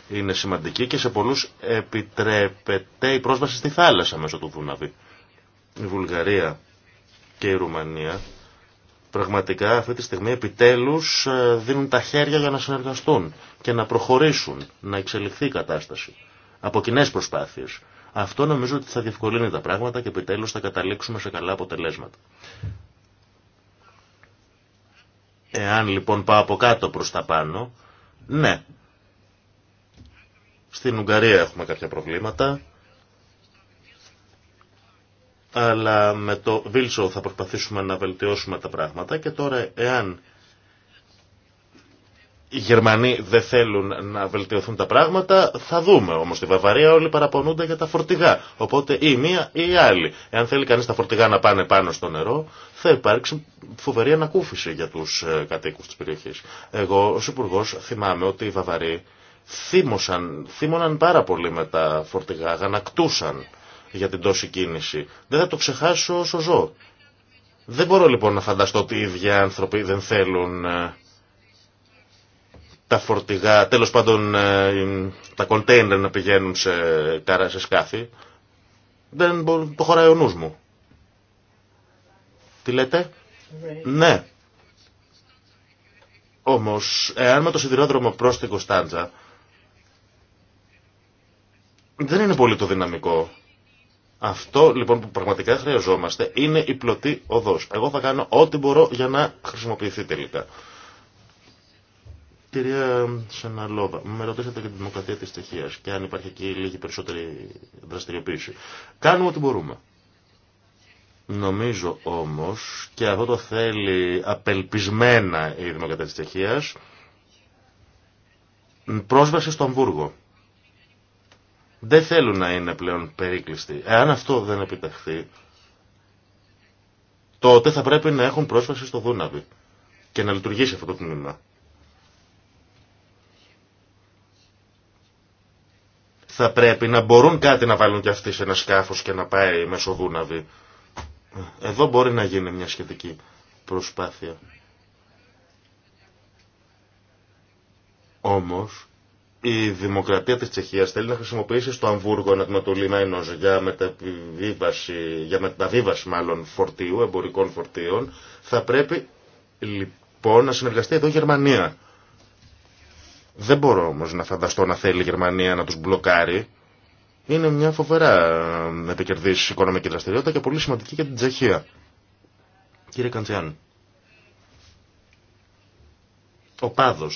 είναι σημαντικοί και σε πολλούς επιτρέπεται η πρόσβαση στη θάλασσα μέσω του Δούναβη. Η Βουλγαρία και η Ρουμανία πραγματικά αυτή τη στιγμή επιτέλους ε, δίνουν τα χέρια για να συνεργαστούν και να προχωρήσουν, να εξελιχθεί η κατάσταση από κοινέ προσπάθειες. Αυτό νομίζω ότι θα διευκολύνει τα πράγματα και επιτέλους θα καταλήξουμε σε καλά αποτελέσματα. Εάν λοιπόν πάω από κάτω προς τα πάνω, ναι. Στην Ουγγαρία έχουμε κάποια προβλήματα, αλλά με το Βίλσο θα προσπαθήσουμε να βελτιώσουμε τα πράγματα και τώρα εάν οι Γερμανοί δεν θέλουν να βελτιωθούν τα πράγματα, θα δούμε. Όμω στη Βαβαρία όλοι παραπονούνται για τα φορτηγά. Οπότε ή μία ή η άλλη. Εάν θέλει κανεί τα φορτηγά να πάνε πάνω στο νερό, θα υπάρξει φοβερή ανακούφιση για του ε, κατοίκου τη περιοχή. Εγώ ω Υπουργό θυμάμαι ότι οι Βαβαροί θύμωσαν, θύμωναν πάρα πολύ με τα φορτηγά, γανακτούσαν για την τόση κίνηση. Δεν θα το ξεχάσω όσο ζω. Δεν μπορώ λοιπόν να φανταστώ ότι οι ίδιοι άνθρωποι δεν θέλουν ε, τα φορτηγά, τέλος πάντων ε, τα κοντέινερ να πηγαίνουν σε, σε σκάφη, δεν μπορεί, το χωράει ο νους μου. Τι λέτε? Ναι. Όμως, εάν με το σιδηρόδρομο προς την Κωνσταντζα, δεν είναι πολύ το δυναμικό. Αυτό λοιπόν που πραγματικά χρειαζόμαστε είναι η πλωτή οδός. Εγώ θα κάνω ό,τι μπορώ για να χρησιμοποιηθεί τελικά. Κυρία Σεναλόβα, με ρωτήσατε για τη δημοκρατία της Τσεχίας και αν υπάρχει εκεί λίγη περισσότερη δραστηριοποίηση. Κάνουμε ό,τι μπορούμε. Νομίζω όμως, και αυτό το θέλει απελπισμένα η δημοκρατία της Τσεχίας, πρόσβαση στο Αμβούργο. Δεν θέλουν να είναι πλέον περίκλειστοι. Εάν αυτό δεν επιταχθεί, τότε θα πρέπει να έχουν πρόσβαση στο Δούναβι και να λειτουργήσει αυτό το τμήμα. θα πρέπει να μπορούν κάτι να βάλουν κι αυτοί σε ένα σκάφος και να πάει μέσω Δούναβη. Εδώ μπορεί να γίνει μια σχετική προσπάθεια. Όμως, η δημοκρατία της Τσεχίας θέλει να χρησιμοποιήσει στο Αμβούργο ένα τμήμα του για μεταβίβαση, για μεταβίβαση μάλλον φορτίου, εμπορικών φορτίων. Θα πρέπει λοιπόν να συνεργαστεί εδώ η Γερμανία. Δεν μπορώ όμω να φανταστώ να θέλει η Γερμανία να τους μπλοκάρει. Είναι μια φοβερά επικερδής οικονομική δραστηριότητα και πολύ σημαντική για την Τσεχία. Κύριε Καντζιάν, ο πάδο.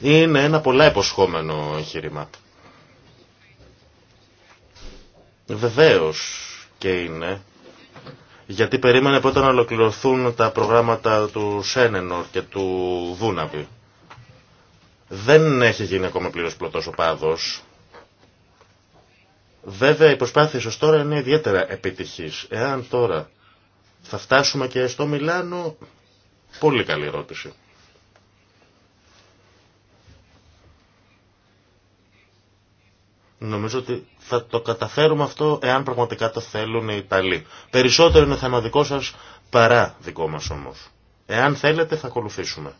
είναι ένα πολλά υποσχόμενο εγχείρημα. Βεβαίω και είναι, γιατί περίμενε πότε να ολοκληρωθούν τα προγράμματα του Σένενορ και του Δούναβη. Δεν έχει γίνει ακόμα πλήρω πλωτό ο πάδο. Βέβαια οι προσπάθειά ω τώρα είναι ιδιαίτερα επιτυχής. Εάν τώρα θα φτάσουμε και στο Μιλάνο, πολύ καλή ερώτηση. Νομίζω ότι θα το καταφέρουμε αυτό εάν πραγματικά το θέλουν οι Ιταλοί. Περισσότερο είναι θέμα δικό σας παρά δικό μας όμως. Εάν θέλετε θα ακολουθήσουμε.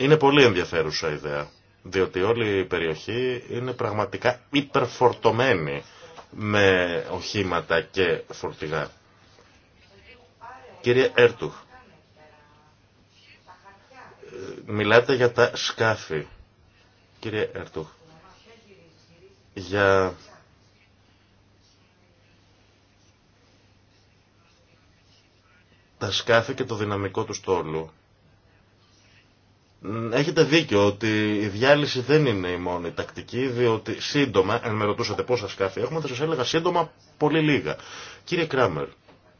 Είναι πολύ ενδιαφέρουσα ιδέα, διότι όλη η περιοχή είναι πραγματικά υπερφορτωμένη με οχήματα και φορτηγά. Κύριε Έρτουχ, μιλάτε για τα σκάφη. Κύριε Έρτουχ, για τα σκάφη και το δυναμικό του στόλου Έχετε δίκιο ότι η διάλυση δεν είναι η μόνη τακτική, διότι σύντομα, αν με ρωτούσατε πόσα σκάφη έχουμε, θα σας έλεγα σύντομα πολύ λίγα. Κύριε Κράμερ,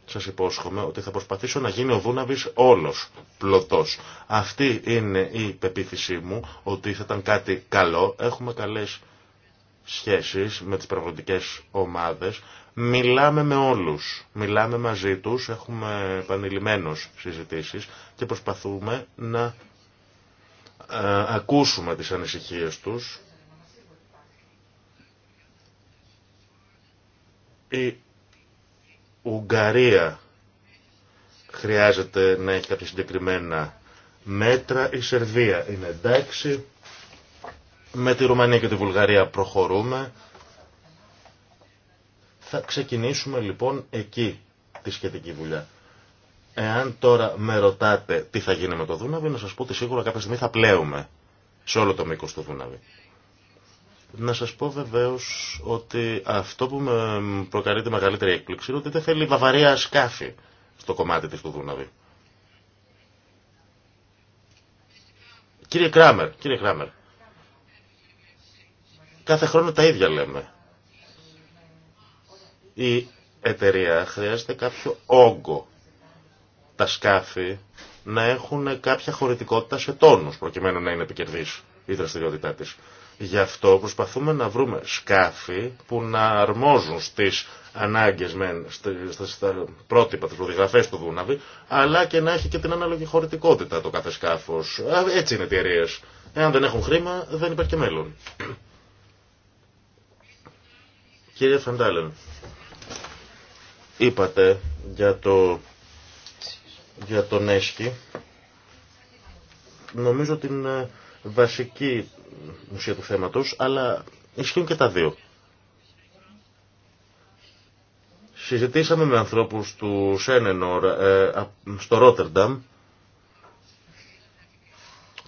σας υπόσχομαι ότι θα προσπαθήσω να γίνει ο Δούναβης όλος πλωτός. Αυτή είναι η πεποίθησή μου, ότι θα ήταν κάτι καλό. Έχουμε καλές σχέσεις με τις πραγματικέ ομάδες. Μιλάμε με όλους, μιλάμε μαζί τους, έχουμε επανειλημμένω συζητήσεις και προσπαθούμε να ε, ακούσουμε τις ανησυχίες τους. Η Ουγγαρία χρειάζεται να έχει κάποια συγκεκριμένα μέτρα. Η Σερβία είναι εντάξει. Με τη Ρουμανία και τη Βουλγαρία προχωρούμε. Θα ξεκινήσουμε λοιπόν εκεί τη σχετική δουλειά. Εάν τώρα με ρωτάτε τι θα γίνει με το Δούναβι, να σας πω ότι σίγουρα κάποια στιγμή θα πλέουμε σε όλο το μήκος του Δούναβι. Να σας πω βεβαίως ότι αυτό που με προκαλεί τη μεγαλύτερη έκπληξη είναι ότι δεν θέλει βαβαρία σκάφη στο κομμάτι της του Δούναβι. Κύριε Κράμερ, κύριε Κράμερ, κάθε χρόνο τα ίδια λέμε. Η εταιρεία χρειάζεται κάποιο όγκο τα σκάφη να έχουν κάποια χωρητικότητα σε τόνους προκειμένου να είναι επικερδής η δραστηριότητά της. Γι' αυτό προσπαθούμε να βρούμε σκάφη που να αρμόζουν στις ανάγκες στα πρότυπα, τις προδιγραφές του Δούναβη, αλλά και να έχει και την ανάλογη χωρητικότητα το κάθε σκάφος. Έτσι είναι οι Εάν δεν έχουν χρήμα, δεν υπάρχει και μέλλον. Κύριε Φαντάλεν, είπατε για το για τον Έσκι. Νομίζω την βασική ουσία του θέματος, αλλά ισχύουν και τα δύο. Συζητήσαμε με ανθρώπους του Σένενορ ε, στο Ρότερνταμ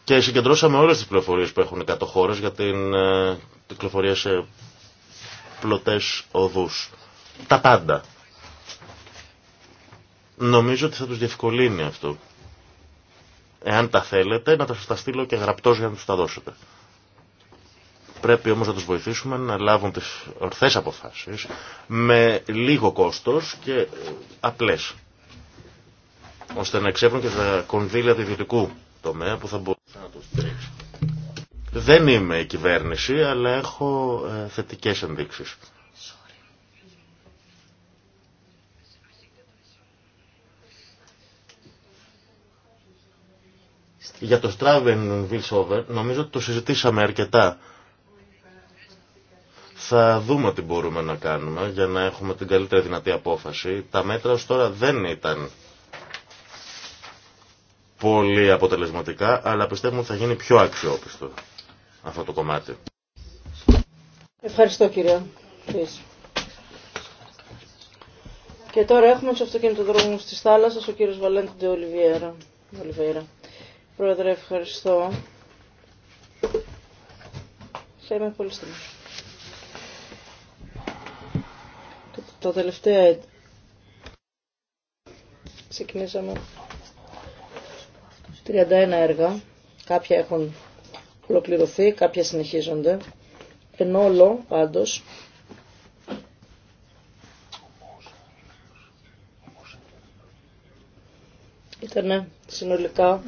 και συγκεντρώσαμε όλες τις πληροφορίες που έχουν οι κατοχώρες για ε, την κυκλοφορία σε πλωτές οδούς. Τα πάντα. Νομίζω ότι θα τους διευκολύνει αυτό. Εάν τα θέλετε, να σας τα στείλω και γραπτός για να τους τα δώσετε. Πρέπει όμως να τους βοηθήσουμε να λάβουν τις ορθές αποφάσεις με λίγο κόστος και ε, απλές. Ώστε να εξεύρουν και τα κονδύλια του ιδιωτικού τομέα που θα μπορούσε να τους στηρίξει. Δεν είμαι η κυβέρνηση, αλλά έχω ε, θετικές ενδείξεις. Για το Straven Vilsover νομίζω ότι το συζητήσαμε αρκετά. Θα δούμε τι μπορούμε να κάνουμε για να έχουμε την καλύτερη δυνατή απόφαση. Τα μέτρα ως τώρα δεν ήταν πολύ αποτελεσματικά, αλλά πιστεύουμε ότι θα γίνει πιο αξιόπιστο αυτό το κομμάτι. Ευχαριστώ κύριε. Και τώρα έχουμε του δρόμο τη θάλασσα ο κύριο Βαλέντι Ολιβέρα. Πρόεδρε, ευχαριστώ. Θα είμαι πολύ στιγμή. Τα τελευταία ξεκινήσαμε 31 έργα. Κάποια έχουν ολοκληρωθεί, κάποια συνεχίζονται. Εν όλο, πάντως, ήταν συνολικά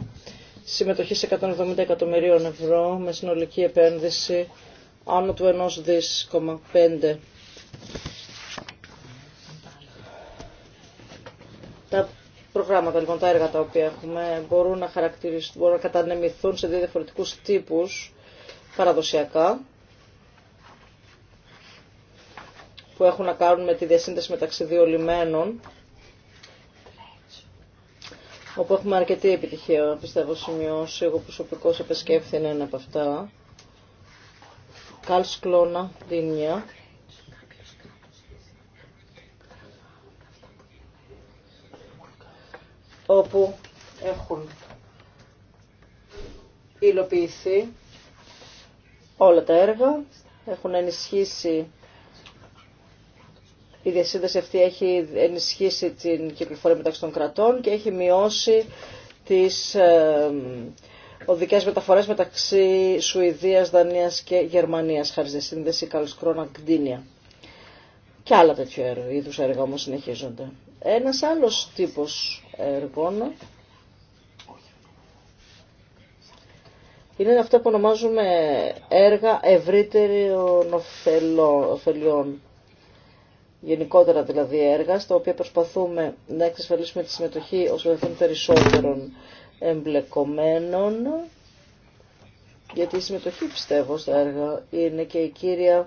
Συμμετοχή σε 170 εκατομμυρίων ευρώ με συνολική επένδυση άνω του 1 δις Τα προγράμματα, λοιπόν, τα έργα τα οποία έχουμε μπορούν να, χαρακτηριστούν, μπορούν να κατανεμηθούν σε δύο διαφορετικούς τύπους παραδοσιακά που έχουν να κάνουν με τη διασύνδεση μεταξύ δύο λιμένων όπου έχουμε αρκετή επιτυχία, πιστεύω, σημειώσει. Εγώ προσωπικώ επεσκέφθηνα ένα από αυτά. Καλς Κλώνα, Δίνια. όπου έχουν υλοποιηθεί όλα τα έργα, έχουν ενισχύσει η διασύνδεση αυτή έχει ενισχύσει την κυκλοφορία μεταξύ των κρατών και έχει μειώσει τις ε, οδικές μεταφορές μεταξύ Σουηδίας, Δανίας και Γερμανίας χάρη στη σύνδεση Καλσκρόνα Κτίνια. Και άλλα τέτοια είδους έργα όμως συνεχίζονται. Ένας άλλος τύπος έργων είναι αυτό που ονομάζουμε έργα ευρύτερων ωφελιών γενικότερα δηλαδή έργα, στα οποία προσπαθούμε να εξασφαλίσουμε τη συμμετοχή όσο δεθούν περισσότερων εμπλεκομένων, γιατί η συμμετοχή πιστεύω στα έργα είναι και η κύρια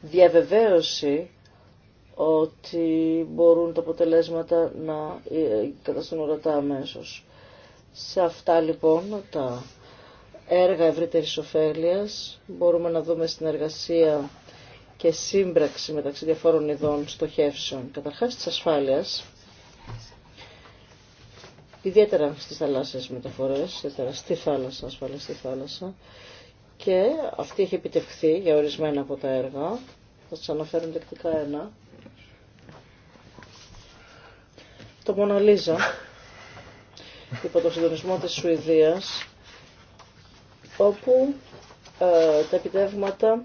διαβεβαίωση ότι μπορούν τα αποτελέσματα να ε, καταστούν ορατά αμέσω. Σε αυτά λοιπόν τα έργα ευρύτερης ωφέλειας μπορούμε να δούμε συνεργασία και σύμπραξη μεταξύ διαφόρων ειδών στοχεύσεων. Καταρχάς της ασφάλειας, ιδιαίτερα στις θαλάσσιες μεταφορές, ιδιαίτερα στη θάλασσα, ασφάλεια στη θάλασσα, και αυτή έχει επιτευχθεί για ορισμένα από τα έργα. Θα σας αναφέρω δεκτικά ένα. Το Μοναλίζα, υπό τον συντονισμό της Σουηδίας, όπου ε, τα επιτεύγματα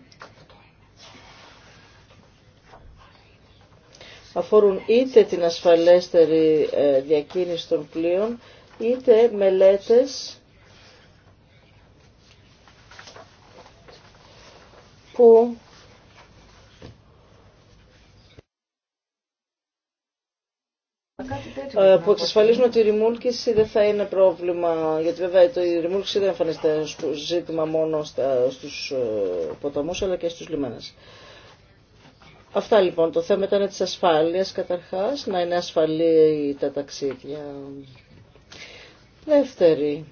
αφορούν είτε την ασφαλέστερη ε, διακίνηση των πλοίων, είτε μελέτες που ε, που εξασφαλίζουν ότι η ρημούλκηση δεν θα είναι πρόβλημα, γιατί βέβαια η ρημούλκηση δεν εμφανίζεται ζήτημα μόνο στα, στους ε, ποταμούς αλλά και στους λιμένες. Αυτά λοιπόν. Το θέμα ήταν της ασφάλειας καταρχάς, να είναι ασφαλή τα ταξίδια. Δεύτερη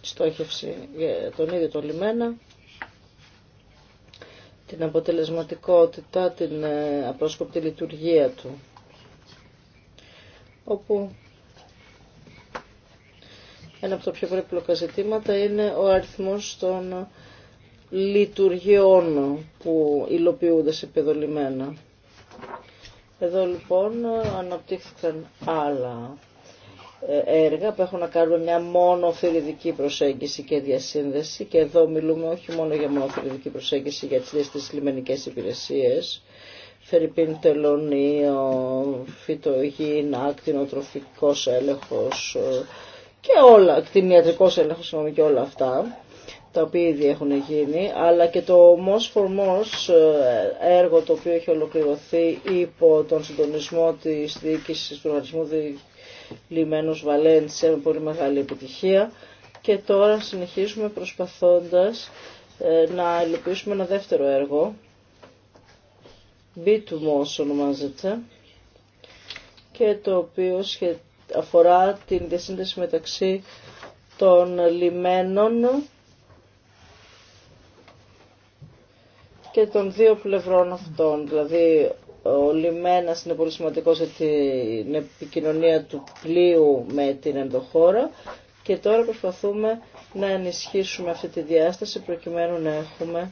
στόχευση για τον ίδιο το λιμένα, την αποτελεσματικότητα, την ε, απρόσκοπτη λειτουργία του, όπου ένα από τα πιο περίπλοκα ζητήματα είναι ο αριθμός των λειτουργιών που υλοποιούνται σε Εδώ λοιπόν αναπτύχθηκαν άλλα ε, έργα που έχουν να κάνουν μια μόνο μονοθυριδική προσέγγιση και διασύνδεση και εδώ μιλούμε όχι μόνο για μονοθυριδική προσέγγιση για τις τις λιμενικές υπηρεσίες Φερρυπίν τελωνίο, φυτογείνα, ακτινοτροφικός έλεγχος ε, και όλα, κτηνιατρικός έλεγχος και όλα αυτά τα οποία ήδη έχουν γίνει, αλλά και το Most for Most ε, έργο το οποίο έχει ολοκληρωθεί υπό τον συντονισμό της διοίκησης του οργανισμού Λιμένους Βαλένσια με πολύ μεγάλη επιτυχία και τώρα συνεχίζουμε προσπαθώντας ε, να υλοποιήσουμε ένα δεύτερο έργο B2MOS ονομάζεται και το οποίο αφορά την διασύνδεση μεταξύ των λιμένων και των δύο πλευρών αυτών. Δηλαδή ο λιμένα είναι πολύ σημαντικό για την επικοινωνία του πλοίου με την ενδοχώρα και τώρα προσπαθούμε να ενισχύσουμε αυτή τη διάσταση προκειμένου να έχουμε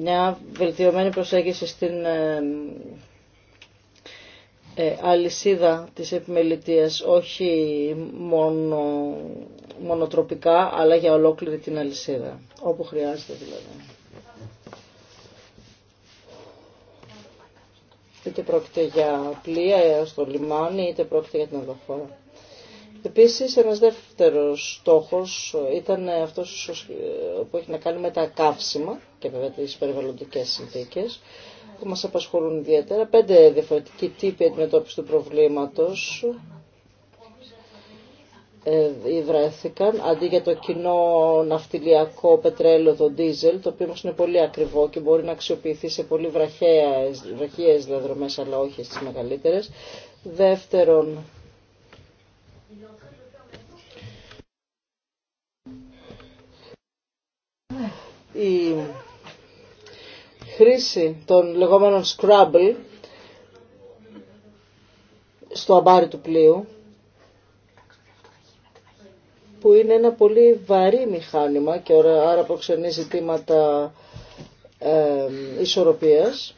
μια βελτιωμένη προσέγγιση στην ε, ε, αλυσίδα της επιμελητίας όχι μόνο μονοτροπικά αλλά για ολόκληρη την αλυσίδα όπου χρειάζεται δηλαδή. Είτε πρόκειται για πλοία στο λιμάνι είτε πρόκειται για την αδοχώρα. Επίσης ένας δεύτερος στόχος ήταν αυτός ε, που έχει να κάνει με τα καύσιμα και βέβαια τις περιβαλλοντικές συνθήκες που μας απασχολούν ιδιαίτερα. Πέντε διαφορετικοί τύποι αντιμετώπιση του προβλήματος υβρέθηκαν ε, αντί για το κοινό ναυτιλιακό πετρέλαιο, το ντίζελ, το οποίο όμως είναι πολύ ακριβό και μπορεί να αξιοποιηθεί σε πολύ βραχαίες, βραχαίες αλλά όχι στις μεγαλύτερες. Δεύτερον, η χρήση των λεγόμενων Scrabble στο αμπάρι του πλοίου, που είναι ένα πολύ βαρύ μηχάνημα και άρα προξενεί ζητήματα ε, ισορροπίας.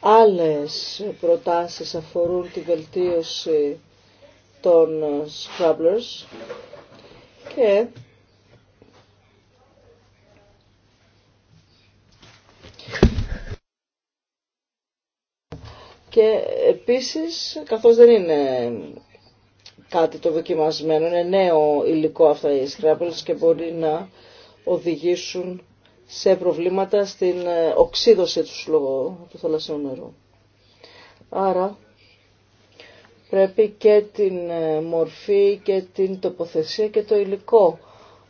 Άλλες προτάσεις αφορούν τη βελτίωση των ε, Scrabblers και Και επίσης, καθώς δεν είναι κάτι το δοκιμασμένο, είναι νέο υλικό αυτά οι σκράπελες και μπορεί να οδηγήσουν σε προβλήματα στην ε, οξύδωση του λόγω του θαλασσίου νερού. Άρα πρέπει και την ε, μορφή και την τοποθεσία και το υλικό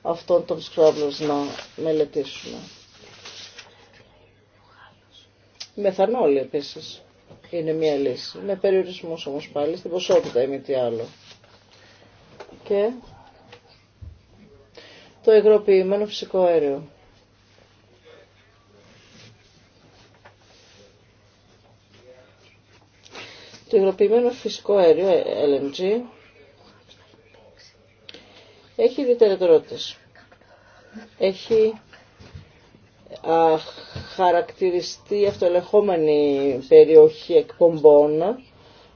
αυτών των σκράβλους να μελετήσουμε. Μεθανόλοι επίσης είναι μια λύση. Με περιορισμούς όμως πάλι στην ποσότητα ή με τι άλλο. Και το υγροποιημένο φυσικό αέριο. Το υγροποιημένο φυσικό αέριο, LNG, έχει ιδιαιτερότητες. Έχει αχ, χαρακτηριστεί αυτοελεγχόμενη περιοχή εκπομπών,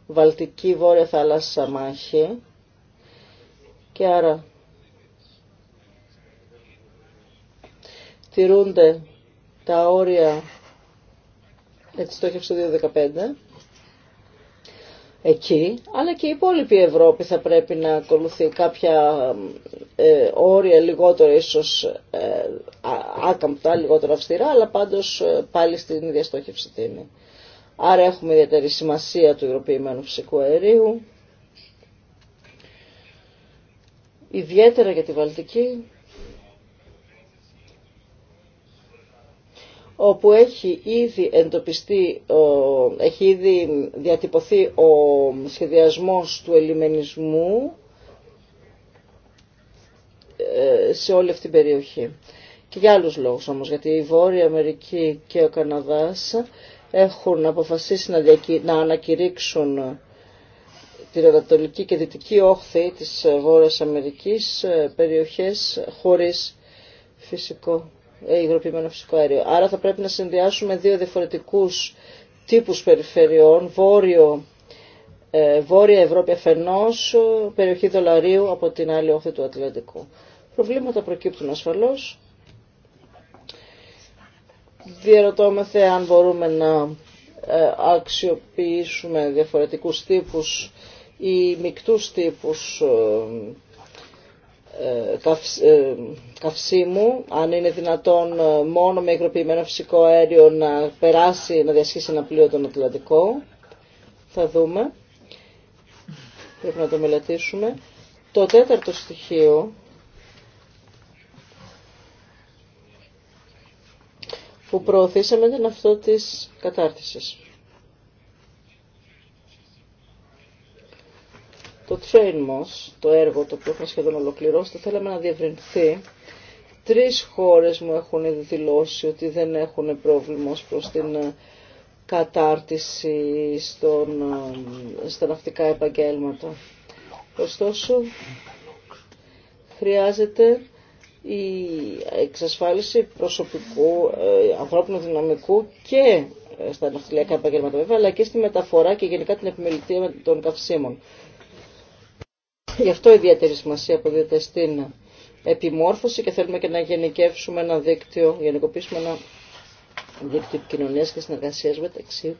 Βαλτική Βόρεια Θάλασσα Μάχη. Και άρα τηρούνται τα όρια έτσι τη στόχευση 2.15 εκεί, αλλά και η υπόλοιπη Ευρώπη θα πρέπει να ακολουθεί κάποια ε, όρια λιγότερο ίσως ε, άκαμπτα, λιγότερο αυστηρά, αλλά πάντως ε, πάλι στην ίδια στόχευση τίνει. Άρα έχουμε ιδιαίτερη σημασία του υγροποιημένου φυσικού αερίου, ιδιαίτερα για τη Βαλτική, όπου έχει ήδη εντοπιστεί, έχει ήδη διατυπωθεί ο σχεδιασμός του ελιμενισμού ε, σε όλη αυτή την περιοχή. Και για άλλους λόγους όμως, γιατί η Βόρεια Αμερική και ο Καναδάς έχουν αποφασίσει να, να ανακηρύξουν την Ανατολική και Δυτική όχθη της Βόρειας Αμερικής ε, περιοχές χωρίς φυσικό ε, υγροποιημένο φυσικό αέριο. Άρα θα πρέπει να συνδυάσουμε δύο διαφορετικούς τύπους περιφερειών, βόρειο, ε, βόρεια Ευρώπη αφενός, ε, περιοχή δολαρίου από την άλλη όχθη του Ατλαντικού. Προβλήματα προκύπτουν ασφαλώς. Διαρωτώμεθε αν μπορούμε να αξιοποιήσουμε διαφορετικούς τύπους ή μικτούς τύπους ε, ε, καυσίμου, αν είναι δυνατόν ε, μόνο με υγροποιημένο φυσικό αέριο να περάσει, να διασχίσει ένα πλοίο τον Ατλαντικό. Θα δούμε. Πρέπει να το μελετήσουμε. Το τέταρτο στοιχείο που προωθήσαμε ήταν αυτό της κατάρτισης. το Moss, το έργο το οποίο έχουμε σχεδόν ολοκληρώσει, το θέλαμε να διευρυνθεί. Τρεις χώρες μου έχουν δηλώσει ότι δεν έχουν πρόβλημα ως προς την ε, κατάρτιση στον, ε, στα ναυτικά επαγγέλματα. Ωστόσο, χρειάζεται η εξασφάλιση προσωπικού, ε, ανθρώπινου δυναμικού και στα ναυτιλιακά επαγγέλματα βέβαια, αλλά και στη μεταφορά και γενικά την επιμελητία των καυσίμων. Γι' αυτό ιδιαίτερη σημασία αποδίδεται στην επιμόρφωση και θέλουμε και να γενικεύσουμε ένα δίκτυο, γενικοποιήσουμε ένα δίκτυο επικοινωνία και συνεργασία μεταξύ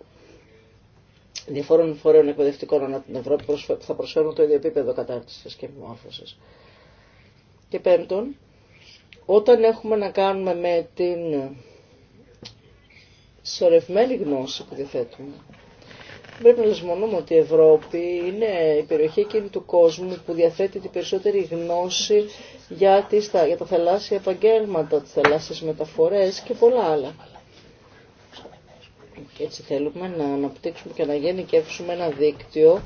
διαφόρων φορέων εκπαιδευτικών ανά την Ευρώπη που θα προσφέρουν το ίδιο επίπεδο κατάρτιση και επιμόρφωση. Και πέμπτον, όταν έχουμε να κάνουμε με την σωρευμένη γνώση που διαθέτουμε, πρέπει να λησμονούμε ότι η Ευρώπη είναι η περιοχή εκείνη του κόσμου που διαθέτει την περισσότερη γνώση για, τις, για τα θαλάσσια επαγγέλματα, τις θαλάσσιες μεταφορές και πολλά άλλα. Και έτσι θέλουμε να αναπτύξουμε και να γενικεύσουμε ένα δίκτυο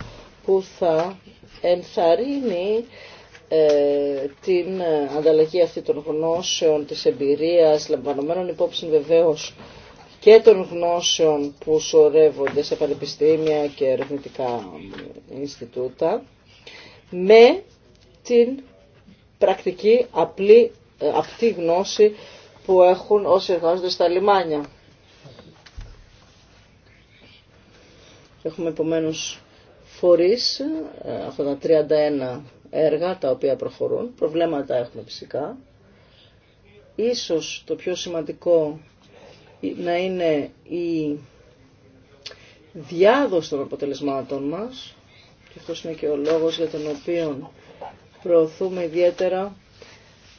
που θα ενθαρρύνει ε, την ανταλλαγή αυτή των γνώσεων, της εμπειρίας, λαμβανωμένων υπόψη βεβαίως και των γνώσεων που σωρεύονται σε πανεπιστήμια και ερευνητικά Ινστιτούτα με την πρακτική απλή, ε, αυτή γνώση που έχουν όσοι εργάζονται στα λιμάνια. Έχουμε επομένως φορείς, ε, αυτά τα 31 έργα τα οποία προχωρούν, προβλήματα έχουμε φυσικά. Ίσως το πιο σημαντικό να είναι η διάδοση των αποτελεσμάτων μας και αυτός είναι και ο λόγος για τον οποίο προωθούμε ιδιαίτερα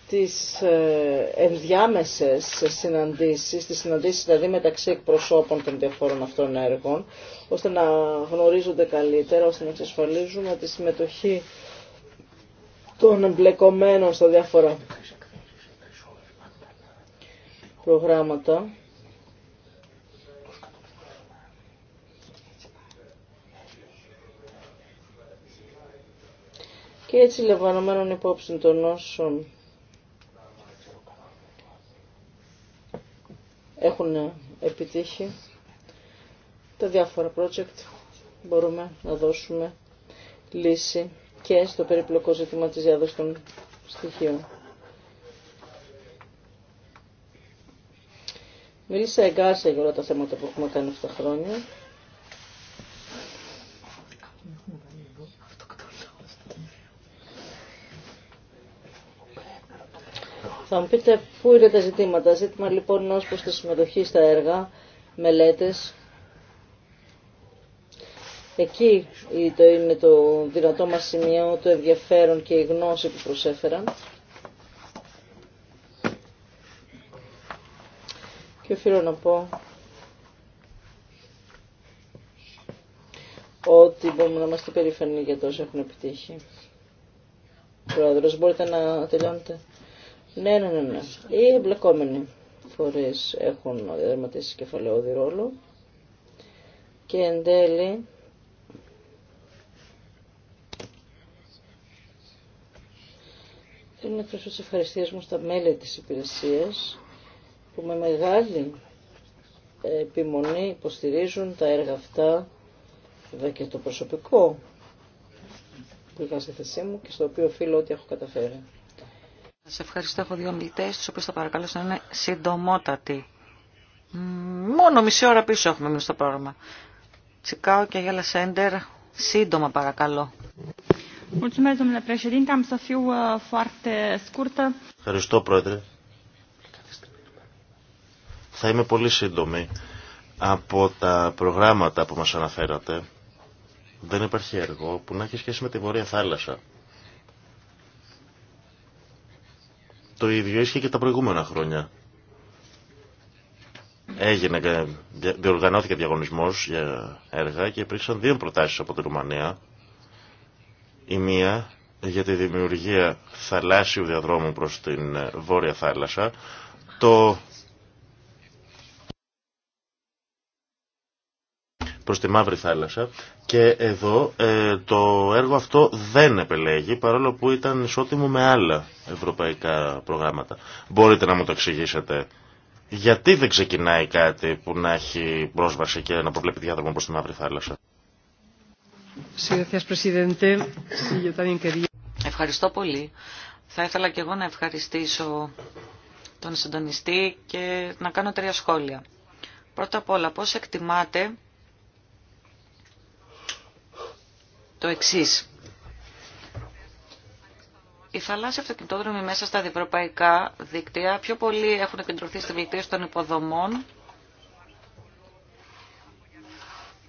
τις ε, ενδιάμεσες συναντήσεις, τις συναντήσεις δηλαδή μεταξύ εκπροσώπων των διαφόρων αυτών έργων, ώστε να γνωρίζονται καλύτερα, ώστε να εξασφαλίζουμε τη συμμετοχή των εμπλεκομένων στα διάφορα προγράμματα Και έτσι λαμβανομένων υπόψη των όσων έχουν επιτύχει τα διάφορα project μπορούμε να δώσουμε λύση και στο περιπλοκό ζήτημα της διάδοσης των στοιχείων. Μίλησα εγκάρσια για όλα τα θέματα που έχουμε κάνει αυτά τα χρόνια. Θα μου πείτε πού είναι τα ζητήματα. Ζήτημα λοιπόν ως προ τη συμμετοχή στα έργα, μελέτες. Εκεί το είναι το δυνατό μα σημείο, το ενδιαφέρον και η γνώση που προσέφεραν. Και οφείλω να πω ότι μπορούμε να είμαστε περήφανοι για τόσο έχουν επιτύχει. Πρόεδρος, μπορείτε να τελειώνετε. Ναι, ναι, ναι, ναι. Οι εμπλεκόμενοι φορείς έχουν διαδραματίσει κεφαλαιόδη ρόλο και εν τέλει θέλω να εκφράσω ευχαριστίες μου στα μέλη της υπηρεσίας που με μεγάλη επιμονή υποστηρίζουν τα έργα αυτά και το προσωπικό που είχα στη θέση μου και στο οποίο οφείλω ότι έχω καταφέρει. Σε ευχαριστώ. Έχω δύο μιλητέ, του οποίου θα παρακαλώ να είναι συντομότατοι. Μόνο μισή ώρα πίσω έχουμε μείνει το πρόγραμμα. Τσικάω και Γέλα Σέντερ, σύντομα παρακαλώ. Uh, ευχαριστώ, Πρόεδρε. Θα είμαι πολύ σύντομη. Από τα προγράμματα που μας αναφέρατε, δεν υπάρχει έργο που να έχει σχέση με τη Βόρεια Θάλασσα. Το ίδιο ίσχυε και τα προηγούμενα χρόνια. Έγινε, διοργανώθηκε διαγωνισμός για έργα και υπήρξαν δύο προτάσεις από τη Ρουμανία. Η μία για τη δημιουργία θαλάσσιου διαδρόμου προς την Βόρεια Θάλασσα. Το προς τη Μαύρη Θάλασσα και εδώ ε, το έργο αυτό δεν επελέγει παρόλο που ήταν ισότιμο με άλλα ευρωπαϊκά προγράμματα. Μπορείτε να μου το εξηγήσετε γιατί δεν ξεκινάει κάτι που να έχει πρόσβαση και να προβλέπει διάδρομο προς τη Μαύρη Θάλασσα. Ευχαριστώ πολύ. Θα ήθελα και εγώ να ευχαριστήσω τον συντονιστή και να κάνω τρία σχόλια. Πρώτα απ' όλα, πώς εκτιμάτε το εξής. Οι θαλάσσιοι αυτοκινητόδρομοι μέσα στα διευρωπαϊκά δίκτυα πιο πολύ έχουν κεντρωθεί στη βελτίωση των υποδομών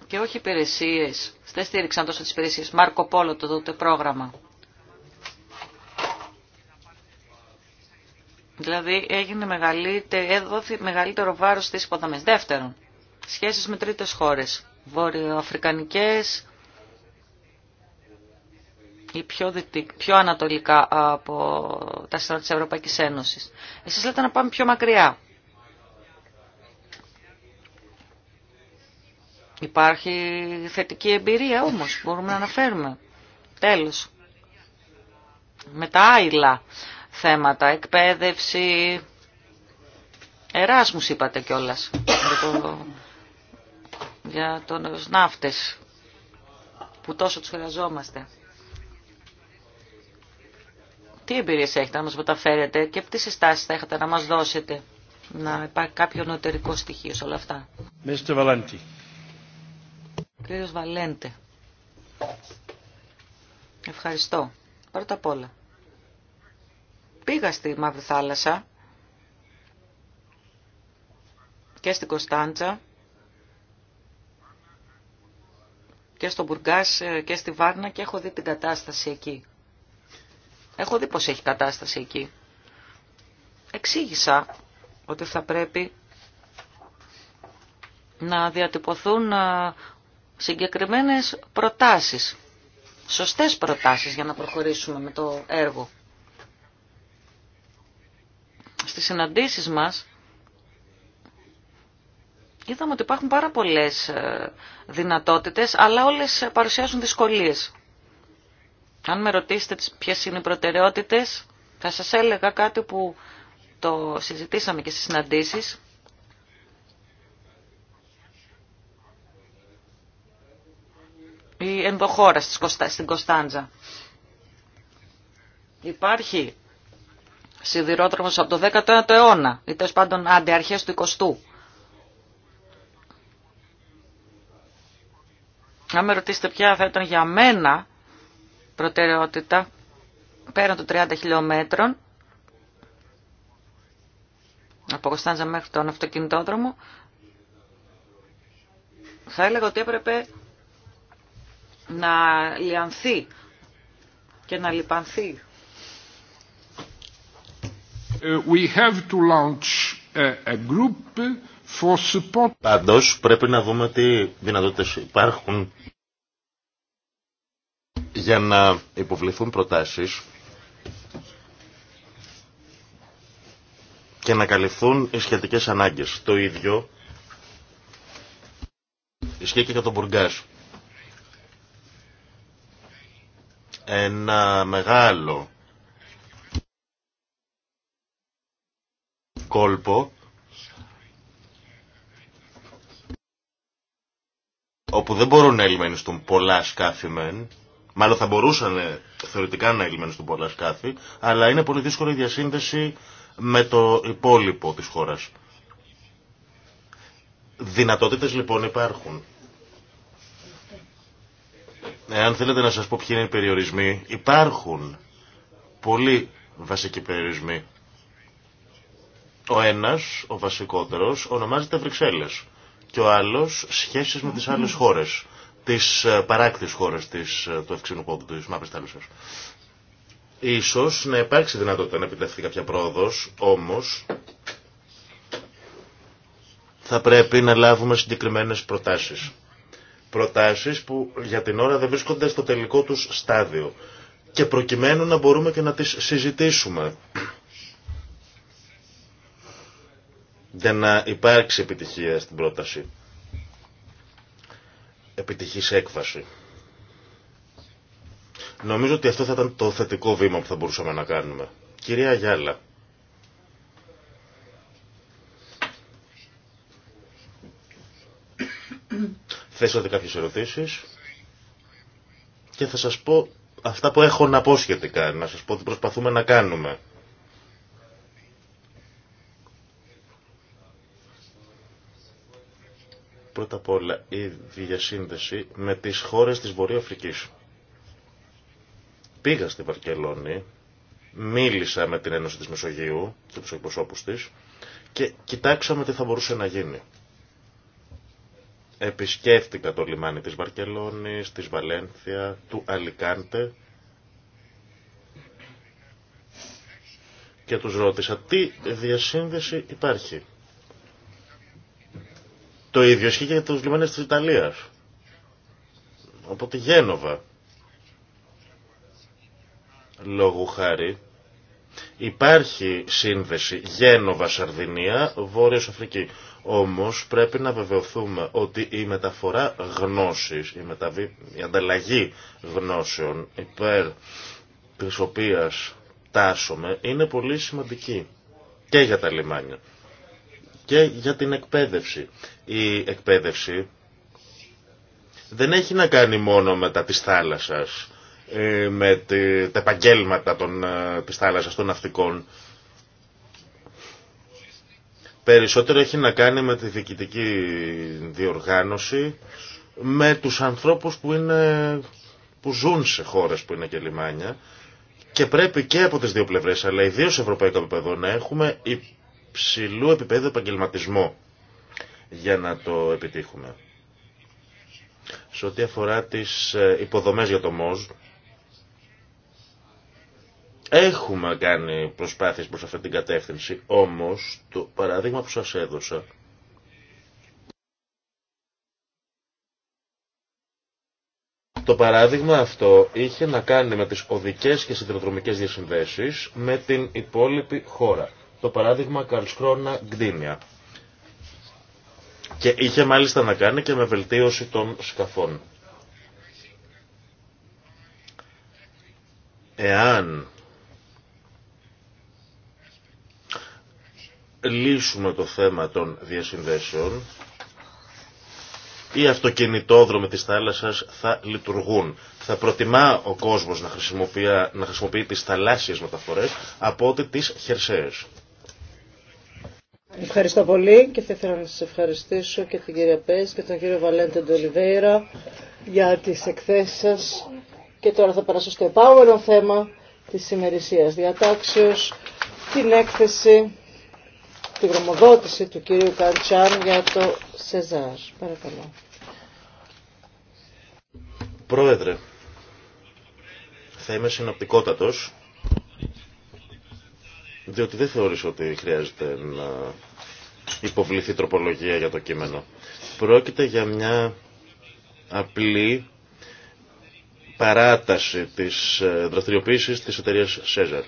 και όχι υπηρεσίε. Δεν στήριξαν τόσο τι υπηρεσίε. Μάρκο Πόλο το τότε πρόγραμμα. Δηλαδή έγινε έδωθη μεγαλύτερο βάρος στις υποδομές. Δεύτερον, σχέσεις με τρίτες χώρες, βόρειοαφρικανικές, ή πιο, πιο ανατολικά από τα σύνορα της Ευρωπαϊκής Ένωσης. Εσείς λέτε να πάμε πιο μακριά. Υπάρχει θετική εμπειρία όμως, μπορούμε να αναφέρουμε. Τέλος. Με τα άειλα θέματα, εκπαίδευση, εράσμους είπατε κιόλας για, το, για τον ναύτες που τόσο τους χρειαζόμαστε τι εμπειρίες έχετε να μας μεταφέρετε και τι συστάσεις θα έχετε να μας δώσετε να υπάρχει κάποιο νοτερικό στοιχείο σε όλα αυτά. Mr. Valenti. Κύριος Βαλέντε. Ευχαριστώ. Πρώτα απ' όλα. Πήγα στη Μαύρη Θάλασσα και στην Κωνσταντζα και στο Μπουργκάς και στη Βάρνα και έχω δει την κατάσταση εκεί. Έχω δει πως έχει κατάσταση εκεί. Εξήγησα ότι θα πρέπει να διατυπωθούν ε, συγκεκριμένες προτάσεις, σωστές προτάσεις για να προχωρήσουμε με το έργο. Στις συναντήσεις μας είδαμε ότι υπάρχουν πάρα πολλές ε, δυνατότητες, αλλά όλες παρουσιάζουν δυσκολίες. Αν με ρωτήσετε ποιες είναι οι προτεραιότητες, θα σας έλεγα κάτι που το συζητήσαμε και στις συναντήσεις. Η ενδοχώρα στην Κωνσταντζα. Υπάρχει σιδηρόδρομος από το 19ο αιώνα, ή τέλο πάντων αντιαρχές του 20ου. Αν με ρωτήσετε ποια θα ήταν για μένα προτεραιότητα πέραν των 30 χιλιόμετρων από Κωνσταντζα μέχρι τον αυτοκινητόδρομο θα έλεγα ότι έπρεπε να λιανθεί και να λιπανθεί. Ε, we have to ε, a group for Πάντως πρέπει να δούμε τι δυνατότητες υπάρχουν για να υποβληθούν προτάσεις και να καλυφθούν οι σχετικές ανάγκες. Το ίδιο ισχύει και για τον Μπουργκάς. Ένα μεγάλο κόλπο όπου δεν μπορούν να ελμένιστούν πολλά σκάφη μεν, Μάλλον θα μπορούσαν ε, θεωρητικά να είναι στον πολλά σκάφη, αλλά είναι πολύ δύσκολη η διασύνδεση με το υπόλοιπο της χώρας. Δυνατότητες λοιπόν υπάρχουν. Εάν θέλετε να σας πω ποιοι είναι οι περιορισμοί, υπάρχουν πολλοί βασικοί περιορισμοί. Ο ένας, ο βασικότερος, ονομάζεται Βρυξέλλες και ο άλλος σχέσεις με τις άλλες χώρες τις ε, παράκτης χώρες της, ε, του ευξήνου πόντου, της Μαύρης Σω Ίσως να υπάρξει δυνατότητα να επιτευχθεί κάποια πρόοδος, όμως θα πρέπει να λάβουμε συγκεκριμένες προτάσεις. Προτάσεις που για την ώρα δεν βρίσκονται στο τελικό τους στάδιο και προκειμένου να μπορούμε και να τις συζητήσουμε. Για να υπάρξει επιτυχία στην πρόταση επιτυχής έκβαση. Νομίζω ότι αυτό θα ήταν το θετικό βήμα που θα μπορούσαμε να κάνουμε. Κυρία Γιάλα. Θέσατε κάποιες ερωτήσεις και θα σας πω αυτά που έχω να πω σχετικά, να σας πω τι προσπαθούμε να κάνουμε. Πρώτα απ' όλα η διασύνδεση με τις χώρες της Αφρικής. Πήγα στη Βαρκελόνη, μίλησα με την Ένωση της Μεσογείου και τους εκπροσώπους της και κοιτάξαμε τι θα μπορούσε να γίνει. Επισκέφτηκα το λιμάνι της Βαρκελόνης, της Βαλένθια, του Αλικάντε και τους ρώτησα τι διασύνδεση υπάρχει το ίδιο ισχύει και για τους λιμάνες της Ιταλίας. Από τη Γένοβα. Λόγου χάρη. Υπάρχει σύνδεση Γένοβα-Σαρδινία, Βόρειο Αφρική. Όμως πρέπει να βεβαιωθούμε ότι η μεταφορά γνώση, η, η ανταλλαγή γνώσεων υπέρ τη οποία τάσσομαι είναι πολύ σημαντική και για τα λιμάνια και για την εκπαίδευση. Η εκπαίδευση δεν έχει να κάνει μόνο με τα της θάλασσας, ε, με τα επαγγέλματα των, ε, της θάλασσας, των ναυτικών. Περισσότερο έχει να κάνει με τη διοικητική διοργάνωση, με τους ανθρώπους που, είναι, που ζουν σε χώρες που είναι και λιμάνια και πρέπει και από τις δύο πλευρές, αλλά ιδίως σε ευρωπαϊκό επίπεδο, να έχουμε υψηλού επίπεδου επαγγελματισμό για να το επιτύχουμε. Σε ό,τι αφορά τις ε, υποδομές για το ΜΟΖ, έχουμε κάνει προσπάθειες προς αυτή την κατεύθυνση, όμως το παράδειγμα που σας έδωσα Το παράδειγμα αυτό είχε να κάνει με τις οδικές και συνδροδρομικές διασυνδέσεις με την υπόλοιπη χώρα το παράδειγμα Καλσκρόνα Γκδίνια. Και είχε μάλιστα να κάνει και με βελτίωση των σκαφών. Εάν λύσουμε το θέμα των διασυνδέσεων, οι αυτοκινητόδρομοι της θάλασσας θα λειτουργούν. Θα προτιμά ο κόσμος να χρησιμοποιεί, να χρησιμοποιεί τις θαλάσσιες μεταφορές από ότι τις χερσαίες. Ευχαριστώ πολύ και θα ήθελα να σας ευχαριστήσω και την κυρία Πέης και τον κύριο Βαλέντε Τολιβέιρα για τις εκθέσεις σας. Και τώρα θα περάσω στο επόμενο θέμα της ημερησίας διατάξεως, την έκθεση, την γνωμοδότηση του κυρίου Καντσάν για το ΣΕΖΑΡ. Παρακαλώ. Πρόεδρε, θα είμαι συνοπτικότατος διότι δεν θεώρησα ότι χρειάζεται να υποβληθεί τροπολογία για το κείμενο. Πρόκειται για μια απλή παράταση της ε, δραστηριοποίησης της εταιρείας Σέζαρ,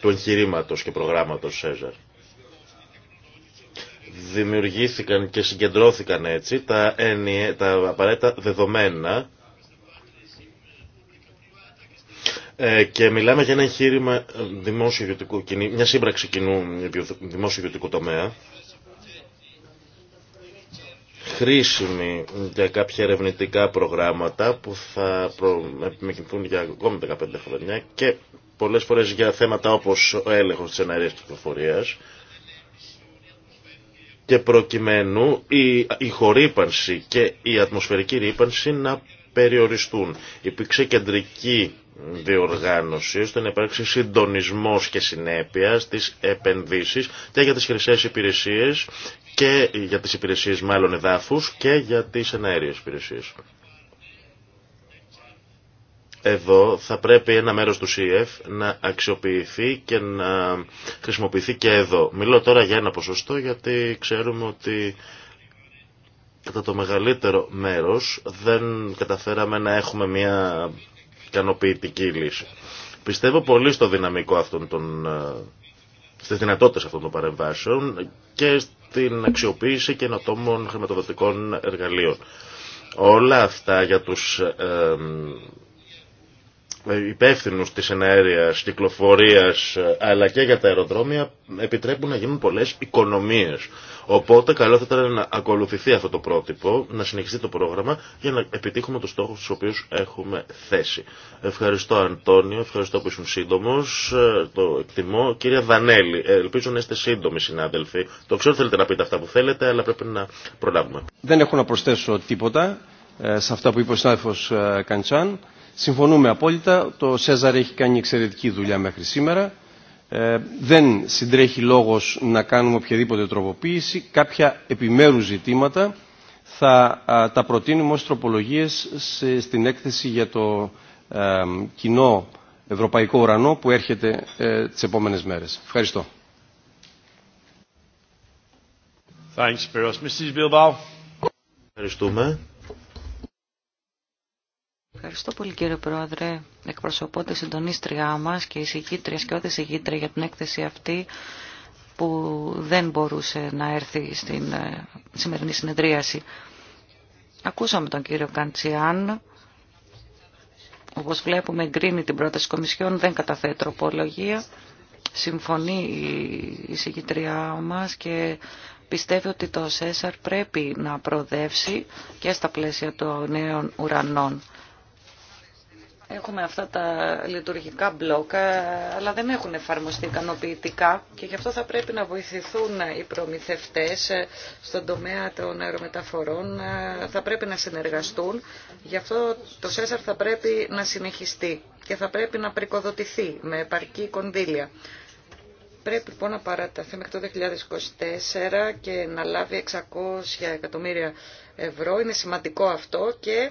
του εγχειρήματο και προγράμματος Σέζαρ. Δημιουργήθηκαν και συγκεντρώθηκαν έτσι τα, τα απαραίτητα δεδομένα Ε, και μιλάμε για ένα εγχείρημα δημόσιο μια σύμπραξη κοινού δημόσιο-ιδιωτικού τομέα, χρήσιμη για κάποια ερευνητικά προγράμματα που θα προ... για ακόμη 15 χρόνια και πολλές φορές για θέματα όπως ο έλεγχος της εναερίας κυκλοφορίας και προκειμένου η, η χορύπανση και η ατμοσφαιρική ρήπανση να περιοριστούν. Υπήρξε κεντρική διοργάνωση ώστε να υπάρξει συντονισμό και συνέπεια της επενδύσει και για τις χρυσέ υπηρεσίες και για τις υπηρεσίες μάλλον εδάφου και για τις εναέριε υπηρεσίες. Εδώ θα πρέπει ένα μέρος του ΣΥΕΦ να αξιοποιηθεί και να χρησιμοποιηθεί και εδώ. Μιλώ τώρα για ένα ποσοστό γιατί ξέρουμε ότι κατά το μεγαλύτερο μέρος δεν καταφέραμε να έχουμε μια ικανοποιητική λύση. Πιστεύω πολύ στο δυναμικό αυτών των, ε, στις δυνατότητες αυτών των παρεμβάσεων και στην αξιοποίηση καινοτόμων χρηματοδοτικών εργαλείων. Όλα αυτά για τους ε, υπεύθυνους της εναέρειας, κυκλοφορίας αλλά και για τα αεροδρόμια επιτρέπουν να γίνουν πολλές οικονομίες. Οπότε καλό θα ήταν να ακολουθηθεί αυτό το πρότυπο, να συνεχιστεί το πρόγραμμα για να επιτύχουμε τους στόχους του οποίους έχουμε θέσει. Ευχαριστώ Αντώνιο, ευχαριστώ που ήσουν σύντομο. Ε, το εκτιμώ. Κύριε Δανέλη, ε, ελπίζω να είστε σύντομοι συνάδελφοι. Το ξέρω θέλετε να πείτε αυτά που θέλετε, αλλά πρέπει να προλάβουμε. Δεν έχω να προσθέσω τίποτα ε, σε αυτά που είπε ο συνάδελφος Καντσάν. Συμφωνούμε απόλυτα. Το Σέζαρ έχει κάνει εξαιρετική δουλειά μέχρι σήμερα. Ε, δεν συντρέχει λόγος να κάνουμε οποιαδήποτε τροποποίηση. Κάποια επιμέρους ζητήματα θα τα προτείνουμε ως τροπολογίες στην έκθεση για το ε, κοινό ευρωπαϊκό ουρανό που έρχεται ε, τις επόμενες μέρες. Ευχαριστώ. Thanks, Ευχαριστούμε. Ευχαριστώ πολύ κύριε Πρόεδρε. Εκπροσωπώ τη συντονίστριά μας και η συγκήτρια και ό,τι συγκήτρια για την έκθεση αυτή που δεν μπορούσε να έρθει στην ε, σημερινή συνεδρίαση. Ακούσαμε τον κύριο Καντσιάν. Όπως βλέπουμε εγκρίνει την πρόταση Κομισιόν, δεν καταθέτει τροπολογία. Συμφωνεί η συγκητριά μας και πιστεύει ότι το ΣΕΣΑΡ πρέπει να προοδεύσει και στα πλαίσια των νέων ουρανών. Έχουμε αυτά τα λειτουργικά μπλόκα, αλλά δεν έχουν εφαρμοστεί ικανοποιητικά και γι' αυτό θα πρέπει να βοηθηθούν οι προμηθευτές στον τομέα των αερομεταφορών, θα πρέπει να συνεργαστούν. Γι' αυτό το ΣΕΣΑΡ θα πρέπει να συνεχιστεί και θα πρέπει να πρικοδοτηθεί με επαρκή κονδύλια. Πρέπει λοιπόν να παραταθεί μέχρι το 2024 και να λάβει 600 εκατομμύρια ευρώ. Είναι σημαντικό αυτό και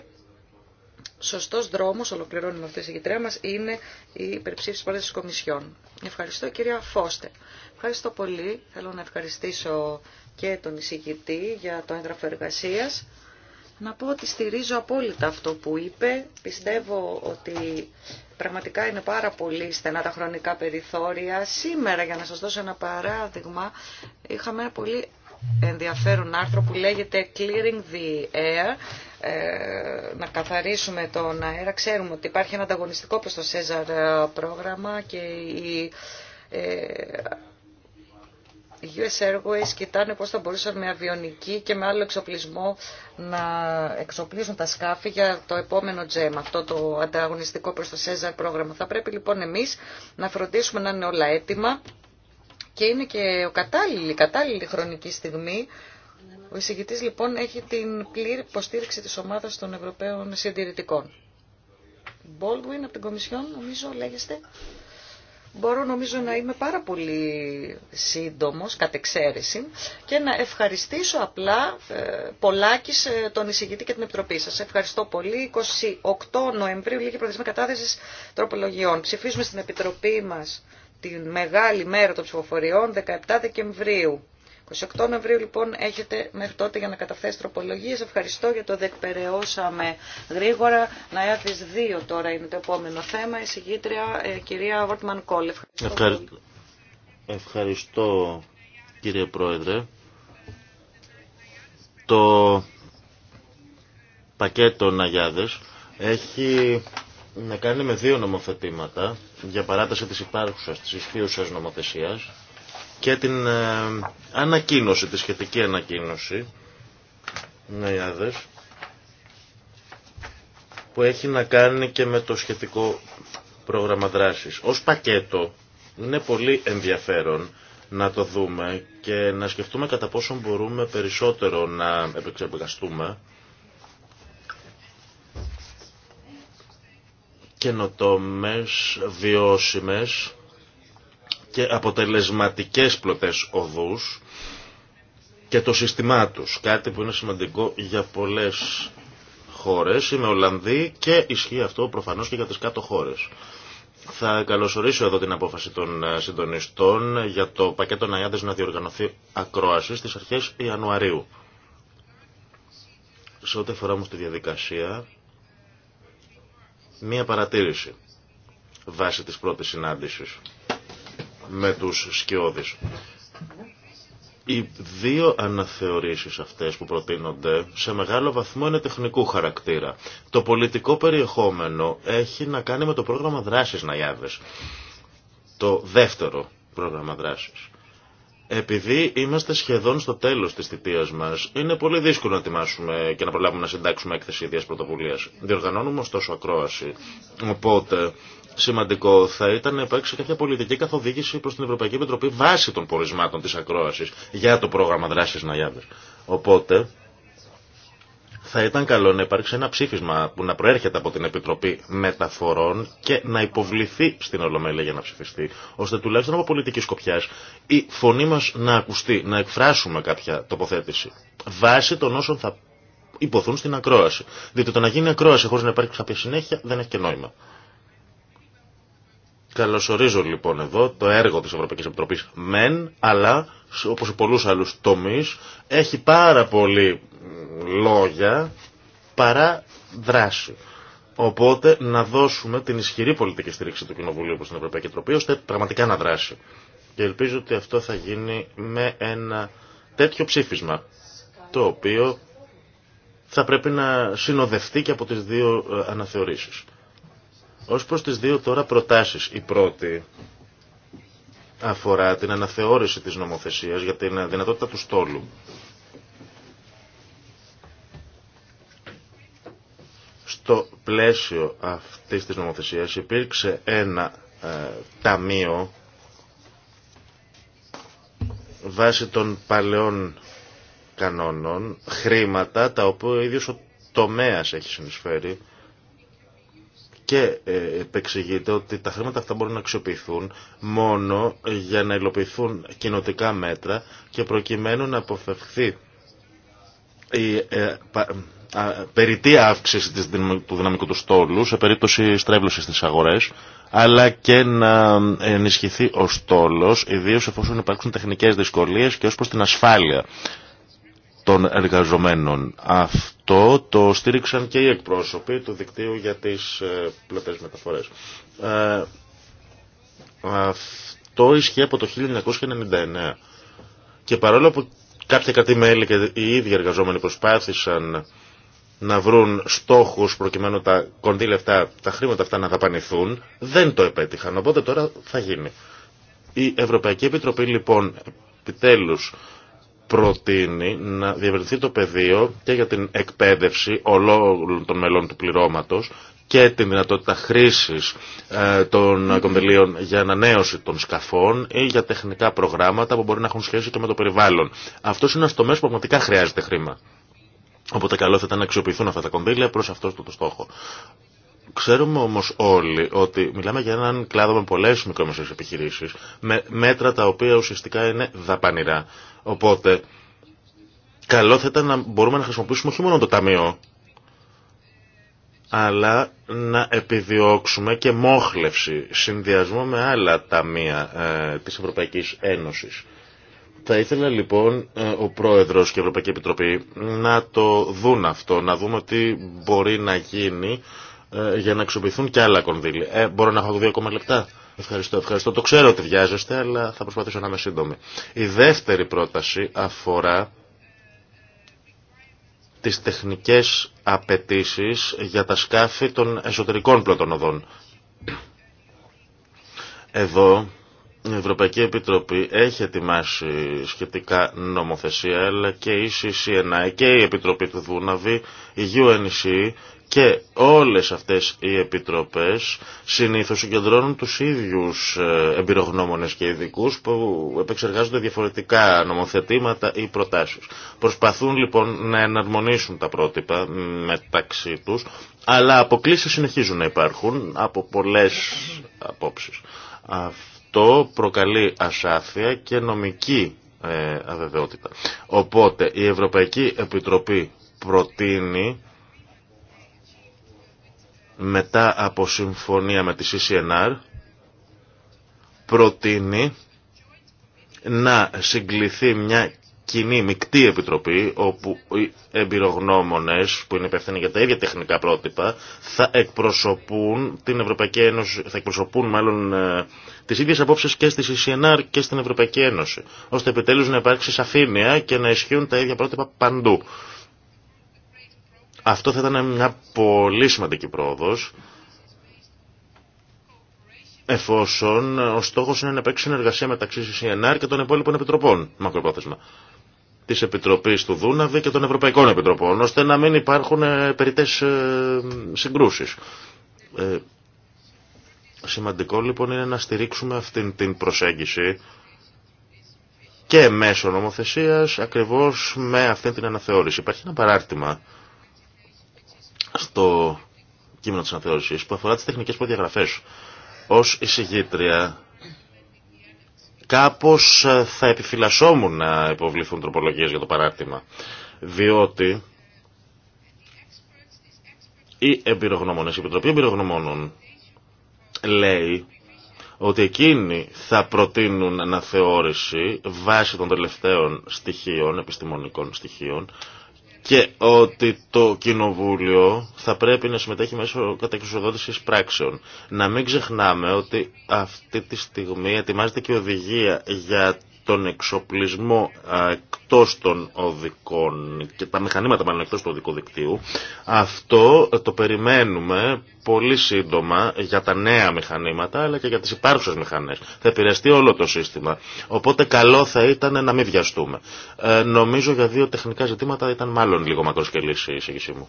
σωστός δρόμος, ολοκληρώνει με αυτή η συγκεντρία μα, είναι η υπερψήφιση πρόταση της Κομισιόν. Ευχαριστώ κυρία Φώστε. Ευχαριστώ πολύ. Θέλω να ευχαριστήσω και τον εισηγητή για το έγγραφο εργασία Να πω ότι στηρίζω απόλυτα αυτό που είπε. Πιστεύω ότι πραγματικά είναι πάρα πολύ στενά τα χρονικά περιθώρια. Σήμερα, για να σας δώσω ένα παράδειγμα, είχαμε ένα πολύ ενδιαφέρον άρθρο που λέγεται Clearing the Air, ε, να καθαρίσουμε τον αέρα. Ξέρουμε ότι υπάρχει ένα ανταγωνιστικό προς το ΣΕΖΑΡ πρόγραμμα και οι ε, US Airways κοιτάνε πώς θα μπορούσαν με αβιονική και με άλλο εξοπλισμό να εξοπλίσουν τα σκάφη για το επόμενο τζέμ, αυτό το ανταγωνιστικό προς το ΣΕΖΑΡ πρόγραμμα. Θα πρέπει λοιπόν εμείς να φροντίσουμε να είναι όλα έτοιμα και είναι και ο κατάλληλη, κατάλληλη χρονική στιγμή. Ο εισηγητής λοιπόν έχει την πλήρη υποστήριξη της ομάδας των Ευρωπαίων Συντηρητικών. Baldwin από την Κομισιόν νομίζω λέγεστε. Μπορώ νομίζω να είμαι πάρα πολύ σύντομος, κατ' εξαίρεση, και να ευχαριστήσω απλά ε, πολλάκις ε, τον εισηγητή και την Επιτροπή σας. Ευχαριστώ πολύ. 28 Νοεμβρίου λίγη προθεσμία κατάθεσης τροπολογιών. Ψηφίζουμε στην Επιτροπή μας τη μεγάλη μέρα των ψηφοφοριών 17 Δεκεμβρίου. 28 Νοεμβρίου λοιπόν έχετε μέχρι τότε για να καταθέσετε τροπολογίες. Ευχαριστώ για το δεκπεραιώσαμε γρήγορα. Να έρθεις δύο τώρα είναι το επόμενο θέμα. Η ε, κυρία Βόρτμαν Κόλ. Ευχαριστώ, Ευχαριστώ. Ευχαριστώ κύριε Πρόεδρε. Το πακέτο Ναγιάδες έχει να κάνει με δύο νομοθετήματα για παράταση της υπάρχουσας, της ισχύουσας νομοθεσίας και την ε, ανακοίνωση, τη σχετική ανακοίνωση νοιάδες που έχει να κάνει και με το σχετικό πρόγραμμα δράσης. Ως πακέτο είναι πολύ ενδιαφέρον να το δούμε και να σκεφτούμε κατά πόσο μπορούμε περισσότερο να επεξεργαστούμε καινοτόμες, βιώσιμες και αποτελεσματικές πλωτές οδούς και το σύστημά τους. Κάτι που είναι σημαντικό για πολλές χώρες. Είμαι Ολλανδή και ισχύει αυτό προφανώς και για τις κάτω χώρες. Θα καλωσορίσω εδώ την απόφαση των ε, συντονιστών για το πακέτο Ναϊάδες να διοργανωθεί ακρόαση στις αρχές Ιανουαρίου. Σε ό,τι αφορά τη διαδικασία, Μία παρατήρηση βάσει της πρώτης συνάντησης με τους σκιώδεις. Οι δύο αναθεωρήσεις αυτές που προτείνονται σε μεγάλο βαθμό είναι τεχνικού χαρακτήρα. Το πολιτικό περιεχόμενο έχει να κάνει με το πρόγραμμα δράσης Ναϊάδες, Το δεύτερο πρόγραμμα δράσης. Επειδή είμαστε σχεδόν στο τέλος της θητείας μας, είναι πολύ δύσκολο να ετοιμάσουμε και να προλάβουμε να συντάξουμε έκθεση ίδιας πρωτοβουλίας. Διοργανώνουμε ωστόσο ακρόαση. Οπότε, σημαντικό θα ήταν να υπάρξει κάποια πολιτική καθοδήγηση προς την Ευρωπαϊκή Επιτροπή βάσει των πορισμάτων της ακρόασης για το πρόγραμμα δράσης Ναγιάδες. Οπότε, θα ήταν καλό να υπάρξει ένα ψήφισμα που να προέρχεται από την Επιτροπή Μεταφορών και να υποβληθεί στην Ολομέλεια για να ψηφιστεί, ώστε τουλάχιστον από πολιτική σκοπιά η φωνή μα να ακουστεί, να εκφράσουμε κάποια τοποθέτηση βάσει των όσων θα υποθούν στην ακρόαση. Διότι το να γίνει ακρόαση χωρί να υπάρξει κάποια συνέχεια δεν έχει και νόημα. Καλωσορίζω λοιπόν εδώ το έργο της Ευρωπαϊκής Επιτροπής μεν, αλλά όπως σε πολλού άλλου τομεί, έχει πάρα πολύ λόγια παρά δράση. Οπότε να δώσουμε την ισχυρή πολιτική στήριξη του Κοινοβουλίου προς την Ευρωπαϊκή Τροπή ώστε πραγματικά να δράσει. Και ελπίζω ότι αυτό θα γίνει με ένα τέτοιο ψήφισμα το οποίο θα πρέπει να συνοδευτεί και από τις δύο ε, αναθεωρήσεις. Ως προς τις δύο τώρα προτάσεις. Η πρώτη αφορά την αναθεώρηση της νομοθεσίας για την δυνατότητα του στόλου. στο πλαίσιο αυτής της νομοθεσίας υπήρξε ένα ε, ταμείο βάσει των παλαιών κανόνων, χρήματα τα οποία ο ίδιος ο τομέας έχει συνεισφέρει και ε, επεξηγείται ότι τα χρήματα αυτά μπορούν να αξιοποιηθούν μόνο για να υλοποιηθούν κοινοτικά μέτρα και προκειμένου να αποφευχθεί η ε, περιττή αύξηση του δυναμικού του στόλου σε περίπτωση στρέβλωσης στις αγορές, αλλά και να ενισχυθεί ο στόλος, ιδίως εφόσον υπάρχουν τεχνικές δυσκολίες και ως προς την ασφάλεια των εργαζομένων. Αυτό το στήριξαν και οι εκπρόσωποι του δικτύου για τις ε, Πλατές μεταφορές. Ε, αυτό ισχύει από το 1999 και παρόλο που κάποια κατημέλη και οι ίδιοι εργαζόμενοι προσπάθησαν να βρουν στόχους προκειμένου τα κονδύλια αυτά, τα χρήματα αυτά να δαπανηθούν, δεν το επέτυχαν, οπότε τώρα θα γίνει. Η Ευρωπαϊκή Επιτροπή λοιπόν επιτέλους προτείνει να διευρυνθεί το πεδίο και για την εκπαίδευση όλων των μελών του πληρώματος και την δυνατότητα χρήσης ε, των κονδυλίων για ανανέωση των σκαφών ή για τεχνικά προγράμματα που μπορεί να έχουν σχέση και με το περιβάλλον. Αυτός είναι ένας τομέας που πραγματικά χρειάζεται χρήμα. Οπότε καλό θα ήταν να αξιοποιηθούν αυτά τα κονδύλια προς αυτό το στόχο. Ξέρουμε όμω όλοι ότι μιλάμε για έναν κλάδο με πολλέ μικρομεσαίε επιχειρήσει, με μέτρα τα οποία ουσιαστικά είναι δαπανηρά. Οπότε, καλό θα ήταν να μπορούμε να χρησιμοποιήσουμε όχι μόνο το ταμείο, αλλά να επιδιώξουμε και μόχλευση, συνδυασμό με άλλα ταμεία ε, της Ευρωπαϊκής Ένωσης. Θα ήθελα λοιπόν ε, ο Πρόεδρος και η Ευρωπαϊκή Επιτροπή να το δουν αυτό, να δούμε τι μπορεί να γίνει ε, για να αξιοποιηθούν και άλλα κονδύλια. Ε, μπορώ να έχω δύο ακόμα λεπτά. Ευχαριστώ, ευχαριστώ. Το ξέρω ότι βιάζεστε, αλλά θα προσπαθήσω να είμαι σύντομη. Η δεύτερη πρόταση αφορά τις τεχνικές απαιτήσεις για τα σκάφη των εσωτερικών πλωτών Εδώ η Ευρωπαϊκή Επιτροπή έχει ετοιμάσει σχετικά νομοθεσία, αλλά και η CCNI και η Επιτροπή του Δούναβη, η UNC και όλες αυτές οι επιτροπές συνήθως συγκεντρώνουν τους ίδιους ε, εμπειρογνώμονες και ειδικού που επεξεργάζονται διαφορετικά νομοθετήματα ή προτάσεις. Προσπαθούν λοιπόν να εναρμονίσουν τα πρότυπα μεταξύ τους, αλλά αποκλήσεις συνεχίζουν να υπάρχουν από πολλές απόψεις. Αυτό προκαλεί ασάφεια και νομική ε, αβεβαιότητα. Οπότε η Ευρωπαϊκή Επιτροπή προτείνει μετά από συμφωνία με τη CCNR προτείνει να συγκληθεί μια κοινή μεικτή επιτροπή όπου οι εμπειρογνώμονες που είναι υπευθύνοι για τα ίδια τεχνικά πρότυπα θα εκπροσωπούν την Ευρωπαϊκή Ένωση, θα εκπροσωπούν μάλλον ε, τις ίδιες απόψεις και στη CCNR και στην Ευρωπαϊκή Ένωση ώστε επιτέλους να υπάρξει σαφήνεια και να ισχύουν τα ίδια πρότυπα παντού. Αυτό θα ήταν μια πολύ σημαντική πρόοδος εφόσον ο στόχος είναι να υπάρξει συνεργασία μεταξύ CNR και των υπόλοιπων επιτροπών μακροπρόθεσμα της Επιτροπής του Δούναβη και των Ευρωπαϊκών Επιτροπών, ώστε να μην υπάρχουν ε, περιττές ε, συγκρούσεις. Ε, σημαντικό λοιπόν είναι να στηρίξουμε αυτήν την προσέγγιση και μέσω νομοθεσίας ακριβώς με αυτήν την αναθεώρηση. Υπάρχει ένα παράρτημα στο κείμενο της αναθεώρησης που αφορά τις τεχνικές προδιαγραφές. Ως εισηγήτρια Κάπως ε, θα επιφυλασσόμουν να υποβληθούν τροπολογίες για το παράρτημα, διότι η εμπειρογνωμονε η Επιτροπή Εμπειρογνωμόνων λέει ότι εκείνοι θα προτείνουν αναθεώρηση βάσει των τελευταίων στοιχείων, επιστημονικών στοιχείων, και ότι το Κοινοβούλιο θα πρέπει να συμμετέχει μέσω κατακρισοδότησης πράξεων. Να μην ξεχνάμε ότι αυτή τη στιγμή ετοιμάζεται και οδηγία για τον εξοπλισμό εκτός των οδικών και τα μηχανήματα μάλλον εκτός του οδικού δικτύου. Αυτό το περιμένουμε πολύ σύντομα για τα νέα μηχανήματα αλλά και για τις υπάρχουσες μηχανές. Θα επηρεαστεί όλο το σύστημα. Οπότε καλό θα ήταν να μην βιαστούμε. Ε, νομίζω για δύο τεχνικά ζητήματα ήταν μάλλον λίγο μακροσκελής η εισήγησή μου.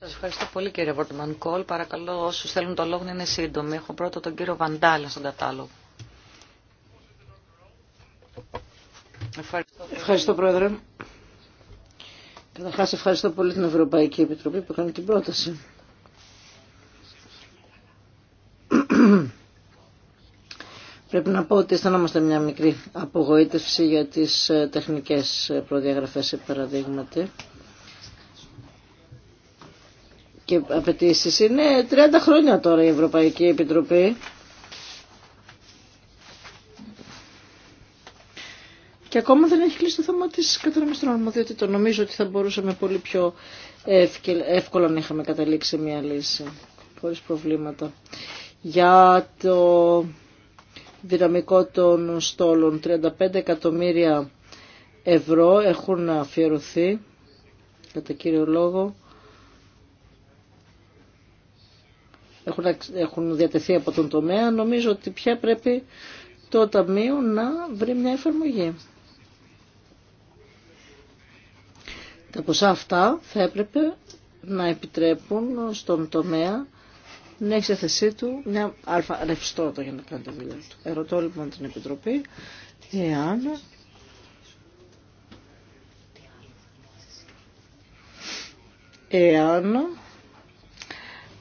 Σας ευχαριστώ πολύ κύριε Βορτμαν Κόλ. Παρακαλώ όσους θέλουν το λόγο να είναι σύντομοι. Έχω πρώτο τον κύριο Βαντάλη στον κατάλογο. Ευχαριστώ, Πρόεδρε. Καταρχά ευχαριστώ πολύ την Ευρωπαϊκή Επιτροπή που έκανε την πρόταση. Πρέπει να πω ότι αισθανόμαστε μια μικρή απογοήτευση για τις ε, τεχνικές ε, προδιαγραφές παραδείγματι. Και απαιτήσει είναι 30 χρόνια τώρα η Ευρωπαϊκή Επιτροπή Και ακόμα δεν έχει κλείσει το θέμα τη κατανομή διότι το Νομίζω ότι θα μπορούσαμε πολύ πιο εύκολα να είχαμε καταλήξει μια λύση. Χωρί προβλήματα. Για το δυναμικό των στόλων, 35 εκατομμύρια ευρώ έχουν αφιερωθεί, κατά κύριο λόγο, έχουν, έχουν διατεθεί από τον τομέα. Νομίζω ότι πια πρέπει το Ταμείο να βρει μια εφαρμογή. Τα ποσά αυτά θα έπρεπε να επιτρέπουν στον τομέα να έχει σε θέση του μια αλφα για να κάνει τη δουλειά του. Ερωτώ λοιπόν την Επιτροπή εάν εάν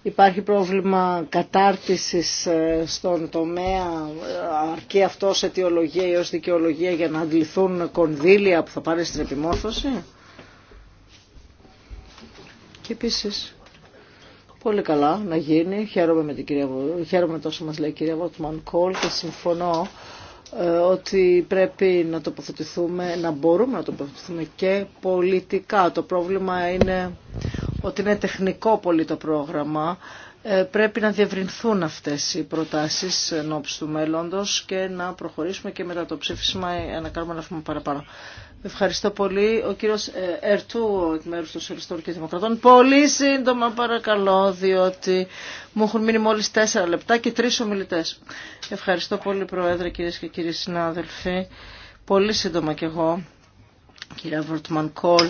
υπάρχει πρόβλημα κατάρτισης ε, στον τομέα, ε, αρκεί αυτό σε αιτιολογία ή ως δικαιολογία για να αντληθούν κονδύλια που θα πάρει στην επιμόρφωση. Και πολύ καλά να γίνει. Χαίρομαι, με την κυρία, χαίρομαι τόσο μας λέει η κυρία Βότμαν Κόλ και συμφωνώ ε, ότι πρέπει να τοποθετηθούμε, να μπορούμε να τοποθετηθούμε και πολιτικά. Το πρόβλημα είναι ότι είναι τεχνικό πολύ το πρόγραμμα. Ε, πρέπει να διευρυνθούν αυτές οι προτάσεις εν του μέλλοντος και να προχωρήσουμε και μετά το ψήφισμα ε, να κάνουμε ένα βήμα παραπάνω. Ευχαριστώ πολύ. Ο κύριος ε, Ερτού, εκ μέρους των Σελιστών και Δημοκρατών. Πολύ σύντομα παρακαλώ, διότι μου έχουν μείνει μόλις τέσσερα λεπτά και τρεις ομιλητές. Ευχαριστώ πολύ Πρόεδρε, κύριε και κύριοι συνάδελφοι. Πολύ σύντομα κι εγώ. Κυρία Βορτμαν Κόλ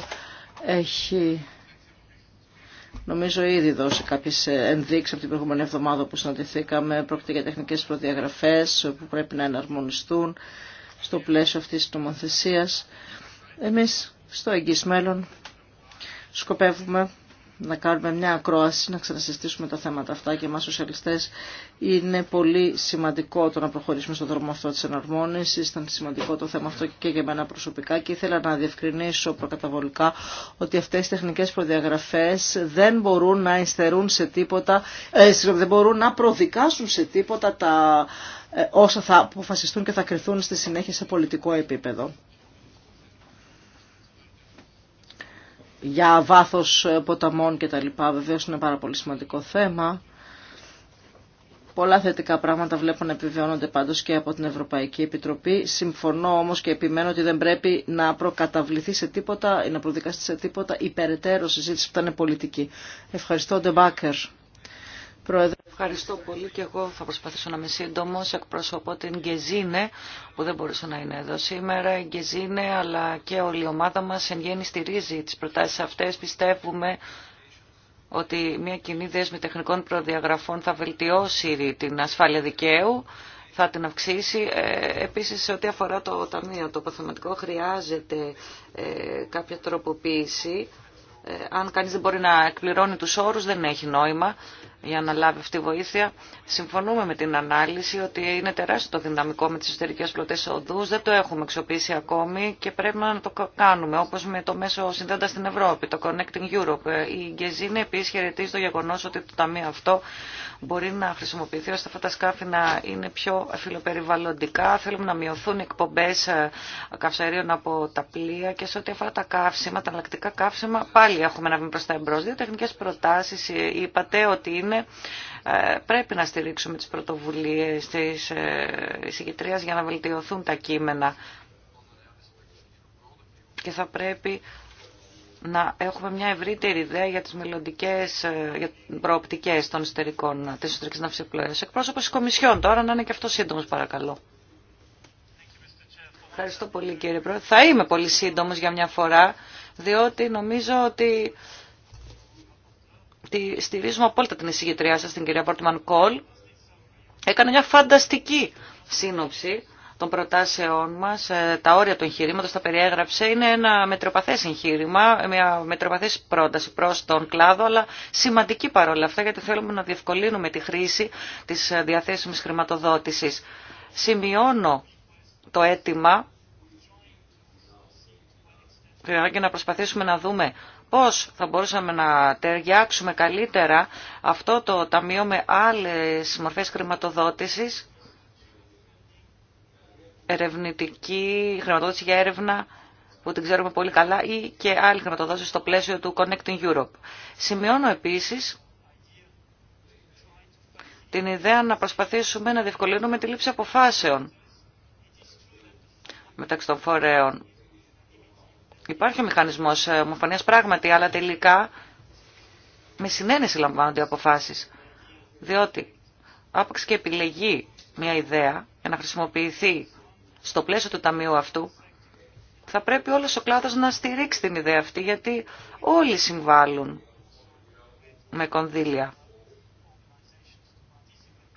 έχει Νομίζω ήδη δώσει κάποιε ενδείξει από την προηγούμενη εβδομάδα που συναντηθήκαμε. Πρόκειται για τεχνικέ προδιαγραφέ που πρέπει να εναρμονιστούν στο πλαίσιο αυτής της νομοθεσίας. Εμείς στο εγγύς μέλλον σκοπεύουμε να κάνουμε μια ακρόαση, να ξανασυστήσουμε τα θέματα αυτά και εμάς σοσιαλιστές είναι πολύ σημαντικό το να προχωρήσουμε στον δρόμο αυτό της εναρμόνισης, ήταν σημαντικό το θέμα αυτό και για μένα προσωπικά και ήθελα να διευκρινίσω προκαταβολικά ότι αυτές οι τεχνικές προδιαγραφές δεν μπορούν να ειστερούν σε τίποτα, ε, δεν μπορούν να προδικάσουν σε τίποτα τα, ε, όσα θα αποφασιστούν και θα κρυθούν στη συνέχεια σε πολιτικό επίπεδο. για βάθος ποταμών και τα λοιπά. Βεβαίως είναι πάρα πολύ σημαντικό θέμα. Πολλά θετικά πράγματα βλέπω να επιβεβαιώνονται πάντως και από την Ευρωπαϊκή Επιτροπή. Συμφωνώ όμως και επιμένω ότι δεν πρέπει να προκαταβληθεί σε τίποτα ή να προδικαστεί σε τίποτα υπεραιτέρω συζήτηση που ήταν πολιτική. Ευχαριστώ, Ντεμπάκερ. Πρόεδρε. Ευχαριστώ πολύ και εγώ θα προσπαθήσω να είμαι σύντομο. Εκπροσωπώ την Γκεζίνε που δεν μπορούσε να είναι εδώ σήμερα. Η Γκεζίνε αλλά και όλη η ομάδα μα εν γέννη στηρίζει τι προτάσει αυτέ. Πιστεύουμε ότι μια κοινή δέσμη τεχνικών προδιαγραφών θα βελτιώσει την ασφάλεια δικαίου θα την αυξήσει. Ε, επίσης, σε ό,τι αφορά το ταμείο, το αποθεματικό χρειάζεται ε, κάποια τροποποίηση. Ε, αν κανείς δεν μπορεί να εκπληρώνει τους όρους, δεν έχει νόημα για να λάβει αυτή τη βοήθεια. Συμφωνούμε με την ανάλυση ότι είναι τεράστιο το δυναμικό με τις εσωτερικές πλωτές οδούς. Δεν το έχουμε εξοπλίσει ακόμη και πρέπει να το κάνουμε, όπως με το μέσο συνδέοντας στην Ευρώπη, το Connecting Europe. Η Γκεζίνη επίσης χαιρετίζει το γεγονός ότι το ταμείο αυτό μπορεί να χρησιμοποιηθεί ώστε αυτά τα σκάφη να είναι πιο φιλοπεριβαλλοντικά. Θέλουμε να μειωθούν οι εκπομπές ε, καυσαερίων από τα πλοία και σε ό,τι αφορά τα καύσιμα, τα αλλακτικά καύσιμα, πάλι έχουμε να βγούμε προς τα Δύο τεχνικές προτάσεις ε, είπατε ότι είναι ε, πρέπει να στηρίξουμε τις πρωτοβουλίες της ε, εισηγητρίας για να βελτιωθούν τα κείμενα και θα πρέπει να έχουμε μια ευρύτερη ιδέα για τις μελλοντικές προοπτικέ ε, προοπτικές των εσωτερικών της εσωτερικής ναυσιπλοίας. Εκπρόσωπος της Κομισιόν τώρα να είναι και αυτό σύντομος παρακαλώ. Ευχαριστώ πολύ κύριε Πρόεδρε. Θα είμαι πολύ σύντομος για μια φορά διότι νομίζω ότι τη στηρίζουμε απόλυτα την εισηγητριά σας, την κυρία Πόρτμαν Κόλ. Έκανε μια φανταστική σύνοψη των προτάσεών μας, ε, τα όρια του εγχειρήματος, τα περιέγραψε. Είναι ένα μετροπαθές εγχείρημα, μια μετροπαθές πρόταση προς τον κλάδο, αλλά σημαντική παρόλα αυτά, γιατί θέλουμε να διευκολύνουμε τη χρήση της διαθέσιμης χρηματοδότησης. Σημειώνω το αίτημα και να προσπαθήσουμε να δούμε πώς θα μπορούσαμε να ταιριάξουμε καλύτερα αυτό το ταμείο με άλλες μορφές χρηματοδότησης, ερευνητική, χρηματοδότηση για έρευνα, που την ξέρουμε πολύ καλά, ή και άλλη χρηματοδότηση στο πλαίσιο του Connecting Europe. Σημειώνω επίσης την ιδέα να προσπαθήσουμε να διευκολύνουμε τη λήψη αποφάσεων μεταξύ των φορέων Υπάρχει ο μηχανισμός ε, ομοφωνία πράγματι, αλλά τελικά με συνένεση λαμβάνονται οι αποφάσεις. Διότι άπαξ και επιλεγεί μια ιδέα για να χρησιμοποιηθεί στο πλαίσιο του ταμείου αυτού, θα πρέπει όλος ο κλάδος να στηρίξει την ιδέα αυτή, γιατί όλοι συμβάλλουν με κονδύλια.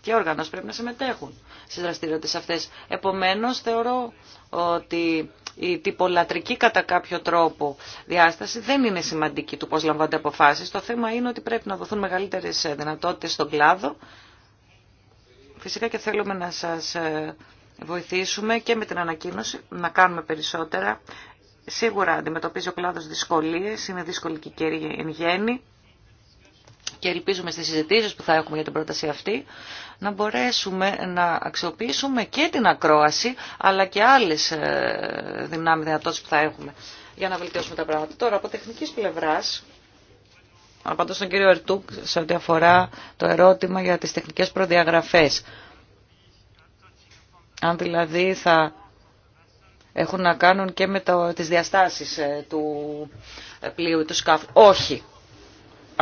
Και οργανώσει πρέπει να συμμετέχουν στις δραστηριότητες αυτές. Επομένως, θεωρώ ότι η τυπολατρική κατά κάποιο τρόπο διάσταση δεν είναι σημαντική του πώς λαμβάνονται αποφάσεις. Το θέμα είναι ότι πρέπει να δοθούν μεγαλύτερες δυνατότητες στον κλάδο. Φυσικά και θέλουμε να σας ε, βοηθήσουμε και με την ανακοίνωση να κάνουμε περισσότερα. Σίγουρα αντιμετωπίζει ο κλάδος δυσκολίες, είναι δύσκολη και η εν γέννη και ελπίζουμε στις συζητήσεις που θα έχουμε για την πρόταση αυτή να μπορέσουμε να αξιοποιήσουμε και την ακρόαση αλλά και άλλες ε, δυνάμεις δυνατότητες που θα έχουμε για να βελτιώσουμε τα πράγματα. Τώρα από τεχνικής πλευράς απαντώ στον κύριο Ερτούκ σε ό,τι αφορά το ερώτημα για τις τεχνικές προδιαγραφές. Αν δηλαδή θα έχουν να κάνουν και με το, τις διαστάσεις ε, του πλοίου, του σκάφου. Όχι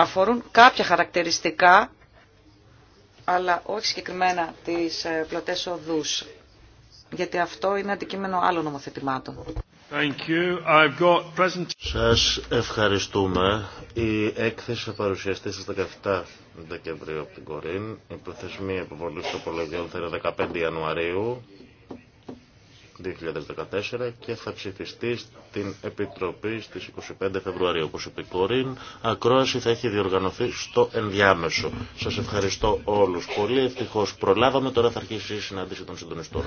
αφορούν κάποια χαρακτηριστικά, αλλά όχι συγκεκριμένα τις ε, πλωτές οδούς, γιατί αυτό είναι αντικείμενο άλλων νομοθετημάτων. Thank you. I've got... Σας ευχαριστούμε. Η έκθεση θα παρουσιαστεί στις 17 Δεκεμβρίου από την Κορίν. Η προθεσμία υποβολής των θα είναι 15 Ιανουαρίου. 2014 και θα ψηφιστεί στην Επιτροπή στις 25 Φεβρουαρίου. Όπως είπε η Κορίν, ακρόαση θα έχει διοργανωθεί στο ενδιάμεσο. Σας ευχαριστώ όλους πολύ. Ευτυχώς προλάβαμε. Τώρα θα αρχίσει η συνάντηση των συντονιστών.